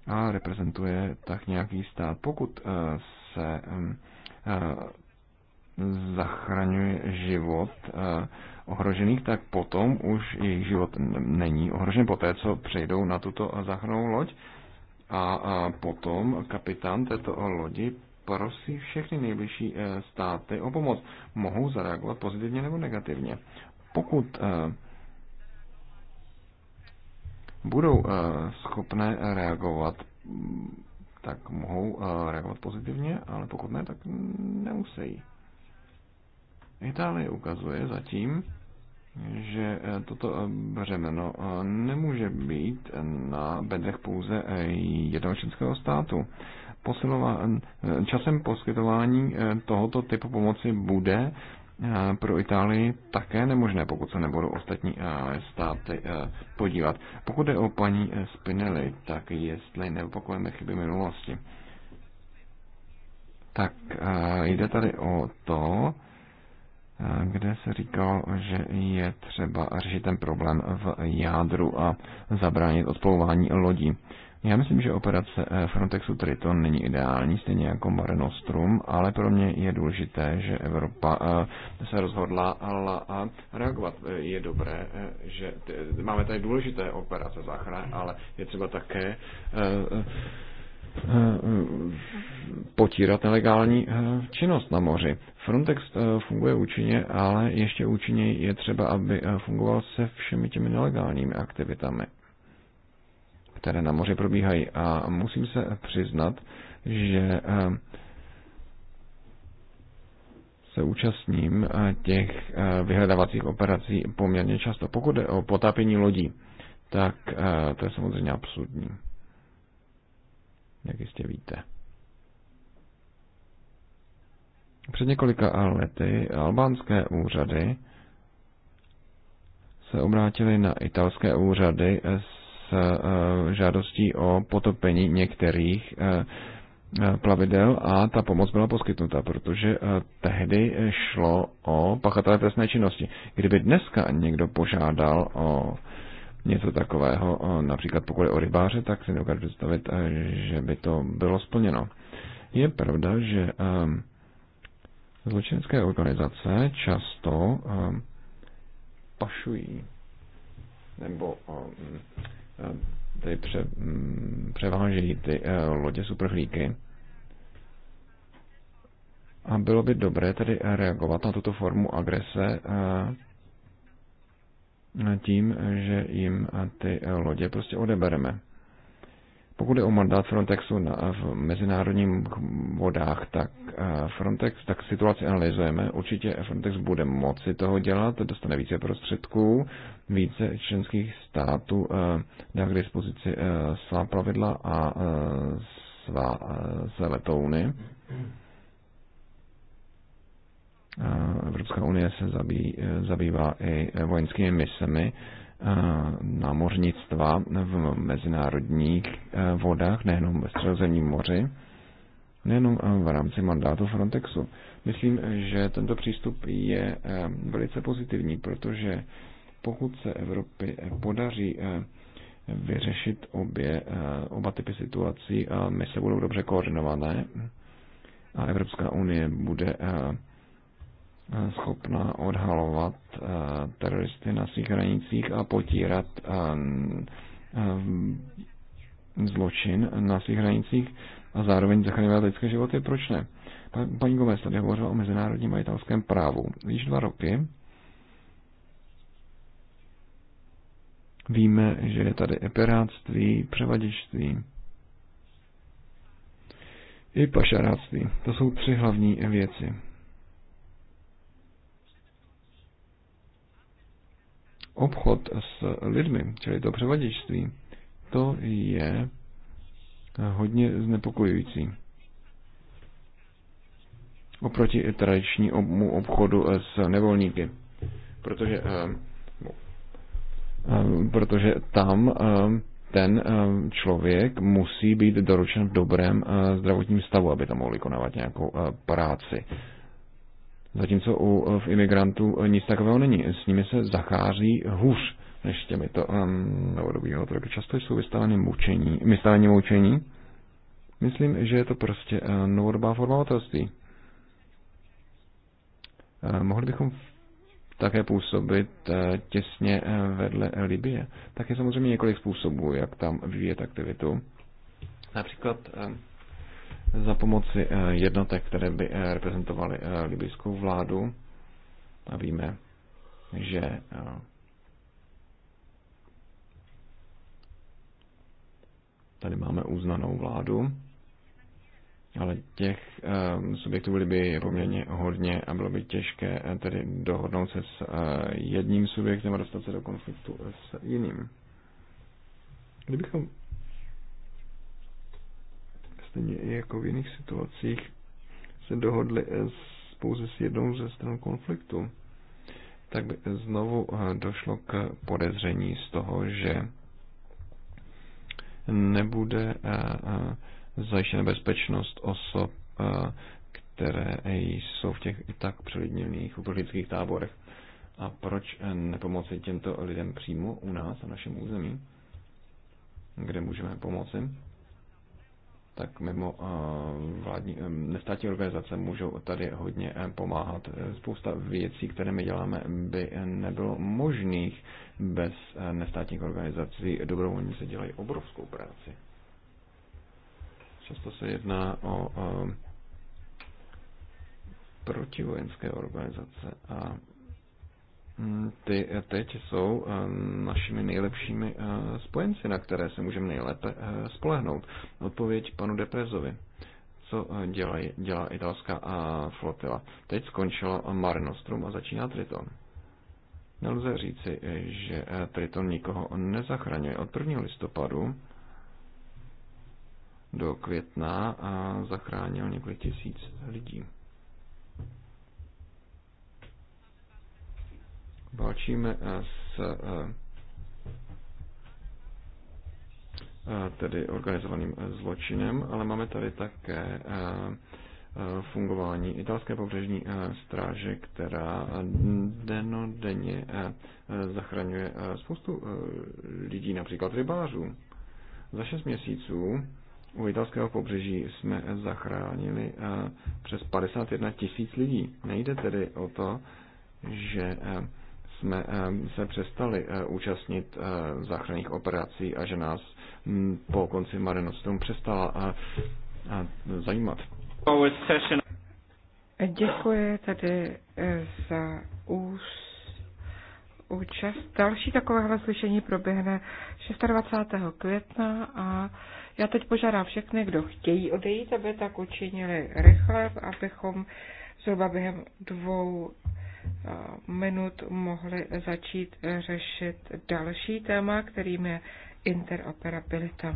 a reprezentuje tak nějaký stát. Pokud eh, se mm, zachraňuje život ohrožených, tak potom už jejich život není ohrožen poté, co přejdou na tuto záchrannou loď. A potom kapitán této lodi prosí všechny nejbližší eh, státy o pomoc. Mohou zareagovat pozitivně nebo negativně. Pokud eh, budou eh, schopné reagovat, tak mohou reagovat pozitivně, ale pokud ne, tak nemusí. Itálie ukazuje zatím, že toto břemeno nemůže být na bedrech pouze jednoho členského státu časem poskytování eh, tohoto typu pomoci bude eh, pro Itálii také nemožné, pokud se nebudou ostatní eh, státy podívat. Pokud jde o paní Spinelli, tak jestli neopakujeme chyby minulosti, tak jde tady o to, kde se říkalo, že je třeba řešit ten problém v jádru a zabránit odplouvání lodí. Já myslím, že operace eh, Frontexu Triton není ideální, stejně jako Mare Nostrum, ale pro mě je důležité, že Evropa eh, se rozhodla a reagovat. Eh, je dobré, že máme tady důležité operace záchrany, ale je třeba také potírat nelegální činnost na moři. Frontex funguje účinně, ale ještě účinněji je třeba, aby fungoval se všemi těmi nelegálními aktivitami které na moři probíhají. A musím se přiznat, že eh, se účastním eh, těch eh, vyhledávacích operací poměrně často. Pokud jde o potápění lodí, tak to je samozřejmě absurdní. Jak jistě víte. Před několika lety albánské úřady se obrátili na italské úřady s Eh, žádostí o potopení některých eh, eh, plavidel a ta pomoc byla poskytnuta, protože tehdy šlo o pachatele trestné činnosti. Kdyby dneska někdo požádal o něco takového, například pokud je o rybáře, tak si dokážu představit, že by to bylo splněno. Je pravda, že zločinecké organizace často pašují nebo Eh, tady pře, mm, převážejí ty eh, lodě superhlíky. A bylo by dobré tedy eh, reagovat na tuto formu agrese tím, že jim ty lodě prostě odebereme. Pokud je o mandát Frontexu na, v mezinárodním vodách, tak Frontex, tak situaci analyzujeme. Určitě Frontex bude moci toho dělat, dostane více prostředků, více členských států eh, dá k dispozici eh, svá pravidla a eh, svá, své letouny. Evropská unie se zabý, zabývá i vojenskými misemi námořnictva v mezinárodních vodách, nejenom ve středozemním moři, nejenom v rámci mandátu Frontexu. Myslím, že tento přístup je velice pozitivní, protože pokud se Evropy eh, podaří eh, vyřešit obě, eh, oba typy situací a my se budou dobře koordinované a Evropská unie bude schopna odhalovat teroristy na svých hranicích a potírat zločin na svých hranicích a zároveň zachraňovat lidské životy, proč ne? Paní Gomez tady hovořila o mezinárodním majitelském právu. Již dva roky Víme, že je tady piráctví, převaděčství i pašaráctví. To jsou tři hlavní věci. Obchod s lidmi, čili to převaděčství, to je hodně znepokojující. Oproti tradičnímu obchodu s nevolníky. Protože eh, Ehm, protože tam ehm, ten ehm, člověk musí být doručen v dobrém eh, zdravotním stavu, aby tam mohl vykonávat nějakou eh, práci. Zatímco u, eh, v imigrantů nic takového není. S nimi se zachází hůř než s těmito um, novodobými otroky. Často jsou vystaveny mučení, vystaveni mučení. Myslím, že je to prostě uh, novodobá forma otroctví. Uh, mohli bychom také působit eh, těsně eh, vedle Libie. Tak je samozřejmě několik způsobů, jak tam vyvíjet aktivitu. Například eh, za pomoci jednotek, které by reprezentovaly libijskou vládu. A víme, že tady máme uznanou vládu ale těch ehm, subjektů byly by poměrně hodně a bylo by těžké eh, tedy dohodnout se s eh, jedním subjektem a dostat se do konfliktu s jiným. Kdybychom stejně i jako v jiných situacích se dohodli eh, s, pouze s jednou ze stran konfliktu, tak by znovu došlo k podezření z toho, že nebude uh, uh, zajištěna bezpečnost osob, eh, které jsou v těch i tak přelidněných uprchlických táborech. A proč eh, nepomoci těmto lidem přímo u nás, na našem území, kde můžeme pomoci? tak mimo eh, vládní, nestátní organizace můžou tady hodně pomáhat. Spousta věcí, které my děláme, by nebylo možných bez nestátních organizací. Dobrovolníci dělají obrovskou práci. Často se jedná o protivojenské organizace a mm, ty teď jsou e, našimi nejlepšími e, spojenci, na které se můžeme nejlépe e, spolehnout. Odpověď panu Deprezovi. Co dělá dělá italská flotila? Teď skončila Mare Nostrum a začíná Triton. Nelze říci, že Triton nikoho nezachraňuje. Od 1. listopadu do května a zachránil několik tisíc lidí. Balčíme eh, s eh, eh, tedy organizovaným zločinem, ale máme tady také fungování italské pobřežní stráže, která denodenně zachraňuje spoustu lidí, například rybářů. Za šest měsíců u italského pobřeží jsme zachránili eh, přes 51 tisíc lidí. Nejde tedy o to, že eh, jsme eh, se přestali účastnit záchranných operací a že nás mm, po konci Mare Nostrum přestala zajímat. Děkuji tedy za ús účast. Další takovéhle slyšení proběhne 26. května a já teď požádám všechny, kdo chtějí odejít, aby tak učinili rychle, abychom zhruba během dvou eh, minut mohli začít řešit další téma, kterým je interoperabilita.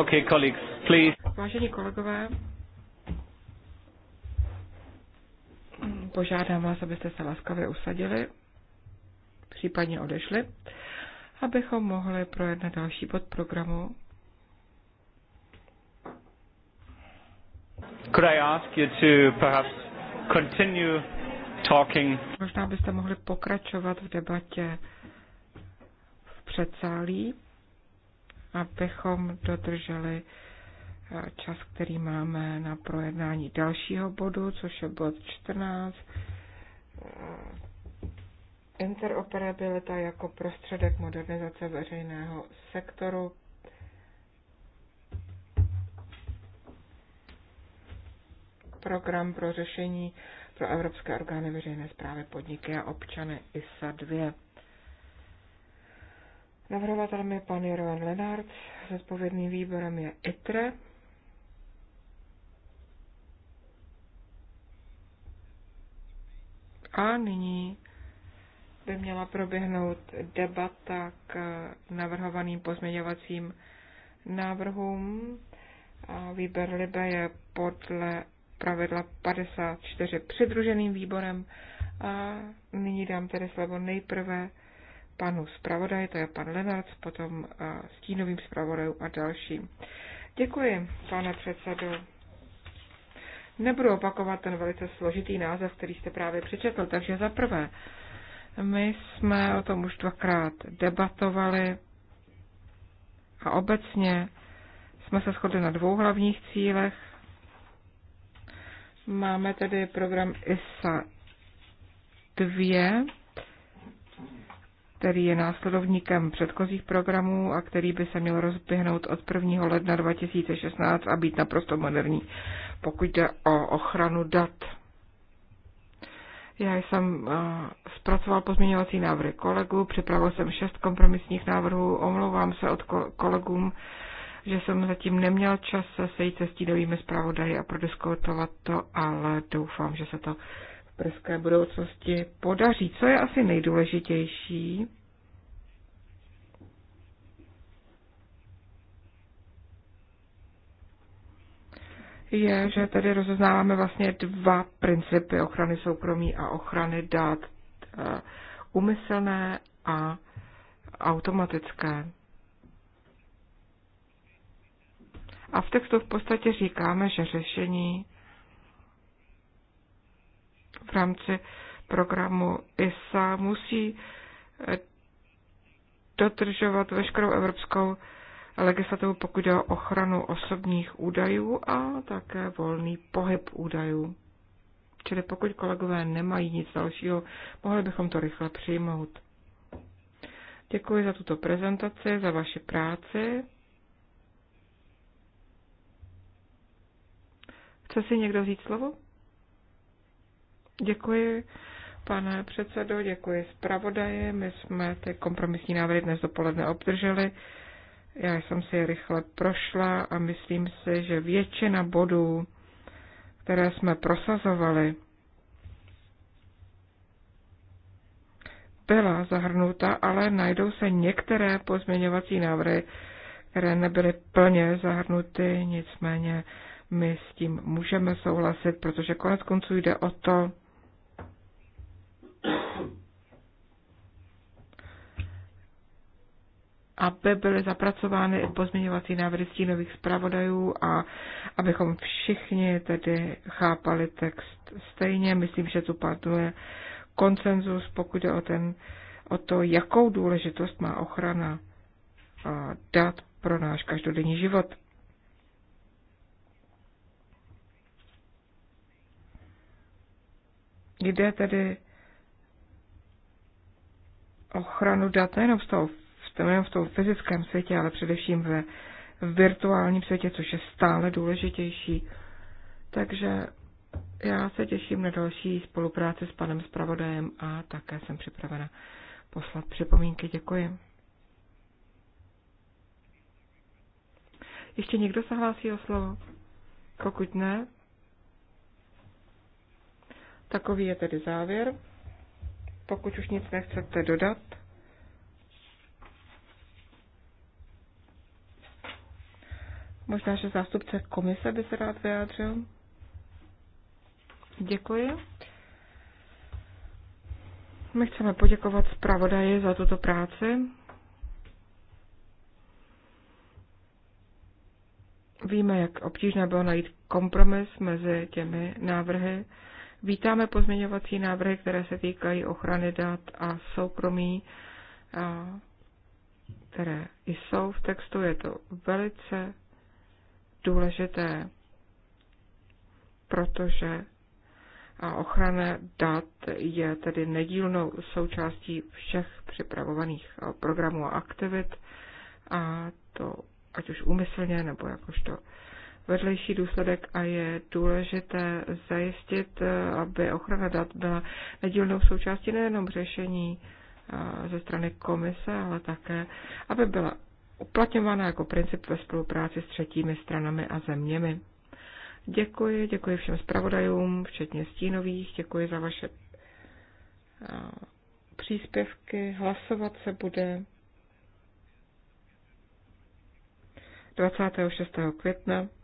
Okay, colleagues, please. Vážení kolegové, požádám vás, abyste se laskavě usadili, případně odešli, abychom mohli projednat další bod programu. Could I ask you to perhaps continue talking? Možná byste mohli pokračovat v debatě v předsálí abychom dodrželi eh, čas, který máme na projednání dalšího bodu, což je bod 14. Interoperabilita jako prostředek modernizace veřejného sektoru. Program pro řešení pro evropské orgány veřejné zprávy, podniky a občany ISA 2. Navrhovatelem je pan Jorovan Lenard, zodpovědným výborem je ITRE. A nyní by měla proběhnout debata k navrhovaným pozměňovacím návrhům. Výbor Libe je podle pravidla 54 přidruženým výborem. A nyní dám tedy slovo nejprve panu zpravodaji, to je pan Lenard, potom eh, stínovým zpravodajům a dalším. Děkuji, pane předsedo. Nebudu opakovat ten velice složitý název, který jste právě přečetl, takže za prvé, my jsme o tom už dvakrát debatovali a obecně jsme se shodli na dvou hlavních cílech. Máme tedy program ISA 2, který je následovníkem předchozích programů a který by se měl rozběhnout od 1. ledna 2016 a být naprosto moderní, pokud jde o ochranu dat. Já jsem eh, zpracoval pozměňovací návrhy kolegů, připravil jsem šest kompromisních návrhů, omlouvám se od kolegům, že jsem zatím neměl čas se sejít se stínovými zpravodaji a prodiskutovat to, ale doufám, že se to brzké budoucnosti podaří. Co je asi nejdůležitější? je, že tady rozeznáváme vlastně dva principy ochrany soukromí a ochrany dat umyslné eh, a automatické. A v textu v podstatě říkáme, že řešení v rámci programu ISA musí eh, dodržovat veškerou evropskou legislativu, pokud jde o ochranu osobních údajů a také volný pohyb údajů. Čili pokud kolegové nemají nic dalšího, mohli bychom to rychle přijmout. Děkuji za tuto prezentaci, za vaši práci. Chce si někdo říct slovo? Děkuji, pane předsedo, děkuji zpravodaje. My jsme ty kompromisní návrhy dnes dopoledne obdrželi. Já jsem si je rychle prošla a myslím si, že většina bodů, které jsme prosazovali, byla zahrnuta, ale najdou se některé pozměňovací návrhy, které nebyly plně zahrnuty, nicméně my s tím můžeme souhlasit, protože konec konců jde o to, aby byly zapracovány i pozměňovací návrhy stínových zpravodajů a abychom všichni tedy chápali text stejně. Myslím, že tu paduje konsenzus, pokud je o, ten, o to, jakou důležitost má ochrana dat pro náš každodenní život. Jde tedy ochranu dat nejenom v, toho, nejenom v tom fyzickém světě, ale především ve virtuálním světě, což je stále důležitější. Takže já se těším na další spolupráci s panem zpravodajem a také jsem připravena poslat připomínky. Děkuji. Ještě někdo se hlásí o slovo? Pokud ne, takový je tedy závěr pokud už nic nechcete dodat. Možná, že zástupce komise by se rád vyjádřil. Děkuji. My chceme poděkovat zpravodaji za tuto práci. Víme, jak obtížné bylo najít kompromis mezi těmi návrhy, Vítáme pozměňovací návrhy, které se týkají ochrany dat a soukromí, které jsou v textu. Je to velice důležité, protože a ochrana dat je tedy nedílnou součástí všech připravovaných programů a aktivit, a to ať už úmyslně nebo jakožto vedlejší důsledek a je důležité zajistit, eh, aby ochrana dat byla nedílnou součástí nejenom řešení eh, ze strany komise, ale také, aby byla uplatňována jako princip ve spolupráci s třetími stranami a zeměmi. Děkuji, děkuji všem zpravodajům, včetně stínových, děkuji za vaše eh, příspěvky. Hlasovat se bude 26. května.